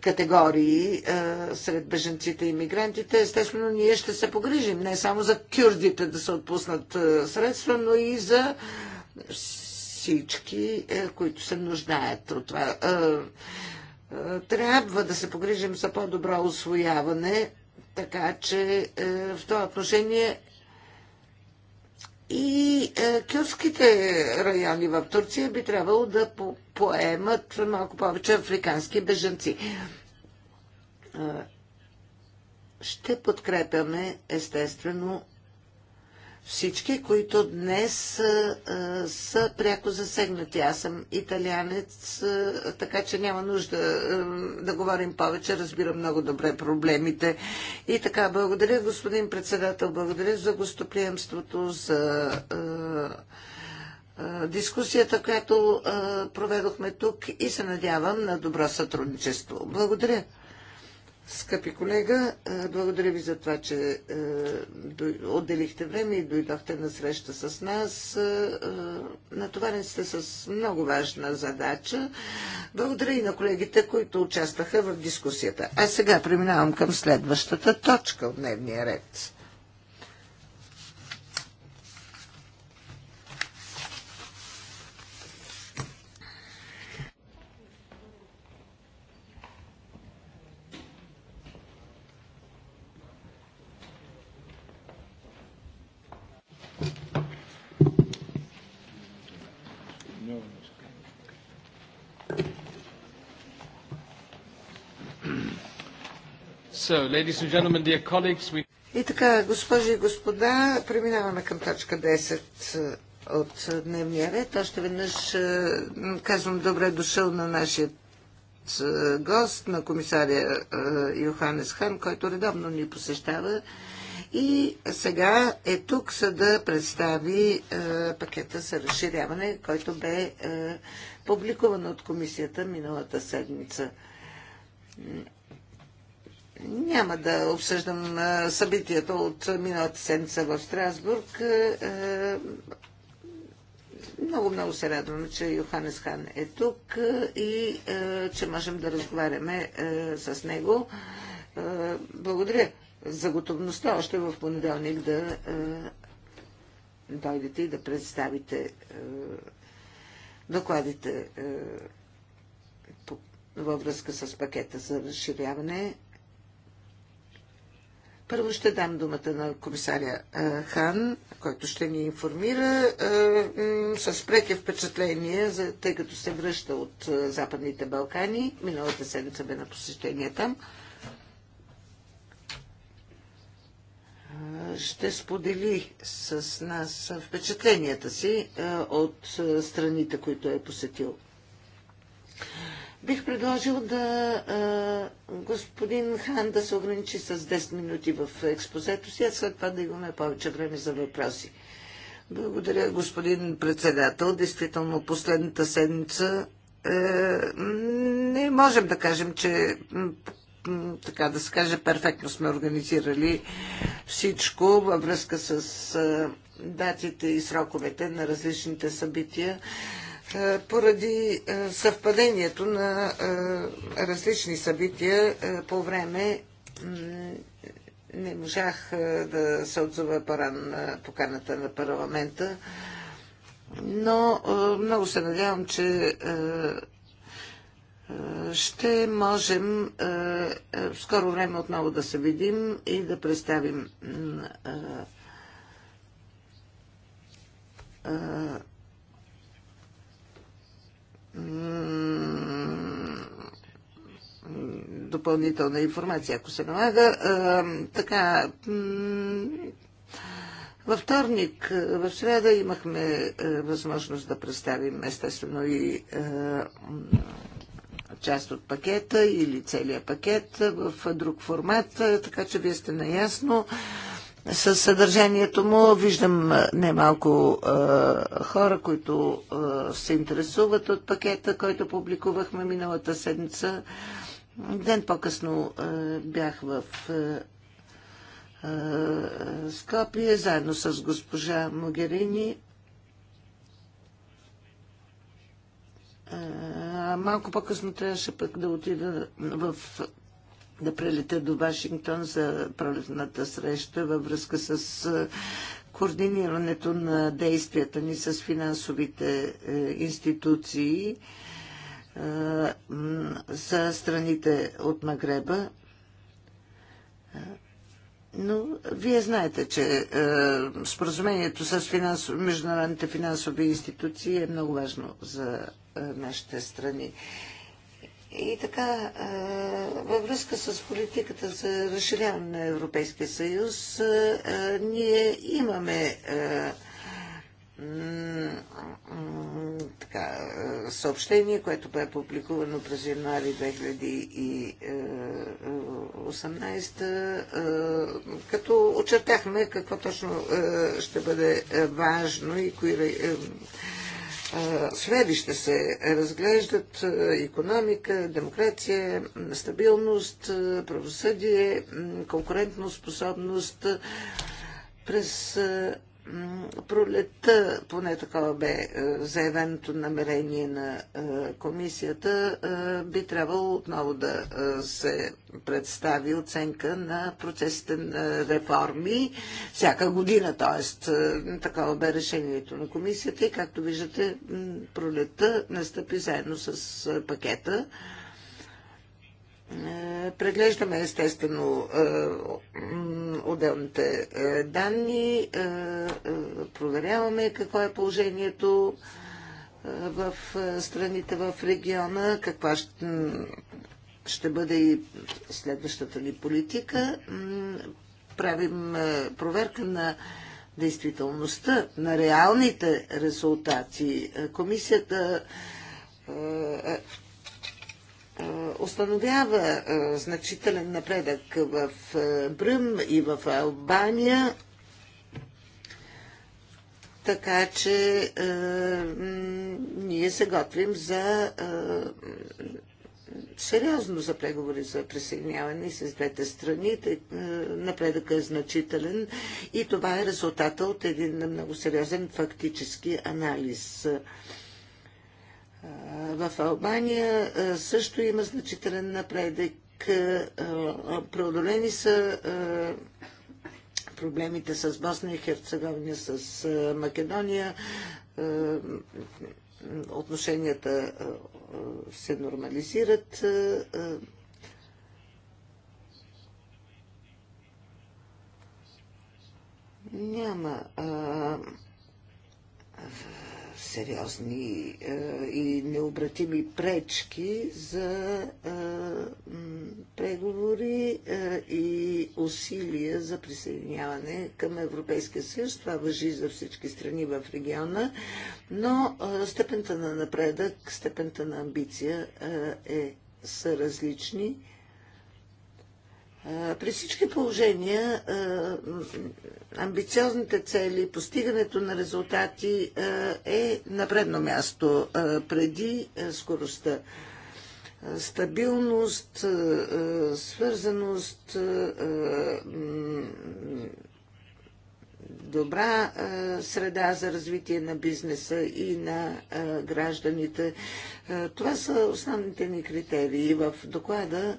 категории сред беженците и мигрантите. Естествено, ние ще се погрижим не само за кюрдите да се отпуснат средства, но и за всички, които се нуждаят от това. Е, трябва да се погрижим за по-добро освояване, така че е, в това отношение и е, кюрските райони в Турция би трябвало да поемат малко повече африкански бежанци. Ще подкрепяме, естествено, всички, които днес а, а, са пряко засегнати. Аз съм италианец, а, така че няма нужда а, да говорим повече. Разбира много добре проблемите. И така, благодаря, господин председател, благодаря за гостоприемството, за. А, дискусията, която проведохме тук и се надявам на добро сътрудничество. Благодаря. Скъпи колега, благодаря ви за това, че отделихте време и дойдохте на среща с нас. Натоварен сте с много важна задача. Благодаря и на колегите, които участваха в дискусията. А сега преминавам към следващата точка от дневния ред. So, ladies and gentlemen, dear colleagues, we... И така, госпожи и господа, преминаваме към точка 10 е, от е, дневния ред. Още веднъж е, казвам добре дошъл на нашия гост, на комисаря Йоханес Хан, който редовно ни посещава и сега е тук, за да представи пакета за разширяване, който бе публикуван от комисията миналата седмица. Няма да обсъждам събитията от миналата седмица в Страсбург. Много, много се радвам, че Йоханес Хан е тук и че можем да разговаряме с него. Благодаря за готовността още в понеделник да дойдете и да представите докладите във връзка с пакета за разширяване първо ще дам думата на комисаря Хан, който ще ни информира с преки впечатление, тъй като се връща от Западните Балкани. Миналата седмица бе на посещение там. ще сподели с нас впечатленията си от страните, които е посетил. Бих предложил да а, господин Хан да се ограничи с 10 минути в експозето си, а след това да имаме повече време за въпроси. Благодаря, господин председател. Действително, последната седмица е, не можем да кажем, че така да се каже, перфектно сме организирали всичко във връзка с датите и сроковете на различните събития. Е, поради е, съвпадението на е, различни събития по време не можах да се отзова пара на поканата на парламента, но много се надявам, че ще можем в скоро време отново да се видим и да представим допълнителна информация, ако се налага. Така, във вторник, в среда имахме възможност да представим естествено и част от пакета или целият пакет в друг формат, така че вие сте наясно. Със съдържанието му. Виждам немалко е, хора, които е, се интересуват от пакета, който публикувахме миналата седмица. Ден по-късно е, бях в е, е, Скопие, заедно с госпожа Могерини. Малко по-късно трябваше пък да отида в да прелета до Вашингтон за пролетната среща във връзка с координирането на действията ни с финансовите е, институции за страните от Магреба. Но вие знаете, че е, споразумението с финансов, международните финансови институции е много важно за е, нашите страни. Е, и така, във връзка с политиката за разширяване на Европейския съюз, ние имаме така, съобщение, което бе публикувано през януари 2018, като очертахме какво точно ще бъде важно и кои сфери се разглеждат економика, демокрация, стабилност, правосъдие, конкурентно способност. През пролетта, поне такова бе е, заявеното намерение на е, комисията, е, би трябвало отново да се представи оценка на процесите на реформи всяка година, т.е. такова бе решението на комисията и както виждате пролетта настъпи заедно с пакета Преглеждаме естествено е, отделните е, данни, е, проверяваме какво е положението в страните в региона, каква ще, бъде и следващата ни политика. Правим проверка на действителността, на реалните резултати. Комисията установява значителен напредък в Бръм и в Албания, така че ние се готвим за сериозно за преговори за присъединяване с двете страни. Тъй, е, напредъка е значителен и това е резултата от един много сериозен фактически анализ. В Албания също има значителен напредък. Преодолени са проблемите с Босна и Херцеговина, с Македония. Отношенията се нормализират. Няма сериозни е, и необратими пречки за е, преговори е, и усилия за присъединяване към Европейския съюз. Това въжи за всички страни в региона, но степента на напредък, степента на амбиция е, са различни при всички положения амбициозните цели, постигането на резултати е на предно място преди скоростта. Стабилност, свързаност, добра среда за развитие на бизнеса и на гражданите. Това са основните ни критерии. В доклада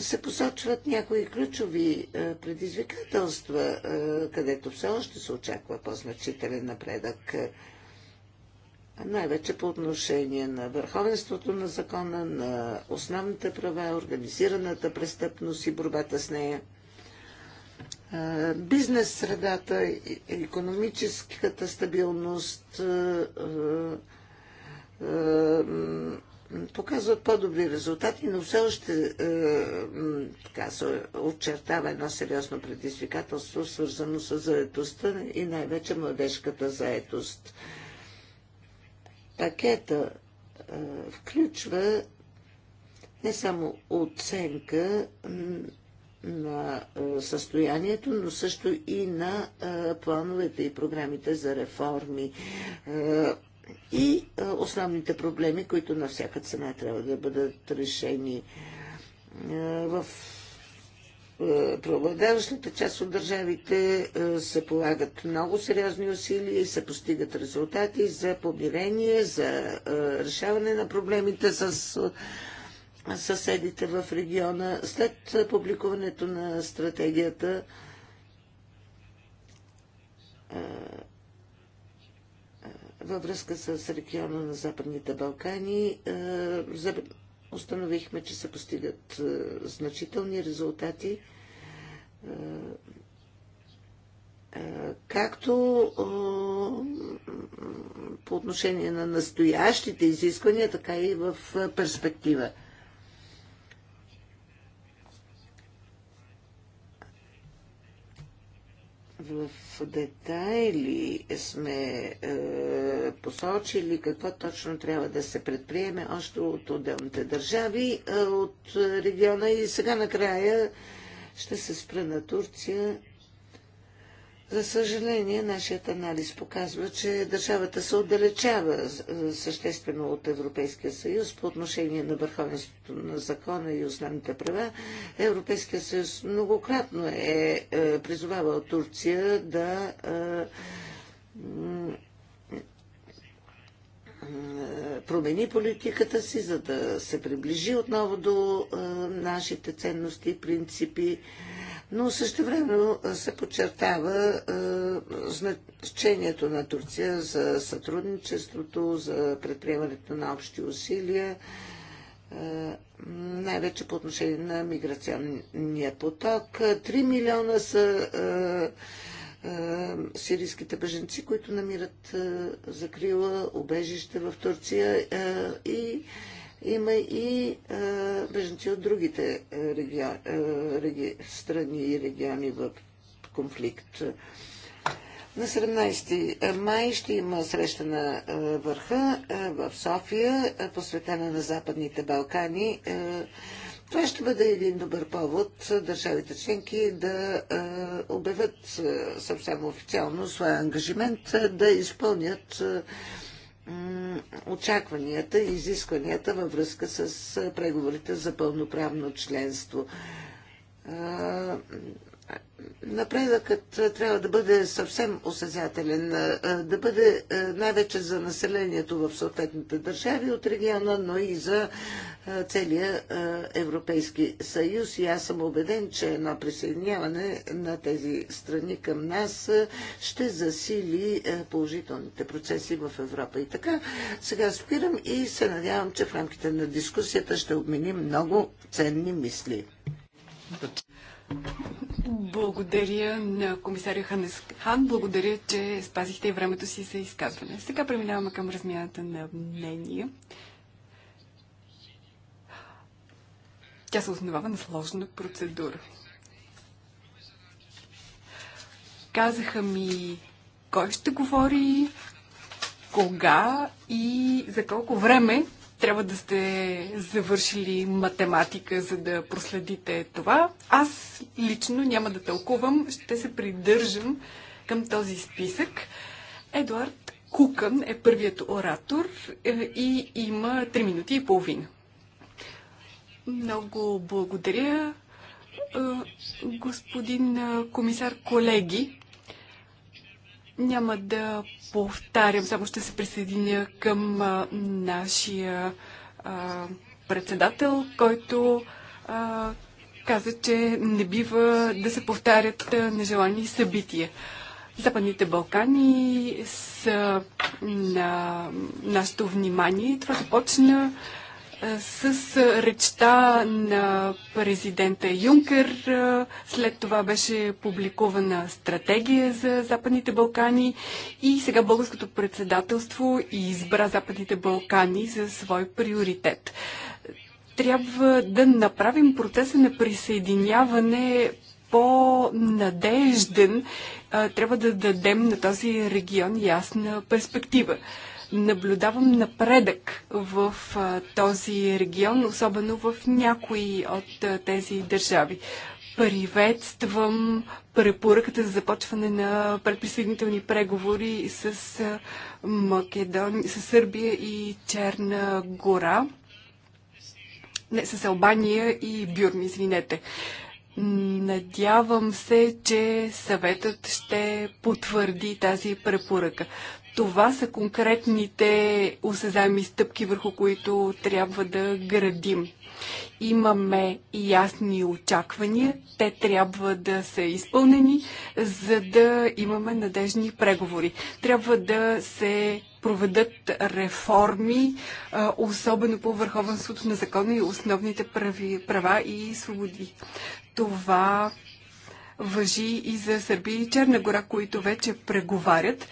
се посочват някои ключови е, предизвикателства, е, където все още се очаква по-значителен напредък. Е, най-вече по отношение на върховенството на закона, на основните права, организираната престъпност и борбата с нея. Бизнес средата, економическата стабилност, показват по-добри резултати, но все още е, така се очертава едно сериозно предизвикателство, свързано с заетостта и най-вече младежката заетост. Пакета е, включва не само оценка на е, състоянието, но също и на е, плановете и програмите за реформи. Е, и основните проблеми, които на всяка цена трябва да бъдат решени в преобладаващата част от държавите се полагат много сериозни усилия и се постигат резултати за помирение, за решаване на проблемите с съседите в региона. След публикуването на стратегията във връзка с региона на Западните Балкани е, установихме, че се постигат е, значителни резултати, е, както по отношение на настоящите изисквания, така и в перспектива. В детайли сме е, посочили какво точно трябва да се предприеме още от отделните държави, е, от региона и сега накрая ще се спра на Турция за съжаление, нашият анализ показва, че държавата се отдалечава е, съществено от Европейския съюз по отношение на върховенството на закона и основните права. Европейския съюз многократно е, е призовавал Турция да е, промени политиката си, за да се приближи отново до нашите ценности и принципи но също времено се подчертава значението на Турция за сътрудничеството, за предприемането на общи усилия, най-вече по отношение на миграционния поток. 3 милиона са сирийските беженци, които намират закрила, убежище в Турция и има и а, беженци от другите регион, реги, страни и региони в конфликт. На 17 май ще има среща на върха в София, посветена на Западните Балкани. Това ще бъде един добър повод държавите членки да обявят съвсем официално своя ангажимент да изпълнят очакванията и изискванията във връзка с преговорите за пълноправно членство напредъкът трябва да бъде съвсем осъзнателен, да бъде най-вече за населението в съответните държави от региона, но и за целия Европейски съюз. И аз съм убеден, че едно присъединяване на тези страни към нас ще засили положителните процеси в Европа. И така, сега спирам и се надявам, че в рамките на дискусията ще обменим много ценни мисли. Благодаря на комисаря Ханес Хан. Благодаря, че спазихте и времето си за изказване. Сега преминаваме към размяната на мнения. Тя се основава на сложна процедура. Казаха ми кой ще говори, кога и за колко време трябва да сте завършили математика, за да проследите това. Аз лично няма да тълкувам, ще се придържам към този списък. Едуард Кукън е първият оратор е, и има 3 минути и половина. Много благодаря, е, господин комисар, колеги. Няма да повтарям, само ще се присъединя към а, нашия а, председател, който а, каза, че не бива да се повтарят а, нежелани събития. Западните Балкани са на нашето внимание. Това започна да с речта на президента Юнкер. След това беше публикувана стратегия за Западните Балкани и сега българското председателство избра Западните Балкани за свой приоритет. Трябва да направим процеса на присъединяване по-надежден. Трябва да дадем на този регион ясна перспектива наблюдавам напредък в този регион, особено в някои от тези държави. Приветствам препоръката за започване на предприсъединителни преговори с, Македон... с Сърбия и Черна гора. Не, с Албания и Бюрн, извинете. Надявам се, че съветът ще потвърди тази препоръка. Това са конкретните осезаеми стъпки, върху които трябва да градим. Имаме ясни очаквания, те трябва да са изпълнени, за да имаме надежни преговори. Трябва да се проведат реформи, особено по върховенството на закона и основните прави, права и свободи. Това въжи и за Сърбия и Черна гора, които вече преговарят,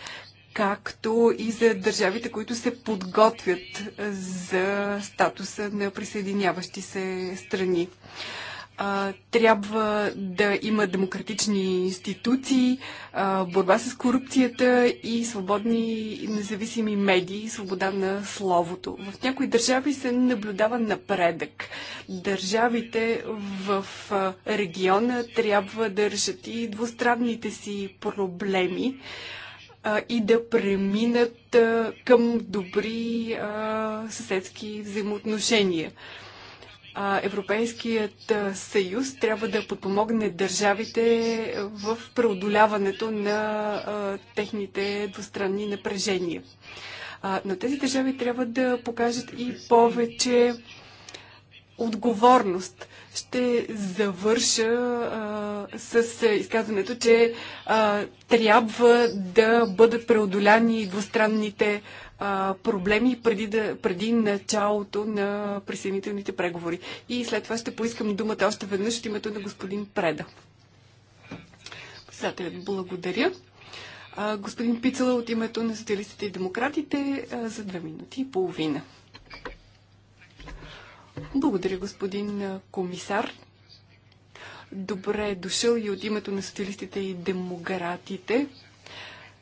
както и за държавите, които се подготвят за статуса на присъединяващи се страни. Трябва да има демократични институции, борба с корупцията и свободни независими медии, свобода на словото. В някои държави се наблюдава напредък. Държавите в региона трябва да решат и двустранните си проблеми а, и да преминат а, към добри а, съседски взаимоотношения. А, Европейският съюз трябва да подпомогне държавите в преодоляването на а, техните двустранни напрежения. А, но тези държави трябва да покажат и повече отговорност. Ще завърша а, с изказването, че а, трябва да бъдат преодоляни двустранните а, проблеми преди, да, преди началото на присъединителните преговори. И след това ще поискам думата още веднъж от името на господин Преда. Председателят, благодаря. А, господин Пицела от името на социалистите и демократите а, за две минути и половина. Благодаря, господин комисар. Добре е дошъл и от името на социалистите и демократите.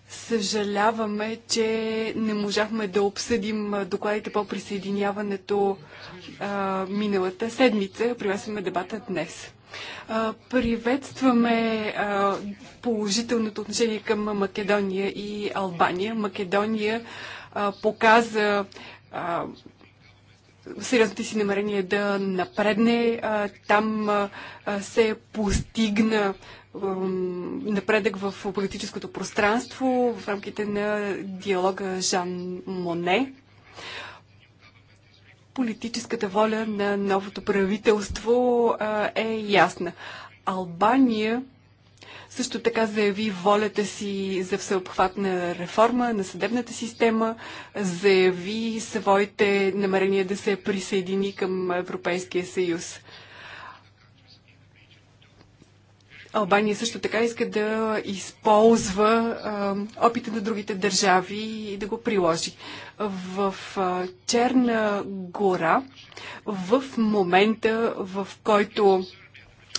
Съжаляваме, че не можахме да обсъдим докладите по присъединяването а, миналата седмица. Привесваме дебата днес. А, приветстваме а, положителното отношение към Македония и Албания. Македония а, показа а, сериозните си намерения да напредне. Там се постигна напредък в политическото пространство в рамките на диалога Жан Моне. Политическата воля на новото правителство е ясна. Албания също така заяви волята си за всеобхватна реформа на съдебната система, заяви своите намерения да се присъедини към Европейския съюз. Албания също така иска да използва а, опита на другите държави и да го приложи. В а, Черна гора, в момента, в който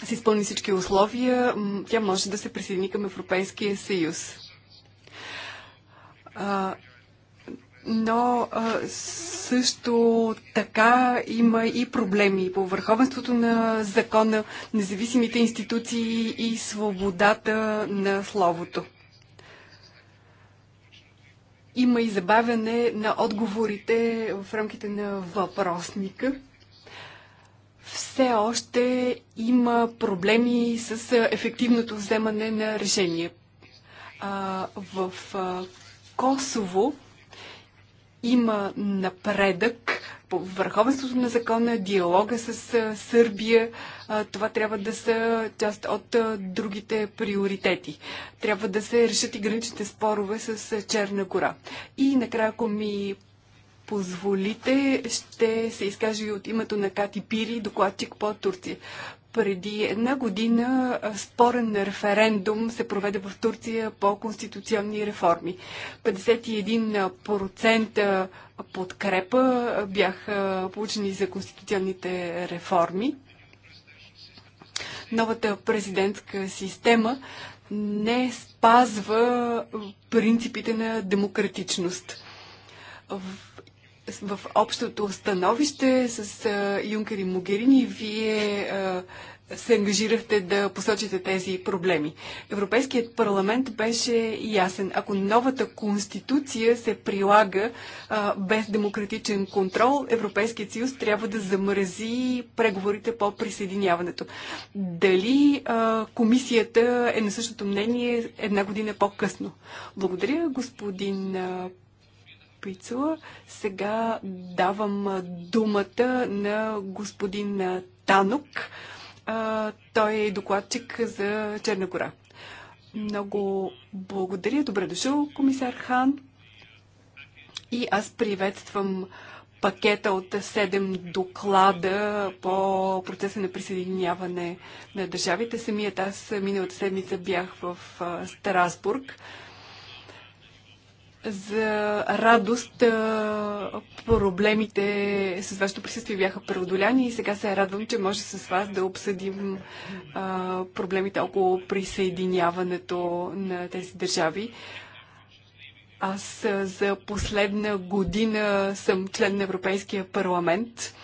се изпълни всички условия, тя може да се присъедини към Европейския съюз. А, но а, също така има и проблеми по върховенството на закона, независимите институции и свободата на словото. Има и забавяне на отговорите в рамките на въпросника все още има проблеми с ефективното вземане на решение. В Косово има напредък по върховенството на закона, диалога с Сърбия. Това трябва да са част от другите приоритети. Трябва да се решат и граничните спорове с Черна гора. И накрая, ако ми позволите, ще се изкажа и от името на Кати Пири, докладчик по Турция. Преди една година спорен референдум се проведе в Турция по конституционни реформи. 51% подкрепа бяха получени за конституционните реформи. Новата президентска система не спазва принципите на демократичност в общото становище с Юнкер и Могерини вие се ангажирахте да посочите тези проблеми. Европейският парламент беше ясен. Ако новата конституция се прилага а, без демократичен контрол, Европейският съюз трябва да замрази преговорите по присъединяването. Дали а, комисията е на същото мнение една година по-късно? Благодаря, господин а, Прицела. Сега давам думата на господин Танук, Той е докладчик за Черна гора. Много благодаря. Добре дошъл, комисар Хан. И аз приветствам пакета от 7 доклада по процеса на присъединяване на държавите. Самият аз миналата седмица бях в Страсбург за радост проблемите с вашето присъствие бяха преодоляни и сега се радвам, че може с вас да обсъдим проблемите около присъединяването на тези държави. Аз за последна година съм член на Европейския парламент.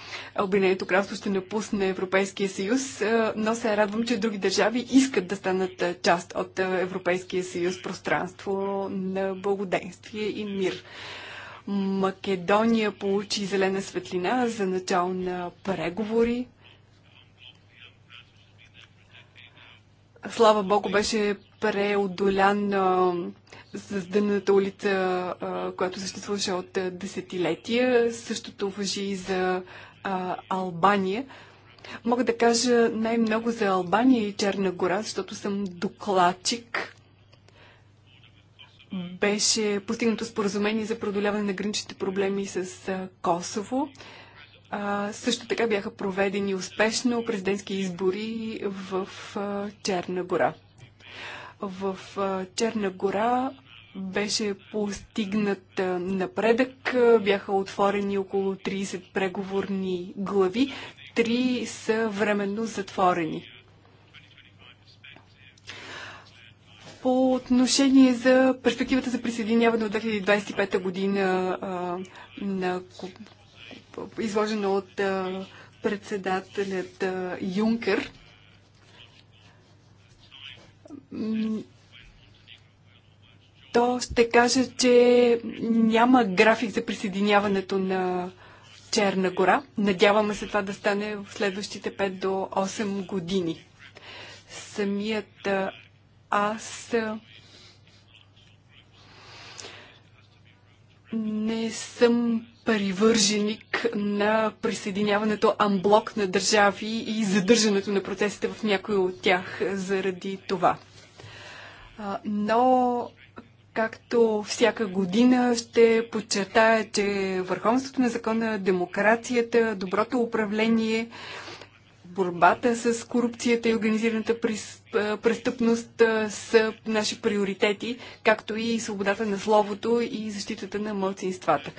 Обединението кралство ще напусне Европейския съюз, но се радвам, че други държави искат да станат част от Европейския съюз пространство на благоденствие и мир. Македония получи зелена светлина за начало на преговори. Слава Богу, беше преодолян дънната улица, която съществуваше от десетилетия. Същото въжи и за Албания. Мога да кажа най-много за Албания и Черна гора, защото съм докладчик. Беше постигнато споразумение за продоляване на граничните проблеми с Косово. А, също така бяха проведени успешно президентски избори в а, Черна гора. В Черна гора беше постигнат напредък, бяха отворени около 30 преговорни глави, три са временно затворени. По отношение за перспективата за присъединяване от 2025 година на изложено от председателят Юнкер, то ще кажа, че няма график за присъединяването на Черна гора. Надяваме се това да стане в следващите 5 до 8 години. Самият аз не съм привърженик на присъединяването амблок на държави и задържането на процесите в някои от тях заради това но както всяка година ще подчертая, че върховенството на закона, демокрацията, доброто управление, борбата с корупцията и организираната престъпност са наши приоритети, както и свободата на словото и защитата на мълцинствата.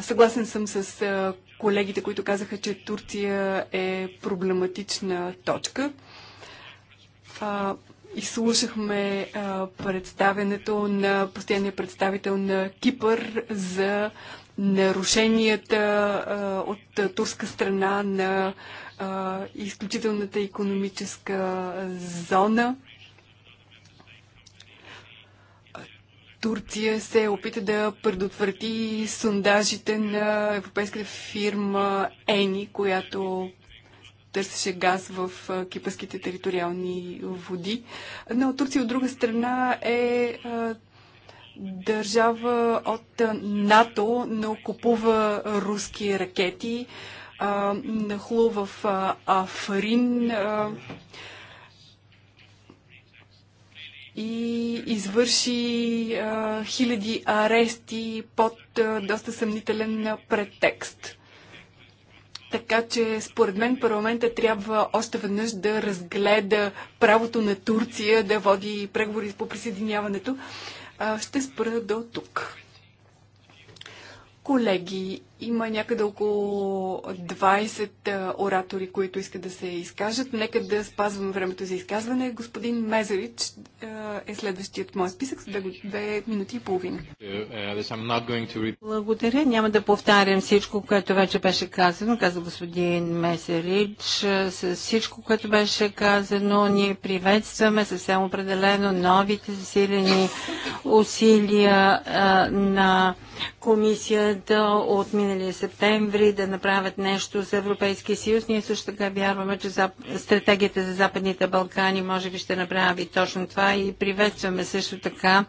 Съгласен съм с колегите, които казаха, че Турция е проблематична точка Изслушахме а, представенето на постоянния представител на Кипър за нарушенията а, от турска страна на а, изключителната економическа зона. Турция се опита да предотврати сондажите на европейската фирма Ени, която търсеше газ в кипърските териториални води. Но Турция от друга страна е държава от НАТО, но купува руски ракети. Нахлу в Африн и извърши а, хиляди арести под а, доста съмнителен претекст. Така че, според мен, парламента трябва още веднъж да разгледа правото на Турция да води преговори по присъединяването. Ще спра до тук. Колеги, има някъде около 20 оратори, които искат да се изкажат. Нека да спазвам времето за изказване. Господин Мезерич е следващият мой списък с две минути и половина. Благодаря. Няма да повтарям всичко, което вече беше казано, каза господин Месерич. С всичко, което беше казано, ние приветстваме съвсем определено новите засилени усилия на комисията от миналите миналия септември да направят нещо за Европейския съюз. Ние също така вярваме, че за... стратегията за Западните Балкани може би ще направи точно това и приветстваме също така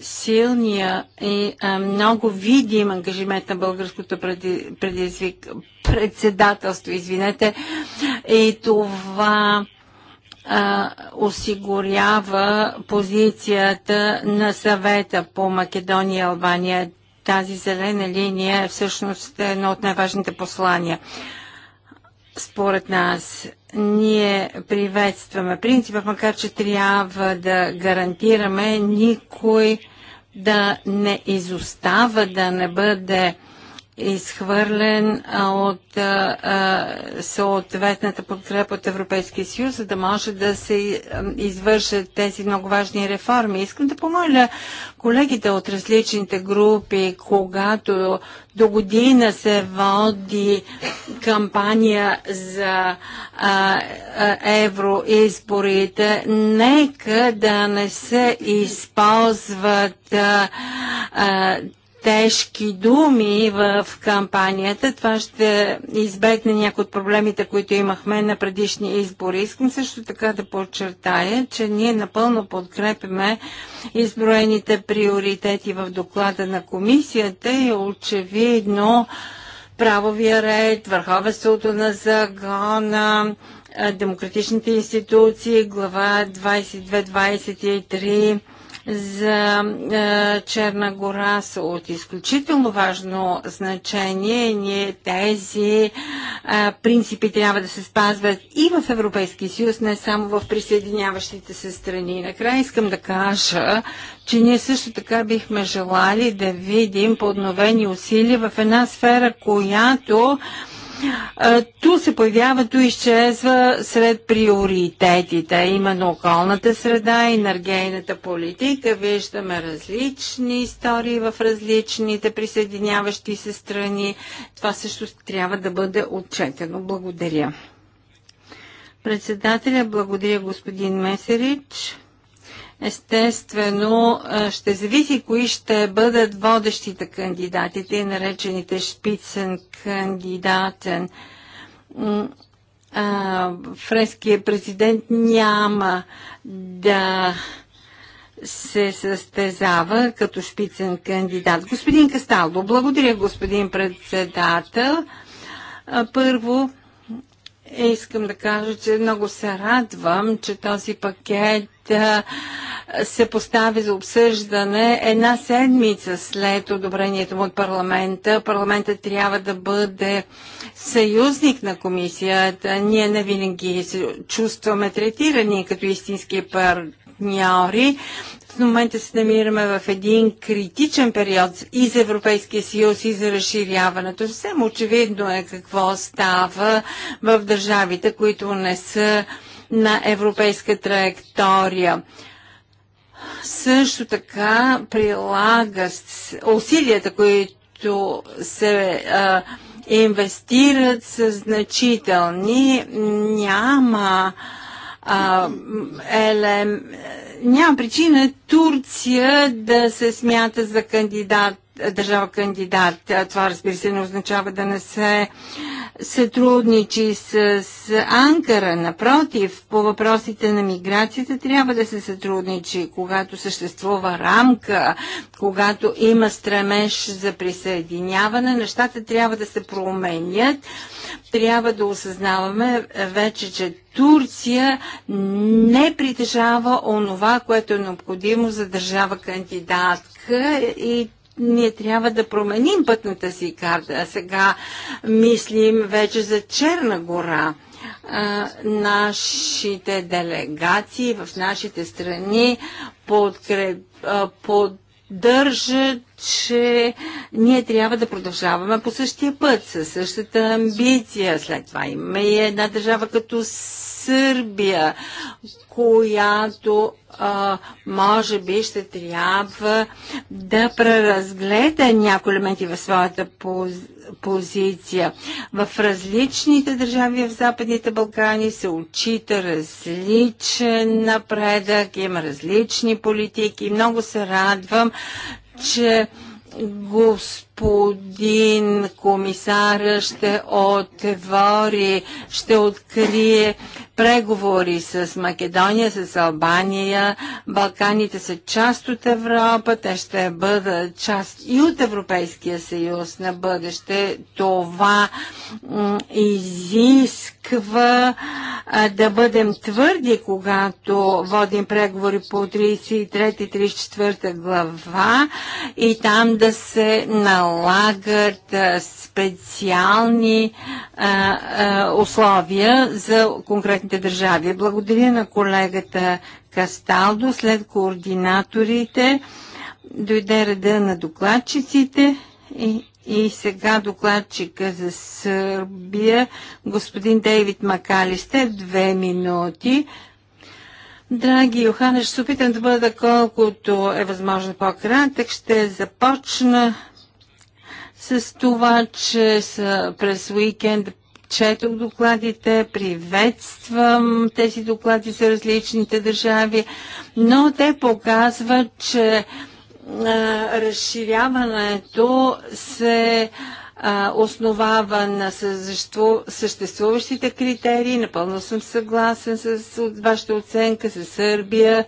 силния и а, много видим ангажимент на българското предизвик, председателство, извинете, и това осигурява позицията на съвета по Македония и Албания тази зелена линия е всъщност едно от най-важните послания. Според нас, ние приветстваме принципа, макар че трябва да гарантираме никой да не изостава, да не бъде изхвърлен от съответната подкрепа от Европейския съюз, за да може да се извършат тези много важни реформи. Искам да помоля колегите от различните групи, когато до година се води кампания за евроизборите, нека да не се използват тежки думи в кампанията. Това ще избегне някои от проблемите, които имахме на предишни избори. Искам също така да подчертая, че ние напълно подкрепяме изброените приоритети в доклада на комисията и е очевидно правовия ред, върховенството на загона, демократичните институции, глава 22-23 за е, Черна гора са от изключително важно значение. Ние тези е, принципи трябва да се спазват и в Европейския съюз, не само в присъединяващите се страни. Накрая искам да кажа, че ние също така бихме желали да видим подновени усилия в една сфера, която ту се появява, ту изчезва сред приоритетите, именно околната среда, енергейната политика. Виждаме различни истории в различните присъединяващи се страни. Това също трябва да бъде отчетено. Благодаря. Председателя, благодаря господин Месерич. Естествено, ще зависи кои ще бъдат водещите кандидатите, наречените шпицен кандидатен. Френският президент няма да се състезава като шпицен кандидат. Господин Касталдо, благодаря господин председател. Първо, е, искам да кажа, че много се радвам, че този пакет се постави за обсъждане една седмица след одобрението му от парламента. Парламентът трябва да бъде съюзник на комисията. Ние не винаги се чувстваме третирани като истински партньори. В момента се намираме в един критичен период и за Европейския съюз, и за разширяването. Съвсем очевидно е какво става в държавите, които не са на европейска траектория. Също така прилага усилията, които се а, инвестират са значителни. Няма а, елем, няма причина Турция да се смята за кандидат държава кандидат. Това, разбира се, не означава да не се сътрудничи с Анкара. Напротив, по въпросите на миграцията трябва да се сътрудничи, когато съществува рамка, когато има стремеж за присъединяване. Нещата трябва да се променят. Трябва да осъзнаваме вече, че Турция не притежава онова, което е необходимо за държава кандидатка и ние трябва да променим пътната си карта. А сега мислим вече за Черна гора. А, нашите делегации в нашите страни поддържат, че ние трябва да продължаваме по същия път, със същата амбиция. След това има и една държава като Сърбия, която а, може би ще трябва да преразгледа някои елементи в своята поз, позиция. В различните държави в Западните Балкани се отчита различен напредък, има различни политики. Много се радвам, че господин комисар ще отвори, ще открие преговори с Македония, с Албания. Балканите са част от Европа, те ще бъдат част и от Европейския съюз на бъдеще. Това изисква да бъдем твърди, когато водим преговори по 33-34 глава и там да се налагат специални условия за конкретни съответните държави. Благодаря на колегата Касталдо. След координаторите дойде реда на докладчиците и, и сега докладчика за Сърбия, господин Дейвид Макалисте, две минути. Драги Йоханеш, ще се опитам да бъда колкото е възможно по-кратък. Ще започна с това, че през уикенд четох докладите, приветствам тези доклади за различните държави, но те показват, че разширяването се основава на съществуващите критерии. Напълно съм съгласен с вашата оценка за Сърбия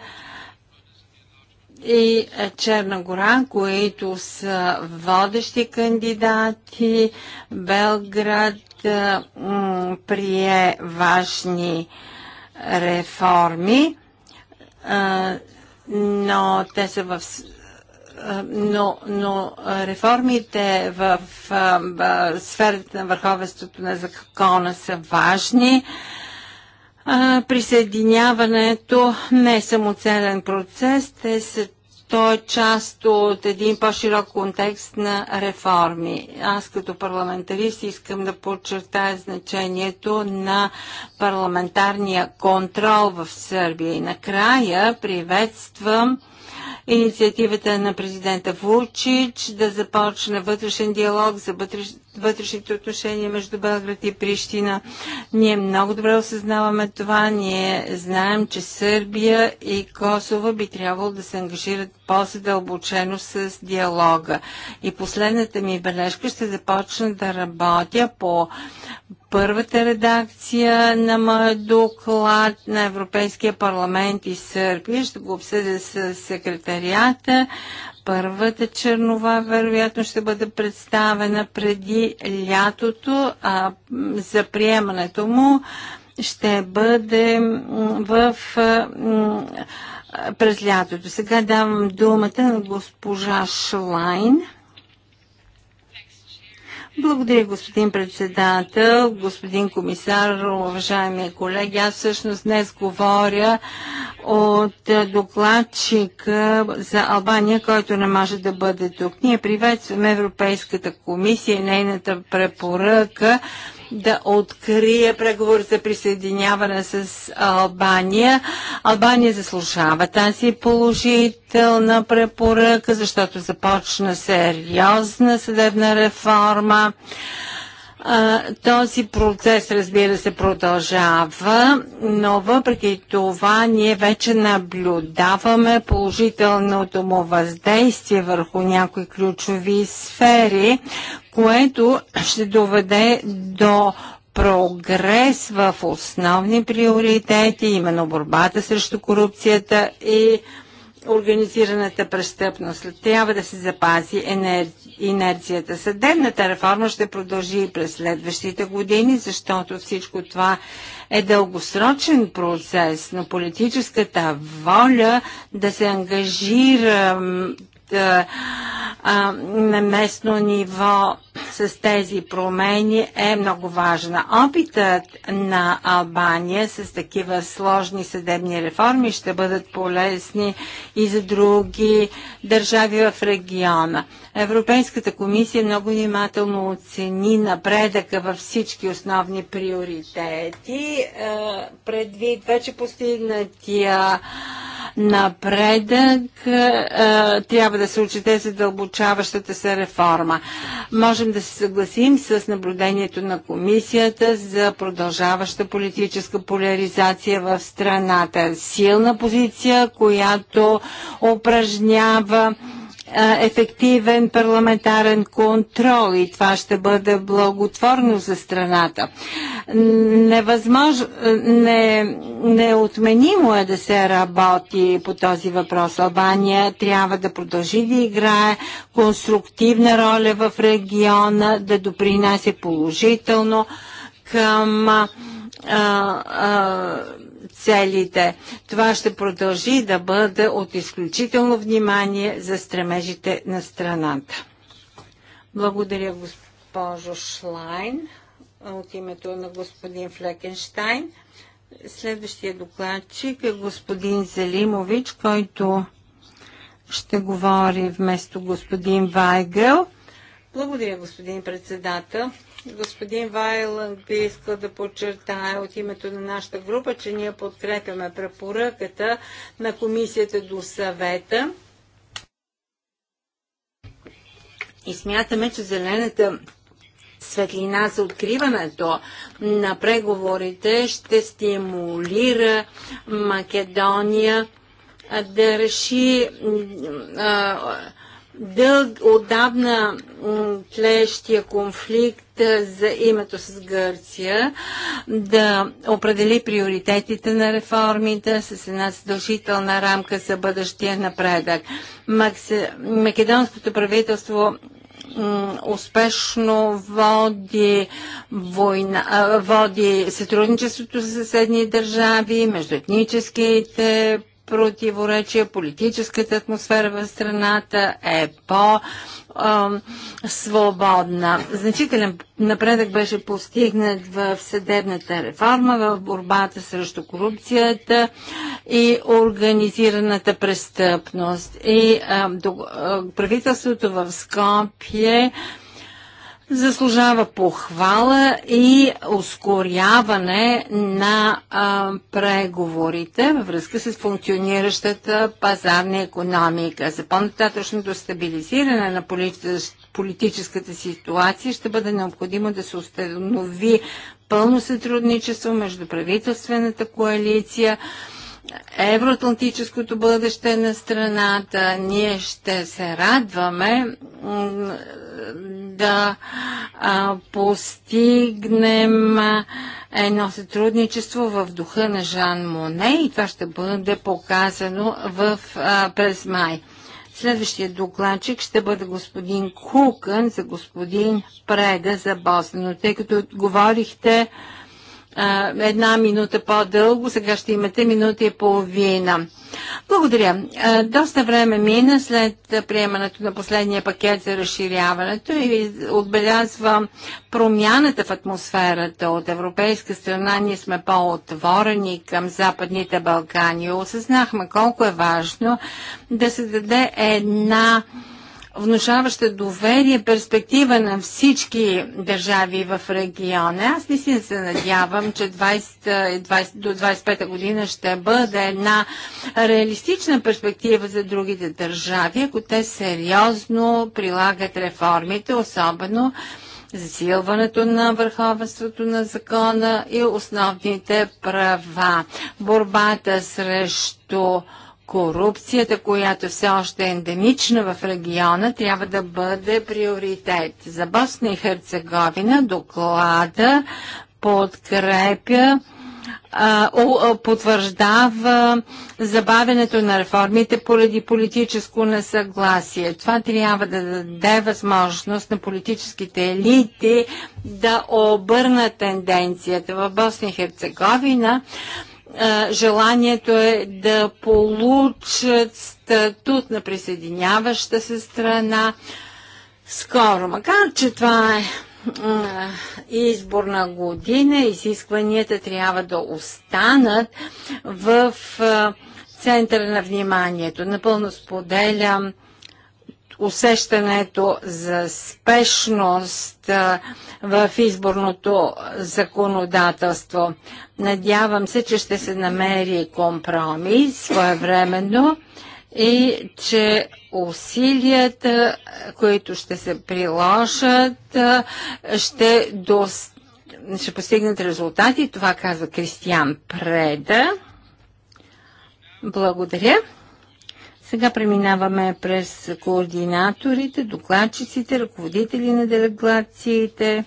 и Черна гора, които са водещи кандидати, Белград, да прие важни реформи, но те са в но, но реформите в, в, в сферата на върховенството на закона са важни. Присъединяването не е самоцелен процес, те са то е част от един по-широк контекст на реформи. Аз като парламентарист искам да подчертая значението на парламентарния контрол в Сърбия. И накрая приветствам инициативата на президента Вучич да започне вътрешен диалог за вътрешните отношения между Белград и Прищина. Ние много добре осъзнаваме това. Ние знаем, че Сърбия и Косово би трябвало да се ангажират по-задълбочено с диалога. И последната ми бележка ще започна да работя по първата редакция на моя доклад на Европейския парламент и Сърбия. Ще го обсъдя с секретарията. Първата чернова вероятно ще бъде представена преди лятото а, за приемането му ще бъде в през лятото. Сега давам думата на госпожа Шлайн. Благодаря, господин председател, господин комисар, уважаеми колеги. Аз всъщност днес говоря от докладчик за Албания, който не може да бъде тук. Ние приветстваме Европейската комисия и нейната препоръка да открие преговор за присъединяване с Албания. Албания заслужава тази положителна препоръка, защото започна сериозна съдебна реформа. Този процес, разбира се, продължава, но въпреки това ние вече наблюдаваме положителното му въздействие върху някои ключови сфери, което ще доведе до прогрес в основни приоритети, именно борбата срещу корупцията и организираната престъпност. Трябва да се запази инерцията. Съдебната реформа ще продължи и през следващите години, защото всичко това е дългосрочен процес, но политическата воля да се ангажира е, е, на местно ниво с тези промени е много важна. Опитът на Албания с такива сложни съдебни реформи ще бъдат полезни и за други държави в региона. Европейската комисия много внимателно оцени напредъка във всички основни приоритети, е, предвид вече постигнатия напредък е, е, трябва да се учете задълбочаващата се реформа. Можем да се съгласим с наблюдението на комисията за продължаваща политическа поляризация в страната. Силна позиция, която упражнява ефективен парламентарен контрол и това ще бъде благотворно за страната. Невъзможно, не, неотменимо е да се работи по този въпрос. Албания трябва да продължи да играе конструктивна роля в региона, да допринася положително към а, а, целите. Това ще продължи да бъде от изключително внимание за стремежите на страната. Благодаря, госпожо Шлайн, от името на господин Флекенштайн. Следващия докладчик е господин Зелимович, който ще говори вместо господин Вайгел. Благодаря, господин председател. Господин Вайланд би искал да подчертая от името на нашата група, че ние подкрепяме препоръката на комисията до съвета и смятаме, че зелената светлина за откриването на преговорите ще стимулира Македония да реши а, дълг, отдавна тлещия конфликт за името с Гърция, да определи приоритетите на реформите с една задължителна рамка за бъдещия напредък. Македонското правителство успешно води, война, води сътрудничеството с съседни държави, между етническите противоречия, политическата атмосфера в страната е по-свободна. Значителен напредък беше постигнат в съдебната реформа, в борбата срещу корупцията и организираната престъпност. И правителството в Скопие заслужава похвала и ускоряване на а, преговорите във връзка с функциониращата пазарна економика. За по-нататъчното стабилизиране на политическата ситуация ще бъде необходимо да се установи пълно сътрудничество между правителствената коалиция, евроатлантическото бъдеще на страната. Ние ще се радваме да а, постигнем едно сътрудничество в духа на Жан Моне и това ще бъде показано в, а, през май. Следващия докладчик ще бъде господин Кукън за господин Преда за Босна. Но тъй като говорихте една минута по-дълго, сега ще имате минута и половина. Благодаря. Доста време мина след приемането на последния пакет за разширяването и отбелязвам промяната в атмосферата от европейска страна. Ние сме по-отворени към Западните Балкани. Осъзнахме колко е важно да се даде една внушаваща доверие перспектива на всички държави в региона. Аз наистина се надявам, че 20, 20, е, до 25 та година ще бъде една реалистична перспектива за другите държави, ако те сериозно прилагат реформите, особено засилването на върховенството на закона и основните права, борбата срещу корупцията, която все още е ендемична в региона, трябва да бъде приоритет. За Босна и Херцеговина доклада подкрепя потвърждава забавянето на реформите поради политическо несъгласие. Това трябва да даде възможност на политическите елити да обърнат тенденцията. В Босния и Херцеговина желанието е да получат статут на присъединяваща се страна скоро. Макар, че това е изборна година, изискванията трябва да останат в центъра на вниманието. Напълно споделям усещането за спешност в изборното законодателство. Надявам се, че ще се намери компромис своевременно и че усилията, които ще се приложат, ще, до... ще постигнат резултати. Това казва Кристиан Преда. Благодаря. Сега преминаваме през координаторите, докладчиците, ръководители на делегациите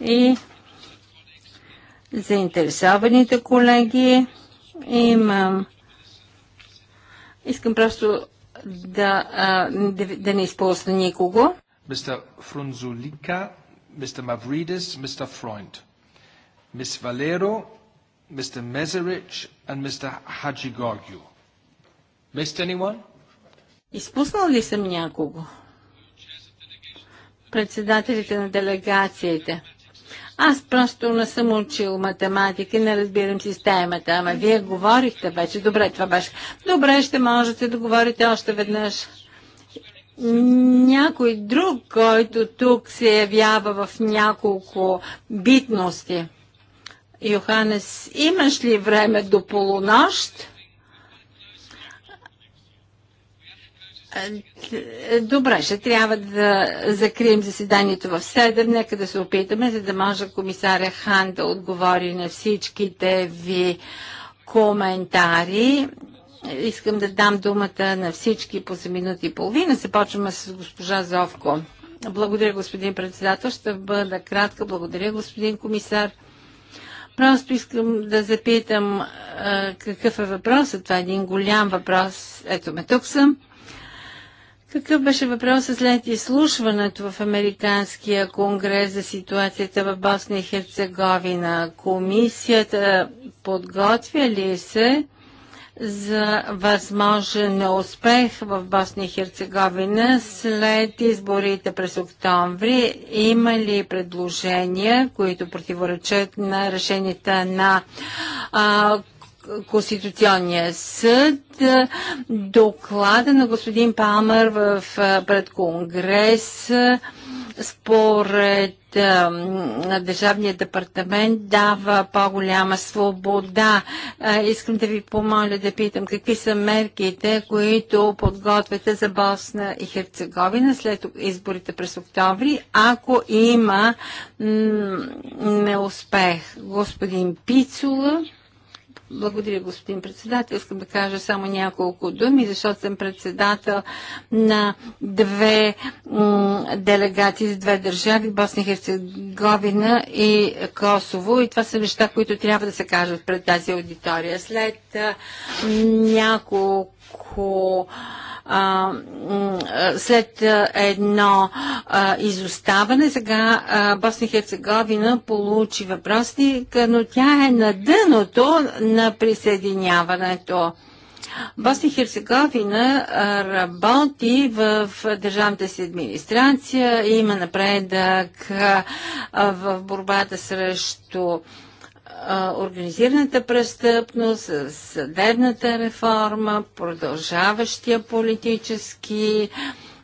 и заинтересованите колеги. Имам. Искам просто да, да, да не използвам никого. Мистер Фрунзулика, мистер Мавридис, мистер Фройнд, мис Валеро, мистер Мезерич и мистер Хаджигоргио. Missed anyone? Изпуснал ли съм някого? Председателите на делегациите. Аз просто не съм учил математика и не разбирам системата, ама вие говорихте вече. Добре, това беше. Добре, ще можете да говорите още веднъж. Някой друг, който тук се явява в няколко битности. Йоханес, имаш ли време до полунощ? Е, добре, ще трябва да закрием заседанието в 7. Нека да се опитаме, за да може комисаря Хан да отговори на всичките ви коментари. Искам да дам думата на всички по за минути и половина. Започваме с госпожа Зовко. Благодаря, господин председател. Ще бъда кратка. Благодаря, господин комисар. Просто искам да запитам е, какъв е въпросът. Това е един голям въпрос. Ето ме, тук съм. Какъв беше въпросът след изслушването в Американския конгрес за ситуацията в Босния и Херцеговина? Комисията подготвя ли се за възможен успех в Босния и Херцеговина след изборите през октомври? Има ли предложения, които противоречат на решенията на а, Конституционния съд, доклада на господин Палмър в, пред Конгрес според Държавния департамент дава по-голяма свобода. Искам да ви помоля да питам какви са мерките, които подготвяте за Босна и Херцеговина след изборите през октомври, ако има неуспех. Господин Пицула. Благодаря, господин председател. Искам да кажа само няколко думи, защото съм председател на две делегации с две държави, Босния и Херцеговина и Косово. И това са неща, които трябва да се кажат пред тази аудитория. След няколко след едно изоставане, сега Босна и Херцеговина получи въпросник, но тя е на дъното на присъединяването. Босна и Херцеговина работи в държавната си администрация, има напредък в борбата срещу организираната престъпност, съдебната реформа, продължаващия политически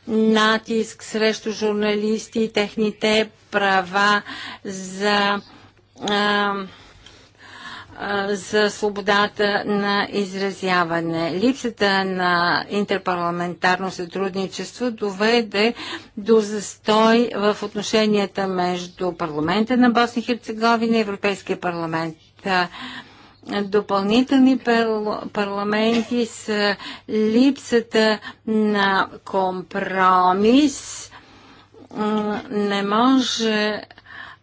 натиск срещу журналисти и техните права за а, за свободата на изразяване. Липсата на интерпарламентарно сътрудничество доведе до застой в отношенията между парламента на Босния и Херцеговина и Европейския парламент. Допълнителни парламенти с липсата на компромис не може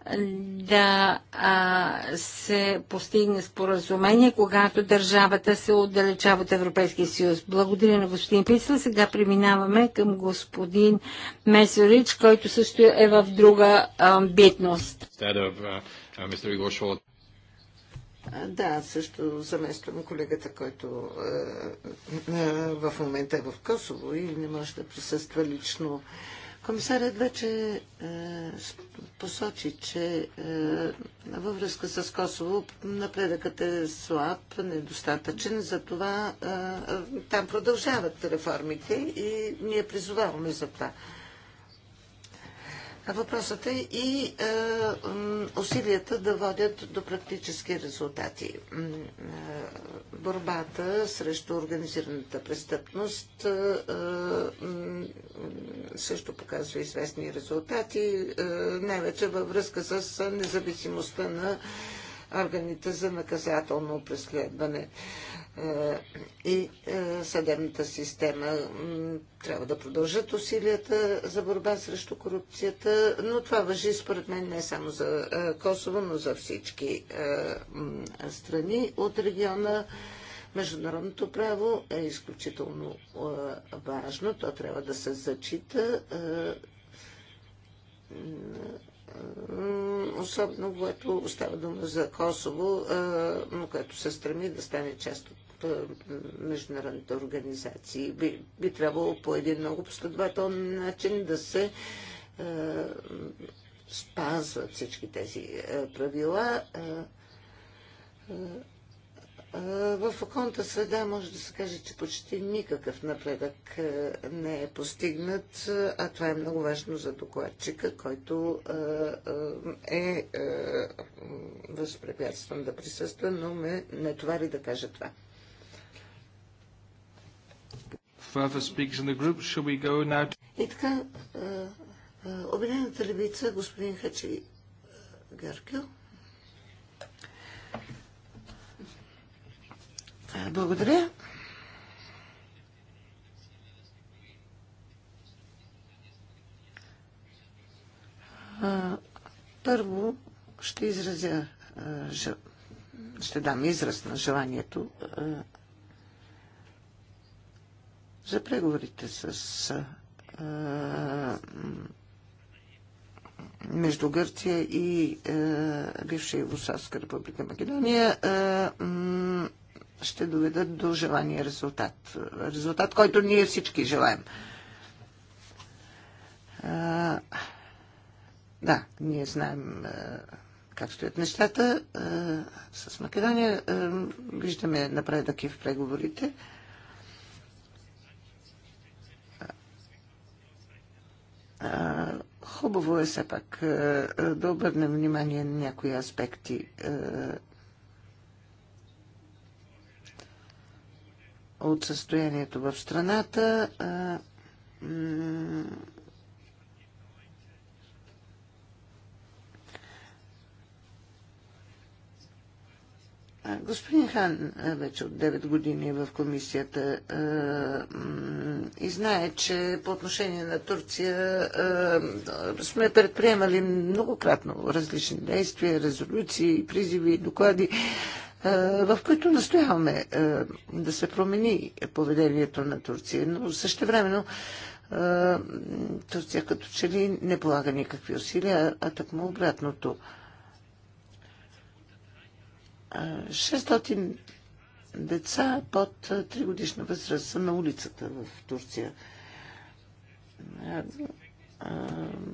да а, се постигне споразумение, когато държавата се отдалечава от Европейския съюз. Благодаря на господин Писал. Сега преминаваме към господин Месорич, който също е в друга а, битност. Uh, uh, да, също замествам колегата, който uh, uh, в момента е в Косово и не може да присъства лично. uh, Комисарят вече е, посочи, че е, във връзка с Косово напредъкът е слаб, недостатъчен, затова е, е там продължават реформите и ние призоваваме за това. Въпросът е и е, усилията да водят до практически резултати. Е, борбата срещу организираната престъпност е, е също показва известни резултати, е, най-вече във връзка с независимостта на органите за наказателно преследване. Е, е, и е, съдебната система. Трябва да продължат усилията за борба срещу корупцията, но това въжи според мен не само за е, Косово, но за всички страни от региона. Международното право е изключително важно. То трябва да се зачита особено което става дума за Косово, но което се стреми да стане част от международните организации. Би, би трябвало по един много последователен начин да се е, спазват всички тези е, правила. Е, е, в околната среда може да се каже, че почти никакъв напредък не е постигнат, а това е много важно за докладчика, който е възпрепятстван да присъства, но ме не товари да каже това further speakers in the group. Shall we go now И така, Обединената левица, господин Хачи Геркел. Благодаря. Първо ще изразя, ще дам израз на желанието за преговорите с между Гърция и а, бивша Югославска република Македония е, ще доведат до желания резултат. Резултат, който ние всички желаем. А, да, ние знаем а, как стоят нещата а, с Македония. А, виждаме напредък и в преговорите. А, Хубаво е все пак да обърнем внимание на някои аспекти от състоянието в страната. Господин Хан вече от 9 години е в комисията и знае, че по отношение на Турция сме предприемали многократно различни действия, резолюции, призиви, доклади, в които настояваме да се промени поведението на Турция, но времено Турция като че ли не полага никакви усилия, а такмо обратното – 600 деца под 3 годишна възраст са на улицата в Турция.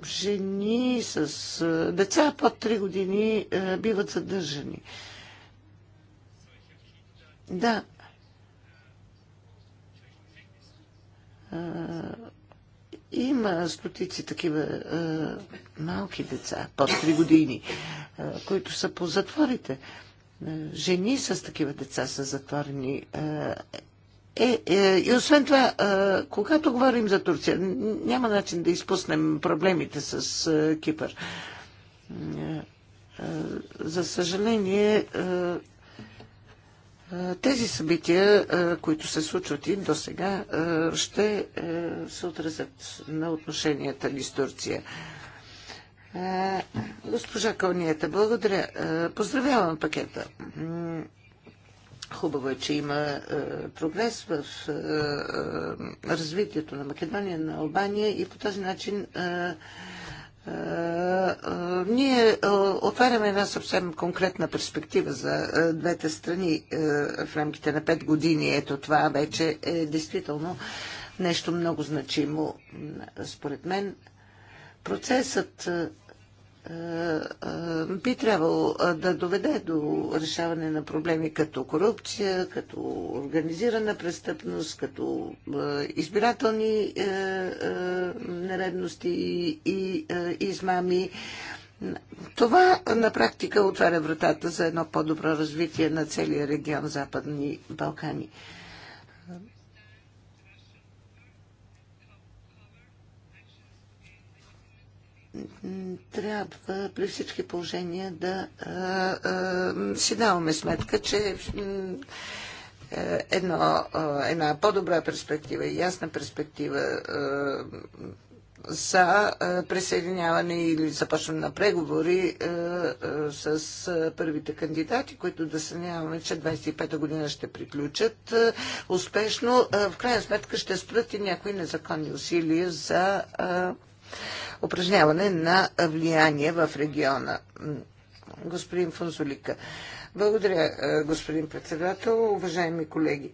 Жени с деца под 3 години биват задържани. Да. Има стотици такива малки деца под 3 години, които са по затворите. Е, жени с такива деца са затворени. Е, е, е, и освен това, е, когато говорим за Турция, няма начин да изпуснем проблемите с е, Кипър. Е, е, за съжаление, е, е, тези събития, е, които се случват и до сега, е, ще е, се отразят на отношенията ни с Турция. Е, Госпожа Калниета, благодаря. Поздравявам пакета. Хубаво е, че има прогрес в развитието на Македония, на Албания и по този начин ние отваряме една съвсем конкретна перспектива за двете страни в рамките на 5 години. Ето това вече е действително нещо много значимо според мен. Процесът е, е, е, би трябвало да доведе до решаване на проблеми като корупция, като организирана престъпност, като избирателни нередности и измами. Това на практика отваря вратата за едно по-добро развитие на целия регион Западни Балкани. трябва при всички положения да а, а, си даваме сметка, че е, едно, една по-добра перспектива и ясна перспектива а, за присъединяване или започване на преговори а, а, с първите кандидати, които да се нямаме, че 25-та година ще приключат а, успешно. В крайна сметка ще спрат и някои незаконни усилия за упражняване на влияние в региона. Господин Фонзолика. Благодаря, е, господин председател, уважаеми колеги.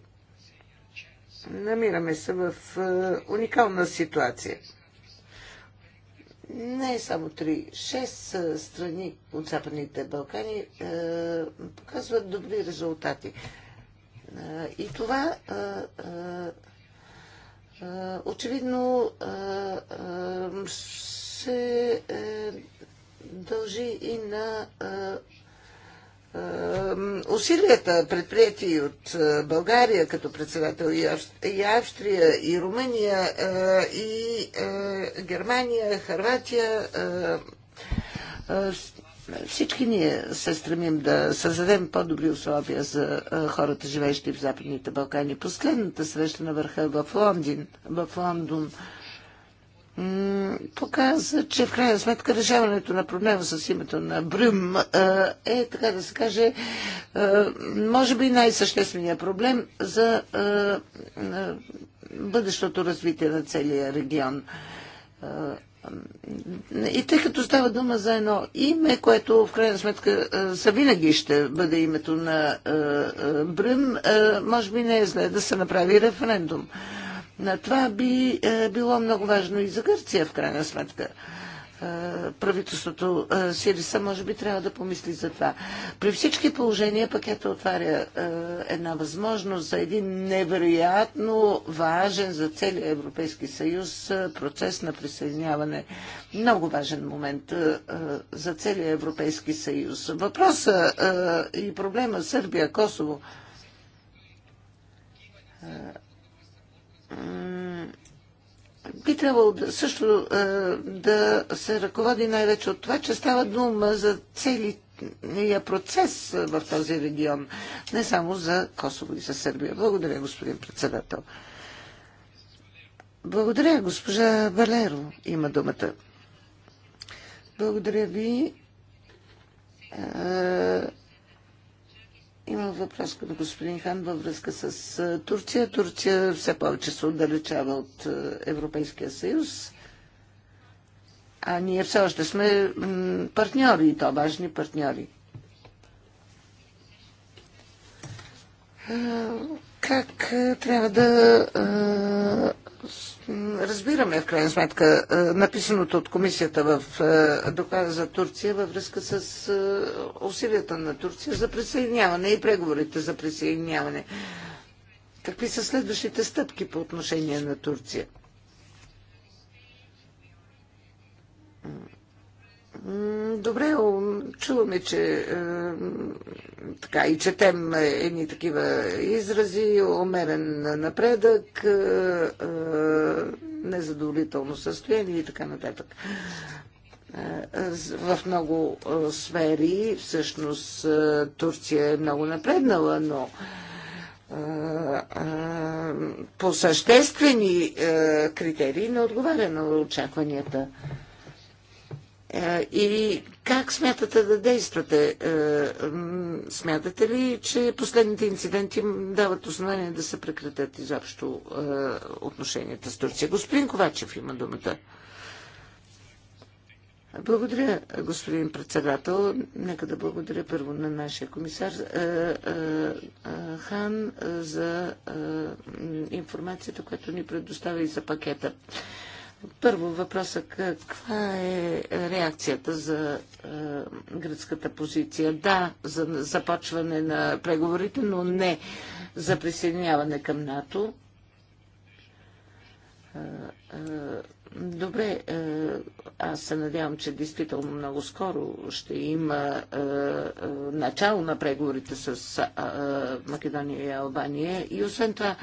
Намираме се в е, уникална ситуация. Не е само три, шест страни от Западните Балкани показват добри резултати. И това очевидно се е, дължи и на усилията, предприяти от България като председател и Австрия, и Румъния, и Германия, Харватия, всички ние се стремим да създадем по-добри условия за хората, живеещи в Западните Балкани. Последната среща на върха е в Лондин, в Лондон, показа, че в крайна сметка решаването на проблема с името на Брюм е, така да се каже, може би най-същественият проблем за бъдещото развитие на целия регион. И тъй като става дума за едно име, което в крайна сметка е, са винаги ще бъде името на е, е, Брюм, може би не е зле да се направи референдум. На това би било много важно и за Гърция в крайна сметка правителството Сириса може би трябва да помисли за това. При всички положения пакета отваря една възможност за един невероятно важен за целия Европейски съюз процес на присъединяване. Много важен момент за целия Европейски съюз. Въпроса и проблема Сърбия-Косово би трябвало също е, да се ръководи най-вече от това, че става дума за целия процес в този регион, не само за Косово и за Сърбия. Благодаря, господин председател. Благодаря, госпожа Валеро има думата. Благодаря ви. Е, Имам въпрос като господин Хан във връзка с Турция. Турция все повече се отдалечава от Европейския съюз. А ние все още сме партньори и то важни партньори. Как трябва да разбираме в крайна сметка е, написаното от комисията в е, доклада за Турция във връзка с е, усилията на Турция за присъединяване и преговорите за присъединяване. Какви са следващите стъпки по отношение на Турция? Добре, чуваме, че така и четем е, едни такива изрази, умерен напредък, е, е, незадоволително състояние и така нататък. В много сфери всъщност Турция е много напреднала, но по съществени критерии не отговаря на очакванията. Е, и как смятате да действате? Е, смятате ли, че последните инциденти дават основание да се прекратят изобщо е, отношенията с Турция? Господин Ковачев има думата. Благодаря, господин председател. Нека да благодаря първо на нашия комисар Хан за информацията, която ни предоставя и за пакета. Първо въпроса каква е реакцията за е, гръцката позиция? Да, за започване на преговорите, но не за присъединяване към НАТО. Е, е, Добре, е, аз се надявам, че действително много скоро ще има е, е, начало на преговорите с Македония и Албания. И освен това,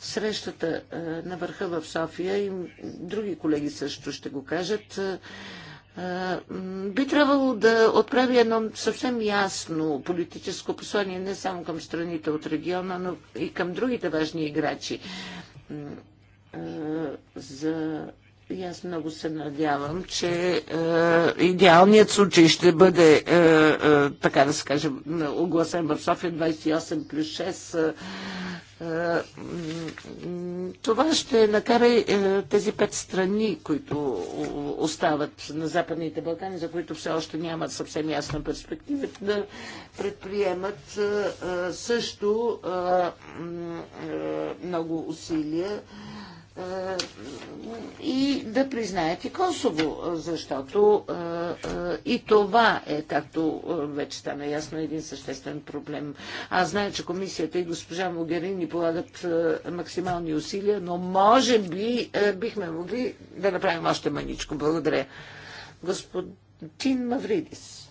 срещата на върха в София и други колеги също ще го кажат би трябвало да отправи едно съвсем ясно политическо послание не само към страните от региона, но и към другите важни играчи за и аз много се надявам, че е, идеалният случай ще бъде, е, е, така да се каже, огласен в София 28 плюс 6. Е, е, това ще накара е, тези пет страни, които остават на Западните Балкани, за които все още нямат съвсем ясна перспектива, да предприемат е, е също е, е, много усилия. Е, е, и да признаете Косово, защото е, е, и това е, както вече стана ясно, един съществен проблем. Аз знае, че комисията и госпожа Могерини полагат максимални усилия, но може би бихме могли да направим още маничко. Благодаря. Господин Мавридис.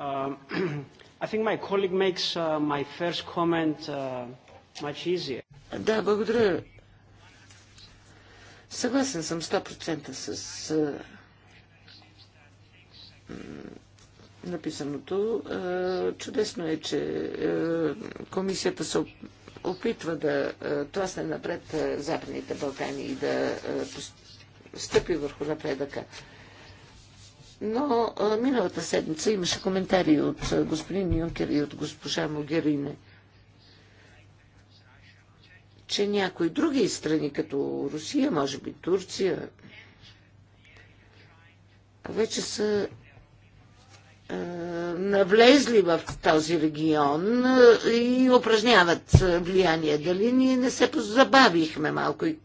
Um, I think my colleague makes uh, my first comment uh, да, благодаря. Съгласен съм 100% с а, написаното. А, чудесно е, че а, комисията се опитва да а, тласне напред Западните Балкани и да а, стъпи върху напредъка. Но а, миналата седмица имаше коментари от а, господин Юнкер и от госпожа Могерине. А, че някои други страни, като Русия, може би Турция, вече са е, навлезли в този регион и упражняват влияние. Дали ние не се забавихме малко? е,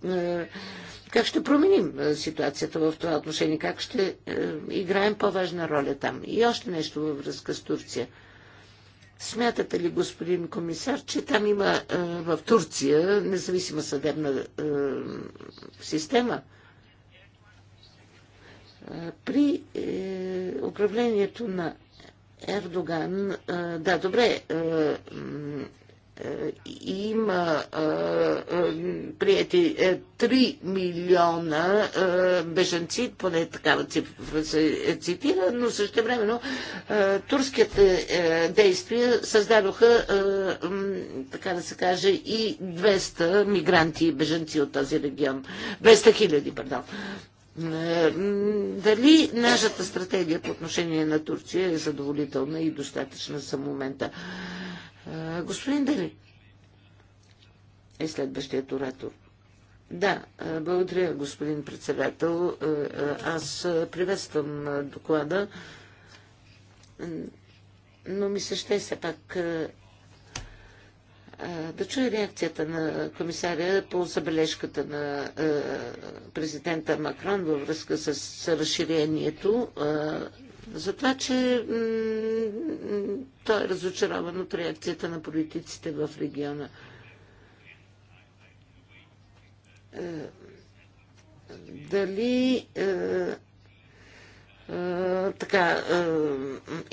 как ще променим ситуацията в това отношение? Как ще е, играем по-важна роля там? И още нещо във връзка с Турция – Смятате ли, господин комисар, че там има е, в Турция независима съдебна е, система? Е, при управлението на Ердоган, да, добре, е, има а, е, е, прияти 3 милиона а, бежанци, поне такава цифра се цитира, но също времено турските а, действия създадоха, а, така да се каже, и 200 мигранти и бежанци от този регион. 200 хиляди, пардон. Дали нашата стратегия по отношение на Турция е задоволителна и достатъчна за момента? Господин Дели е следващият оратор. Да, благодаря, господин председател. Аз приветствам доклада, но ми се ще се пак да чуя реакцията на комисаря по забележката на президента Макрон във връзка с разширението за това, че той е разочарован от реакцията на политиците в региона. Е, дали е, е, така, е,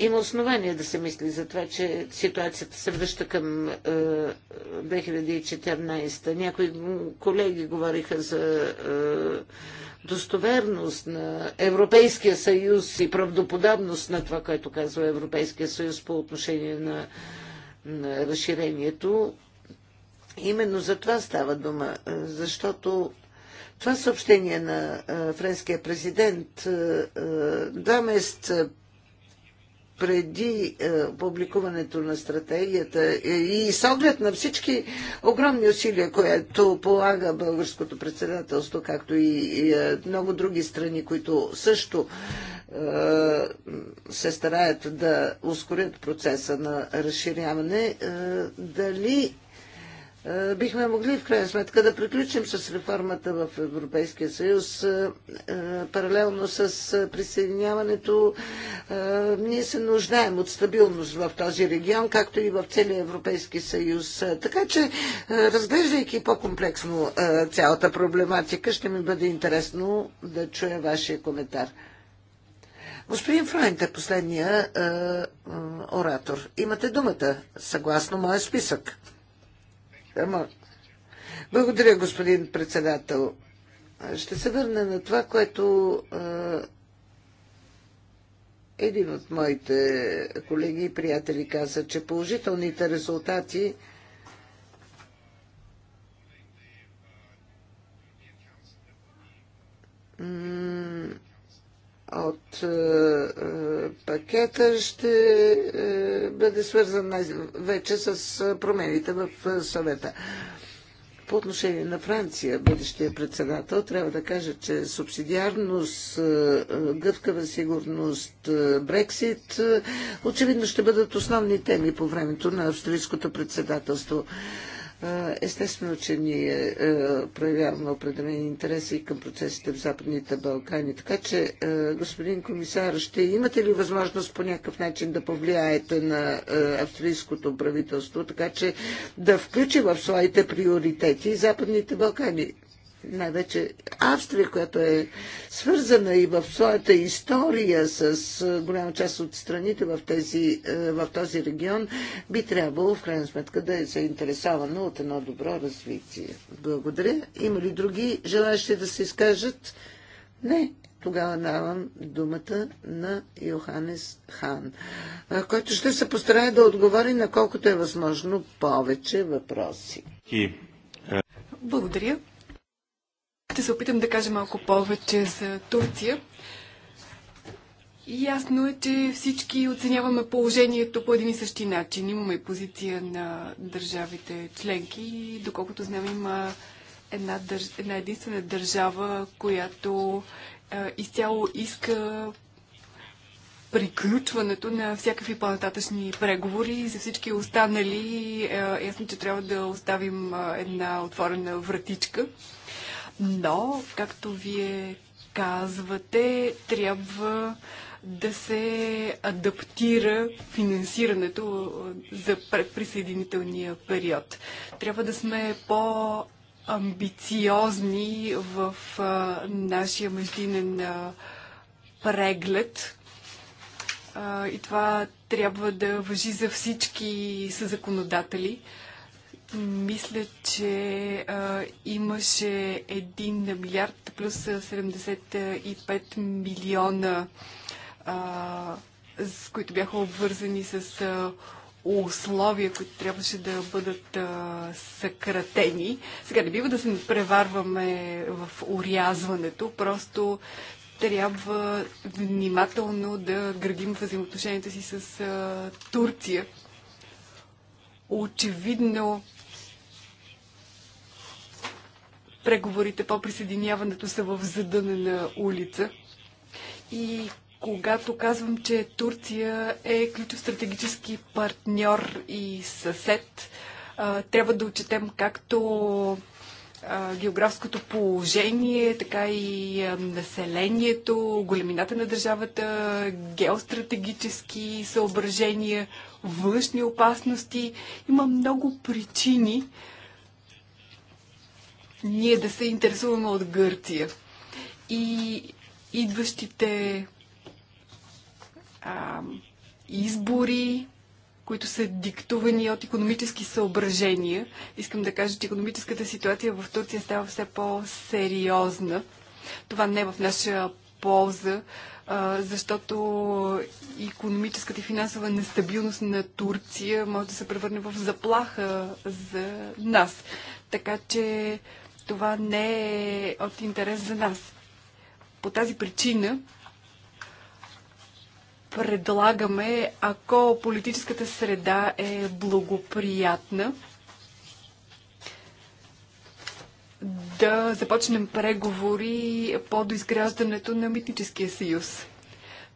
има основание да се мисли за това, че ситуацията се връща към 2014. Е, Някои колеги говориха за достоверност на Европейския съюз и правдоподобност на това, което казва Европейския съюз по отношение на, на разширението. Именно за това става дума, защото това съобщение на френския президент два месеца преди публикуването на стратегията и с оглед на всички огромни усилия, което полага българското председателство, както и много други страни, които също се стараят да ускорят процеса на разширяване, дали е, бихме могли в крайна сметка да приключим с реформата в Европейския съюз е, е, паралелно с присъединяването. Ние се нуждаем от стабилност в този регион, както и в целия Европейски съюз. Така че, разглеждайки по-комплексно цялата проблематика, ще ми бъде интересно да чуя вашия коментар. Господин Фройнт е последния оратор. Имате думата, съгласно моя списък. Благодаря, господин председател. Ще се върна на това, което един от моите колеги и приятели каза, че положителните резултати от е, е, пакета ще е, бъде свързан вече с промените в съвета. По отношение на Франция, бъдещия председател, трябва да кажа, че субсидиарност, гъвкава сигурност, Брексит, очевидно ще бъдат основни теми по времето на австрийското председателство. Естествено, че ние проявяваме определени интереси и към процесите в Западните Балкани. Така че, господин комисар, ще имате ли възможност по някакъв начин да повлияете на австрийското правителство, така че да включи в своите приоритети Западните Балкани? най-вече Австрия, която е свързана и в своята история с голяма част от страните в, тези, в този регион, би трябвало в крайна сметка да е заинтересована от едно добро развитие. Благодаря. Има ли други желаящи да се изкажат? Не. Тогава давам думата на Йоханес Хан, който ще се постарае да отговори на колкото е възможно повече въпроси. Е. Благодаря. Ще се опитам да кажа малко повече за Турция. Ясно е, че всички оценяваме положението по един и същи начин. Имаме и позиция на държавите членки доколкото знам има една, държ... една единствена държава, която е, изцяло иска приключването на всякакви по-нататъчни преговори. За всички останали е ясно, че трябва да оставим е, една отворена вратичка. Но, както вие казвате, трябва да се адаптира финансирането за предприсъединителния период. Трябва да сме по амбициозни в а, нашия междинен а, преглед. А, и това трябва да въжи за всички съзаконодатели. законодатели мисля, че а, имаше 1 милиард плюс 75 милиона, а, с които бяха обвързани с а, условия, които трябваше да бъдат а, съкратени. Сега не бива да се преварваме в урязването, просто трябва внимателно да градим взаимоотношенията си с а, Турция. Очевидно, преговорите по присъединяването са в задънена улица. И когато казвам, че Турция е ключов стратегически партньор и съсед, трябва да отчетем както географското положение, така и населението, големината на държавата, геостратегически съображения, външни опасности. Има много причини, ние да се интересуваме от Гърция и идващите а, избори, които са диктувани от економически съображения. Искам да кажа, че економическата ситуация в Турция става все по-сериозна. Това не е в наша полза, а, защото економическата и финансова нестабилност на Турция може да се превърне в заплаха за нас. Така че това не е от интерес за нас. По тази причина предлагаме, ако политическата среда е благоприятна, да започнем преговори по доизграждането на митническия съюз.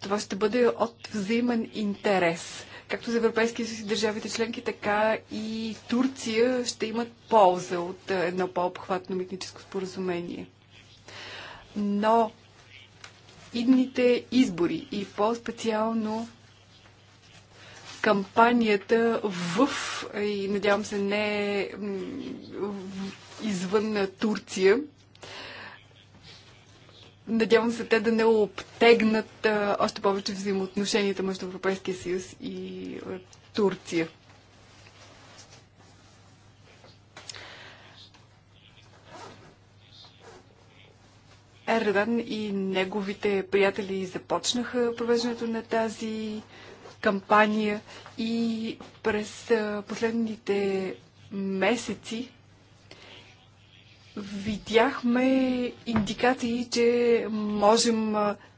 Това ще бъде от взаимен интерес както за Европейския съюз и държавите членки, така и Турция ще имат полза от е, едно по-обхватно митническо споразумение. Но идните избори и по-специално кампанията в, и надявам се не извън Турция, Надявам се те да не обтегнат а, още повече взаимоотношенията между Европейския съюз и а, Турция. Ердан и неговите приятели започнаха провеждането на тази кампания и през последните месеци видяхме индикации, че можем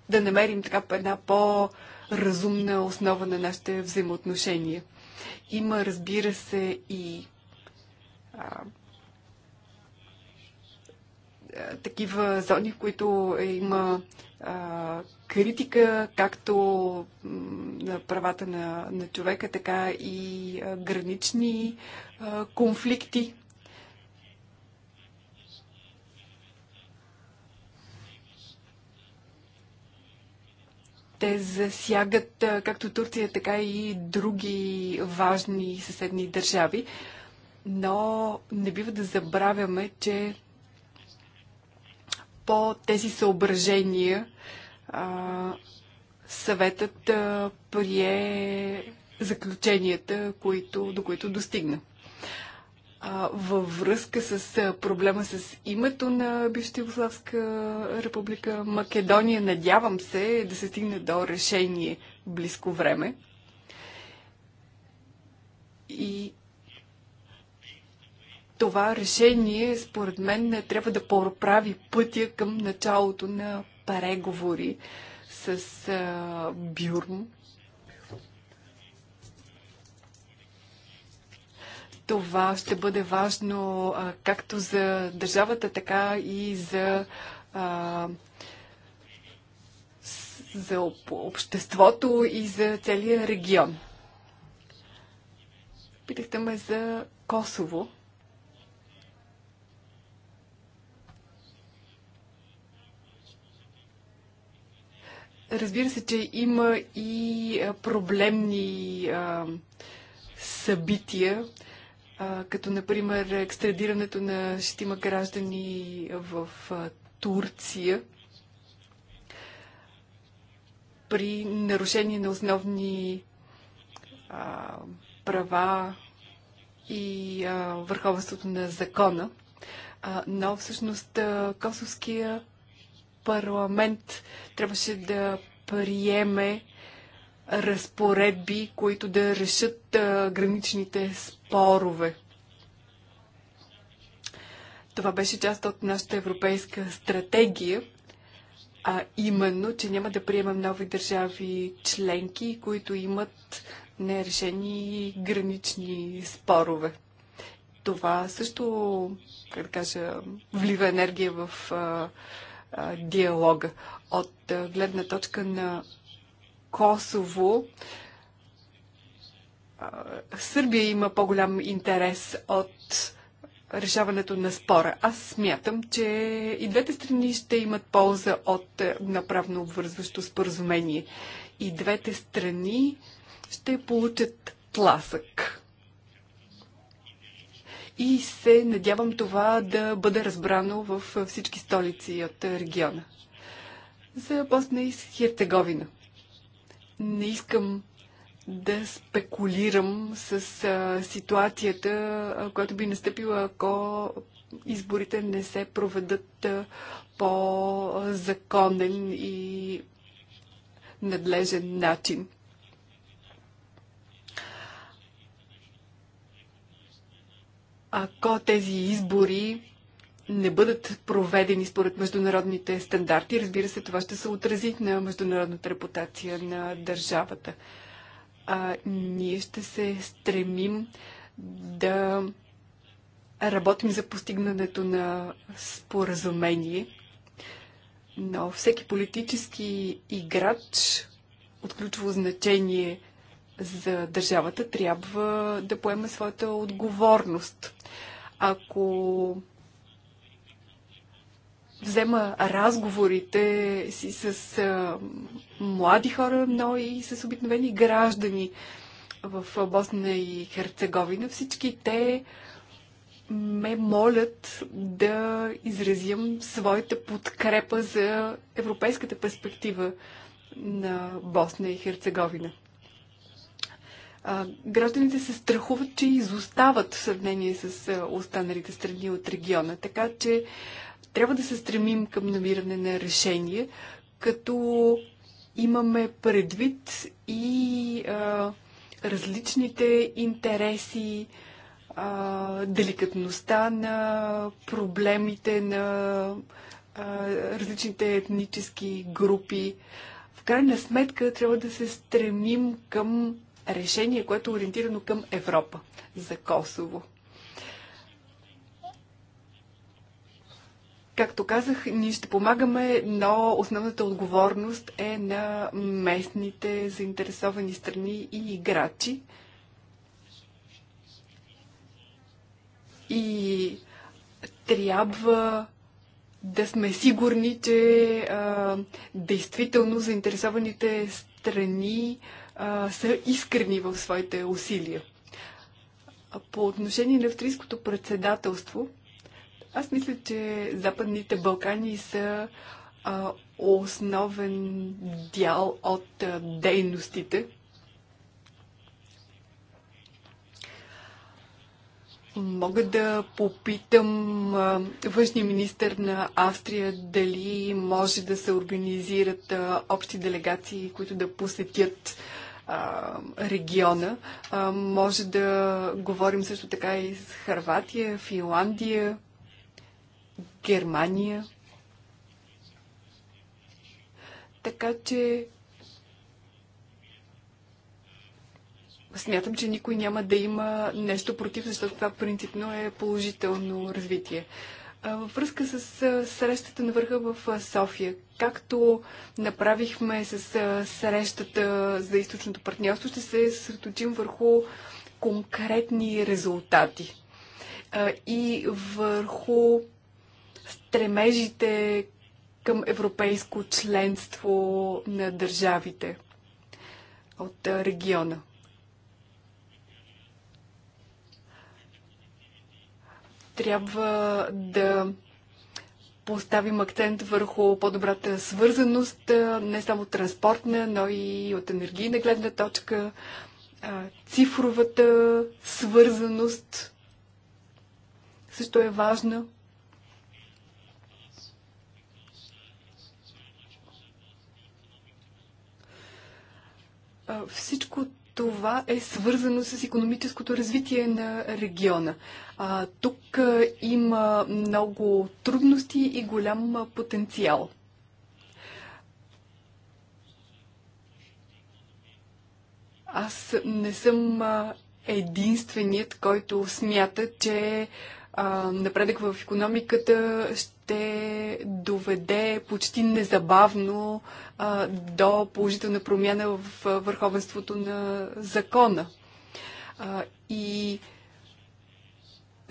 да намерим така една по-разумна основа на нашите взаимоотношения. Има, разбира се, и а, такива зони, в които е, има а, критика, както на правата на, на човека, така и а, гранични а, конфликти. Те засягат както Турция, така и други важни съседни държави. Но не бива да забравяме, че по тези съображения съветът прие заключенията, които, до които достигна във връзка с проблема с името на бившата Югославска република Македония. Надявам се да се стигне до решение в близко време. И това решение, според мен, трябва да поправи пътя към началото на преговори с Бюрм Това ще бъде важно а, както за държавата, така и за, а, за обществото и за целия регион. Питахте ме за Косово. Разбира се, че има и проблемни а, събития като например екстрадирането на шестима граждани в Турция при нарушение на основни права и върховенството на закона. но всъщност Косовския парламент трябваше да приеме разпоредби, които да решат а, граничните спорове спорове. Това беше част от нашата европейска стратегия, а именно, че няма да приемем нови държави членки, които имат нерешени гранични спорове. Това също, как да кажа, влива енергия в а, а, диалога. От а, гледна точка на Косово, а, Сърбия има по-голям интерес от решаването на спора. Аз смятам, че и двете страни ще имат полза от е, направно обвързващо споразумение. И двете страни ще получат тласък. И се надявам това да бъде разбрано в всички столици от региона. За Босна и Херцеговина. Не искам да спекулирам с а, ситуацията, а, която би настъпила, ако изборите не се проведат а, по законен и надлежен начин. Ако тези избори не бъдат проведени според международните стандарти, разбира се, това ще се отрази на международната репутация на държавата а, ние ще се стремим да работим за постигнането на споразумение, но всеки политически играч от ключово значение за държавата трябва да поеме своята отговорност. Ако взема разговорите си с а, млади хора, но и с обикновени граждани в Босна и Херцеговина. Всички те ме молят да изразим своята подкрепа за европейската перспектива на Босна и Херцеговина. А, гражданите се страхуват, че изостават в сравнение с останалите страни от региона. Така че трябва да се стремим към намиране на решение, като имаме предвид и а, различните интереси, а, деликатността на проблемите на а, различните етнически групи. В крайна сметка трябва да се стремим към решение, което е ориентирано към Европа за Косово. Както казах, ние ще помагаме, но основната отговорност е на местните заинтересовани страни и играчи. И трябва да сме сигурни, че а, действително заинтересованите страни а, са искрени в своите усилия. По отношение на австрийското председателство, аз мисля, че Западните Балкани са а, основен дял от а, дейностите. Мога да попитам външния министр на Австрия дали може да се организират а, общи делегации, които да посетят региона. Може да говорим също така и с Харватия, Финландия. Германия. Така че смятам, че никой няма да има нещо против, защото това принципно е положително развитие. Във връзка с срещата на върха в София, както направихме с срещата за източното партньорство, ще се съсредоточим върху конкретни резултати и върху стремежите към европейско членство на държавите от региона. Трябва да поставим акцент върху по-добрата свързаност, не само транспортна, но и от енергийна гледна точка, цифровата свързаност също е важна. Всичко това е свързано с економическото развитие на региона. А, тук а, има много трудности и голям а, потенциал. Аз не съм а, единственият, който смята, че а, напредък в економиката ще доведе почти незабавно а, до положителна промяна в върховенството на закона. А, и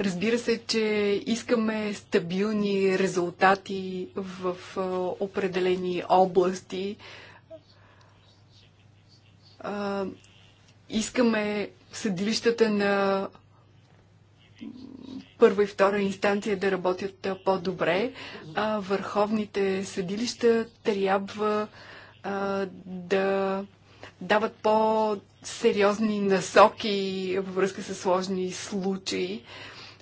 разбира се, че искаме стабилни резултати в а, определени области. А, искаме съдилищата на първа и втора инстанция да работят по-добре, а върховните съдилища трябва а, да дават по-сериозни насоки във връзка с сложни случаи.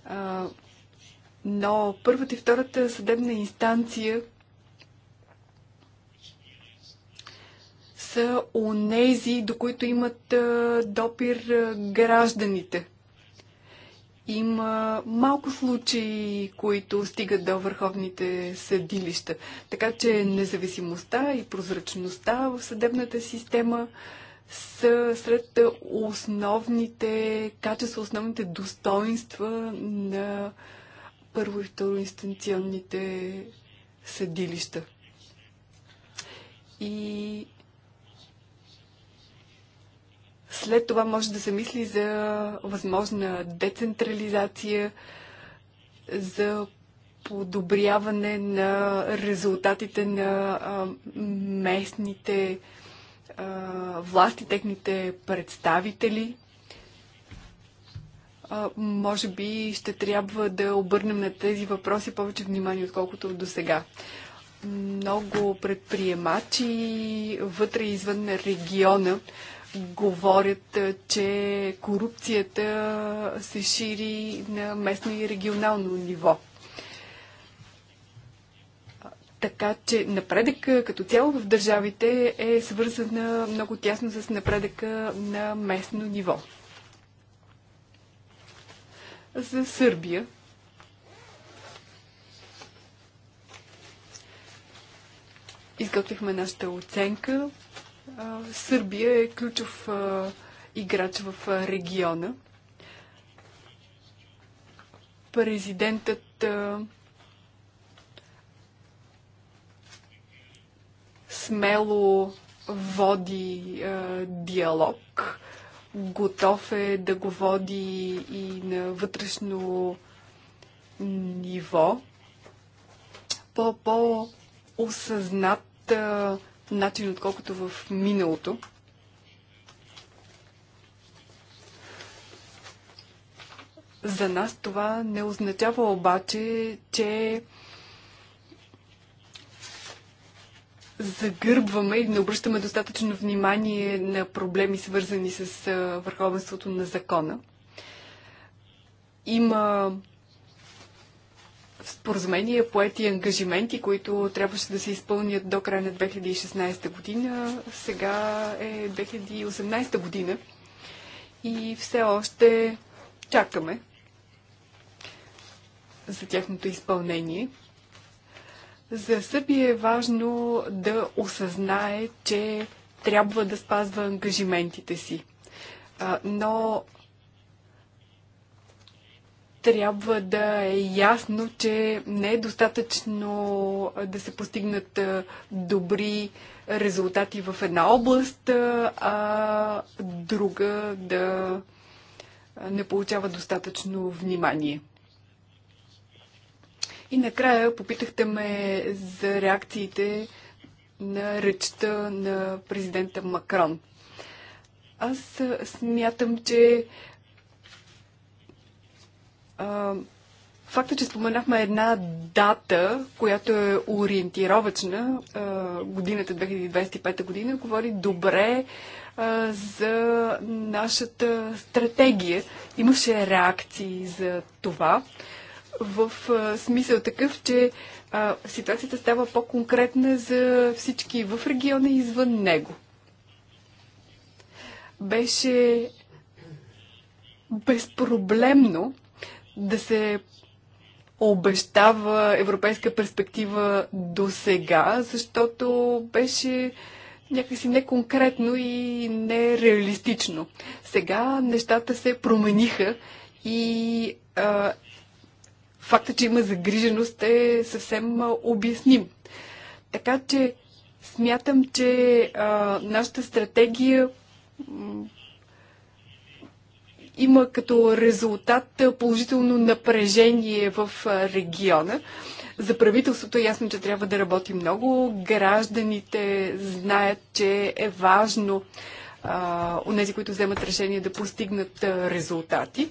А, но първата и втората съдебна инстанция са онези, до които имат допир гражданите. Има малко случаи, които стигат до върховните съдилища. Така че независимостта и прозрачността в съдебната система са сред основните качества, основните достоинства на първо и второ инстанционните съдилища. И след това може да се мисли за възможна децентрализация, за подобряване на резултатите на а, местните а, власти, техните представители. А, може би ще трябва да обърнем на тези въпроси повече внимание, отколкото до сега. Много предприемачи вътре и извън региона говорят, че корупцията се шири на местно и регионално ниво. Така че напредък като цяло в държавите е свързана много тясно с напредъка на местно ниво. За Сърбия. Изготвихме нашата оценка Сърбия е ключов играч в региона. Президентът смело води диалог, готов е да го води и на вътрешно ниво по по-осъзнат начин, отколкото в миналото. За нас това не означава обаче, че загърбваме и не обръщаме достатъчно внимание на проблеми, свързани с върховенството на закона. Има споразумения, поети ангажименти, които трябваше да се изпълнят до края на 2016 година. Сега е 2018 година и все още чакаме за тяхното изпълнение. За Сърбия е важно да осъзнае, че трябва да спазва ангажиментите си. Но трябва да е ясно, че не е достатъчно да се постигнат добри резултати в една област, а друга да не получава достатъчно внимание. И накрая попитахте ме за реакциите на речта на президента Макрон. Аз смятам, че Факта, че споменахме една дата, която е ориентировачна, годината 2025 година, говори добре за нашата стратегия. Имаше реакции за това, в смисъл такъв, че ситуацията става по-конкретна за всички в региона и извън него. Беше безпроблемно да се обещава европейска перспектива до сега, защото беше някакси неконкретно и нереалистично. Сега нещата се промениха и а, факта, че има загриженост е съвсем обясним. Така че смятам, че а, нашата стратегия има като резултат положително напрежение в региона. За правителството е ясно, че трябва да работи много. Гражданите знаят, че е важно онези, които вземат решение да постигнат резултати.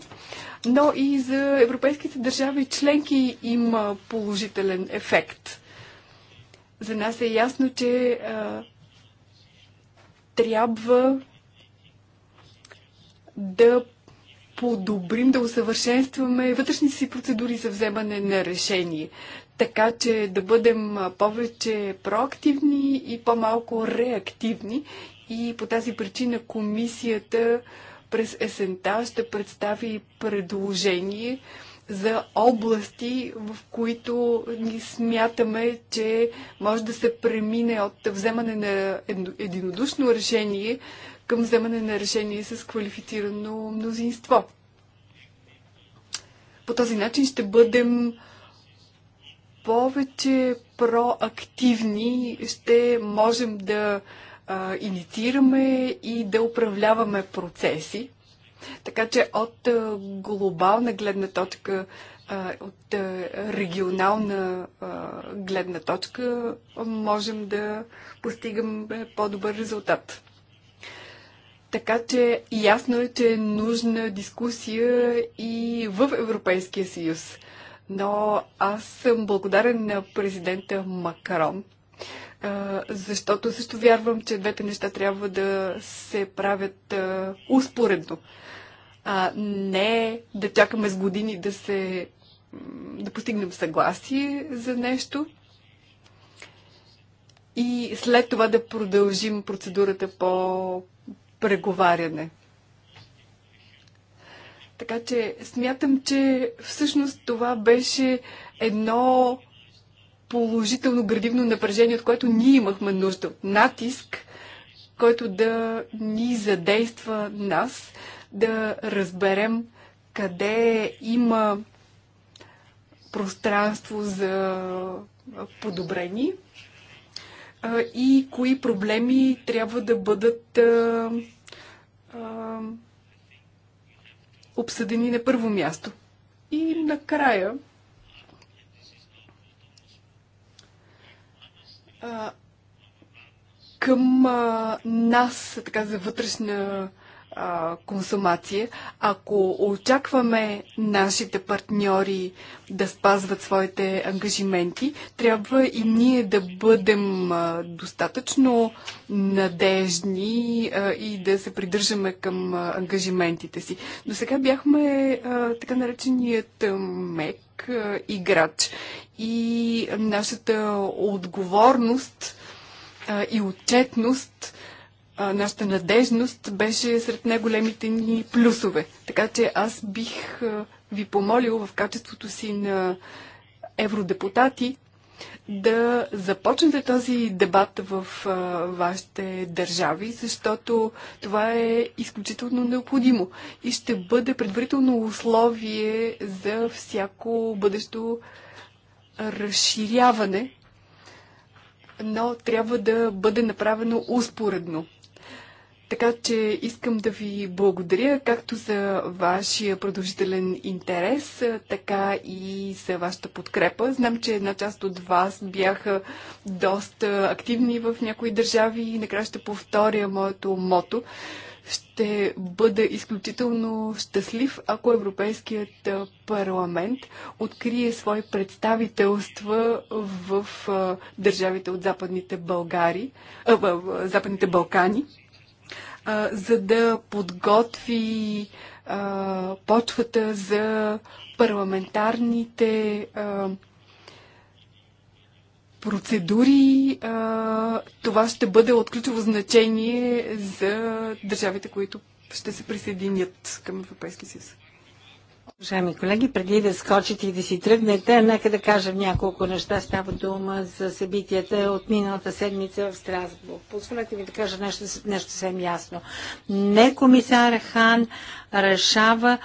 Но и за европейските държави членки има положителен ефект. За нас е ясно, че а, трябва да подобрим, да усъвършенстваме вътрешните си процедури за вземане на решение, така че да бъдем повече проактивни и по-малко реактивни. И по тази причина комисията през есента ще представи предложение за области, в които ни смятаме, че може да се премине от вземане на единодушно решение към вземане на решение с квалифицирано мнозинство. По този начин ще бъдем повече проактивни, ще можем да а, инициираме и да управляваме процеси. Така че от а, глобална гледна точка, а, от а, регионална а, гледна точка, можем да постигаме е, по-добър резултат. Така че ясно е, че е нужна дискусия и в Европейския съюз. Но аз съм благодарен на президента Макарон, защото също вярвам, че двете неща трябва да се правят успоредно. А не да чакаме с години да се да постигнем съгласие за нещо и след това да продължим процедурата по преговаряне. Така че смятам, че всъщност това беше едно положително градивно напрежение, от което ние имахме нужда от натиск, който да ни задейства нас, да разберем къде има пространство за подобрение и кои проблеми трябва да бъдат обсъдени на първо място. И накрая към нас, така за вътрешна а, консумация. Ако очакваме нашите партньори да спазват своите ангажименти, трябва и ние да бъдем а, достатъчно надежни а, и да се придържаме към а, ангажиментите си. До сега бяхме а, така нареченият мек а, играч и нашата отговорност а, и отчетност а, нашата надежност беше сред най-големите ни плюсове. Така че аз бих а, ви помолил в качеството си на евродепутати да започнете този дебат в а, вашите държави, защото това е изключително необходимо и ще бъде предварително условие за всяко бъдещо разширяване, но трябва да бъде направено успоредно. Така че искам да ви благодаря както за вашия продължителен интерес, така и за вашата подкрепа. Знам, че една част от вас бяха доста активни в някои държави и накрая ще повторя моето мото. Ще бъда изключително щастлив, ако Европейският парламент открие свои представителства в държавите от Западните, Българи, а, в Западните Балкани за да подготви почвата за парламентарните процедури. това ще бъде от ключово значение за държавите, които ще се присъединят към Европейския съюз. Уважаеми колеги, преди да скочите и да си тръгнете, нека да кажем няколко неща. Става дума за събитията от миналата седмица в Страсбург. Позволете ми да кажа нещо, нещо съвсем ясно. Не комисар Хан решава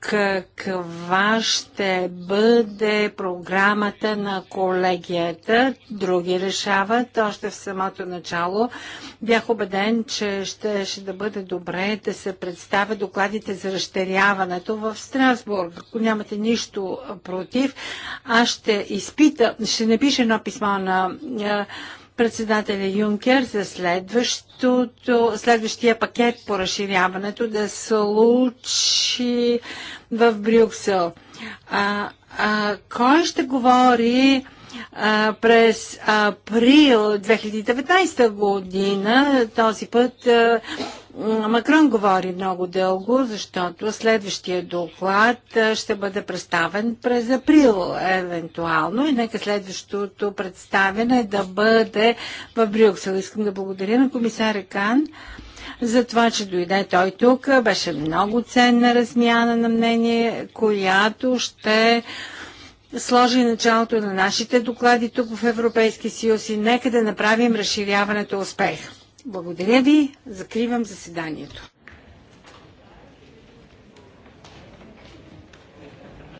каква ще бъде програмата на колегията. Други решават. Още в самото начало бях убеден, че ще, ще да бъде добре да се представят докладите за разширяването в Страсбург. Ако нямате нищо против, аз ще изпита, ще напиша едно писмо на председателя Юнкер за следващия пакет по разширяването да се случи в Брюксел. А, а, кой ще говори през април 2019 година този път Макрон говори много дълго, защото следващия доклад ще бъде представен през април, евентуално, и нека следващото представяне да бъде в Брюксел. Искам да благодаря на комисаря Кан за това, че дойде той тук. Беше много ценна размяна на мнение, която ще сложи началото на нашите доклади тук в Европейския съюз и нека да направим разширяването успех. Благодаря ви. Закривам заседанието.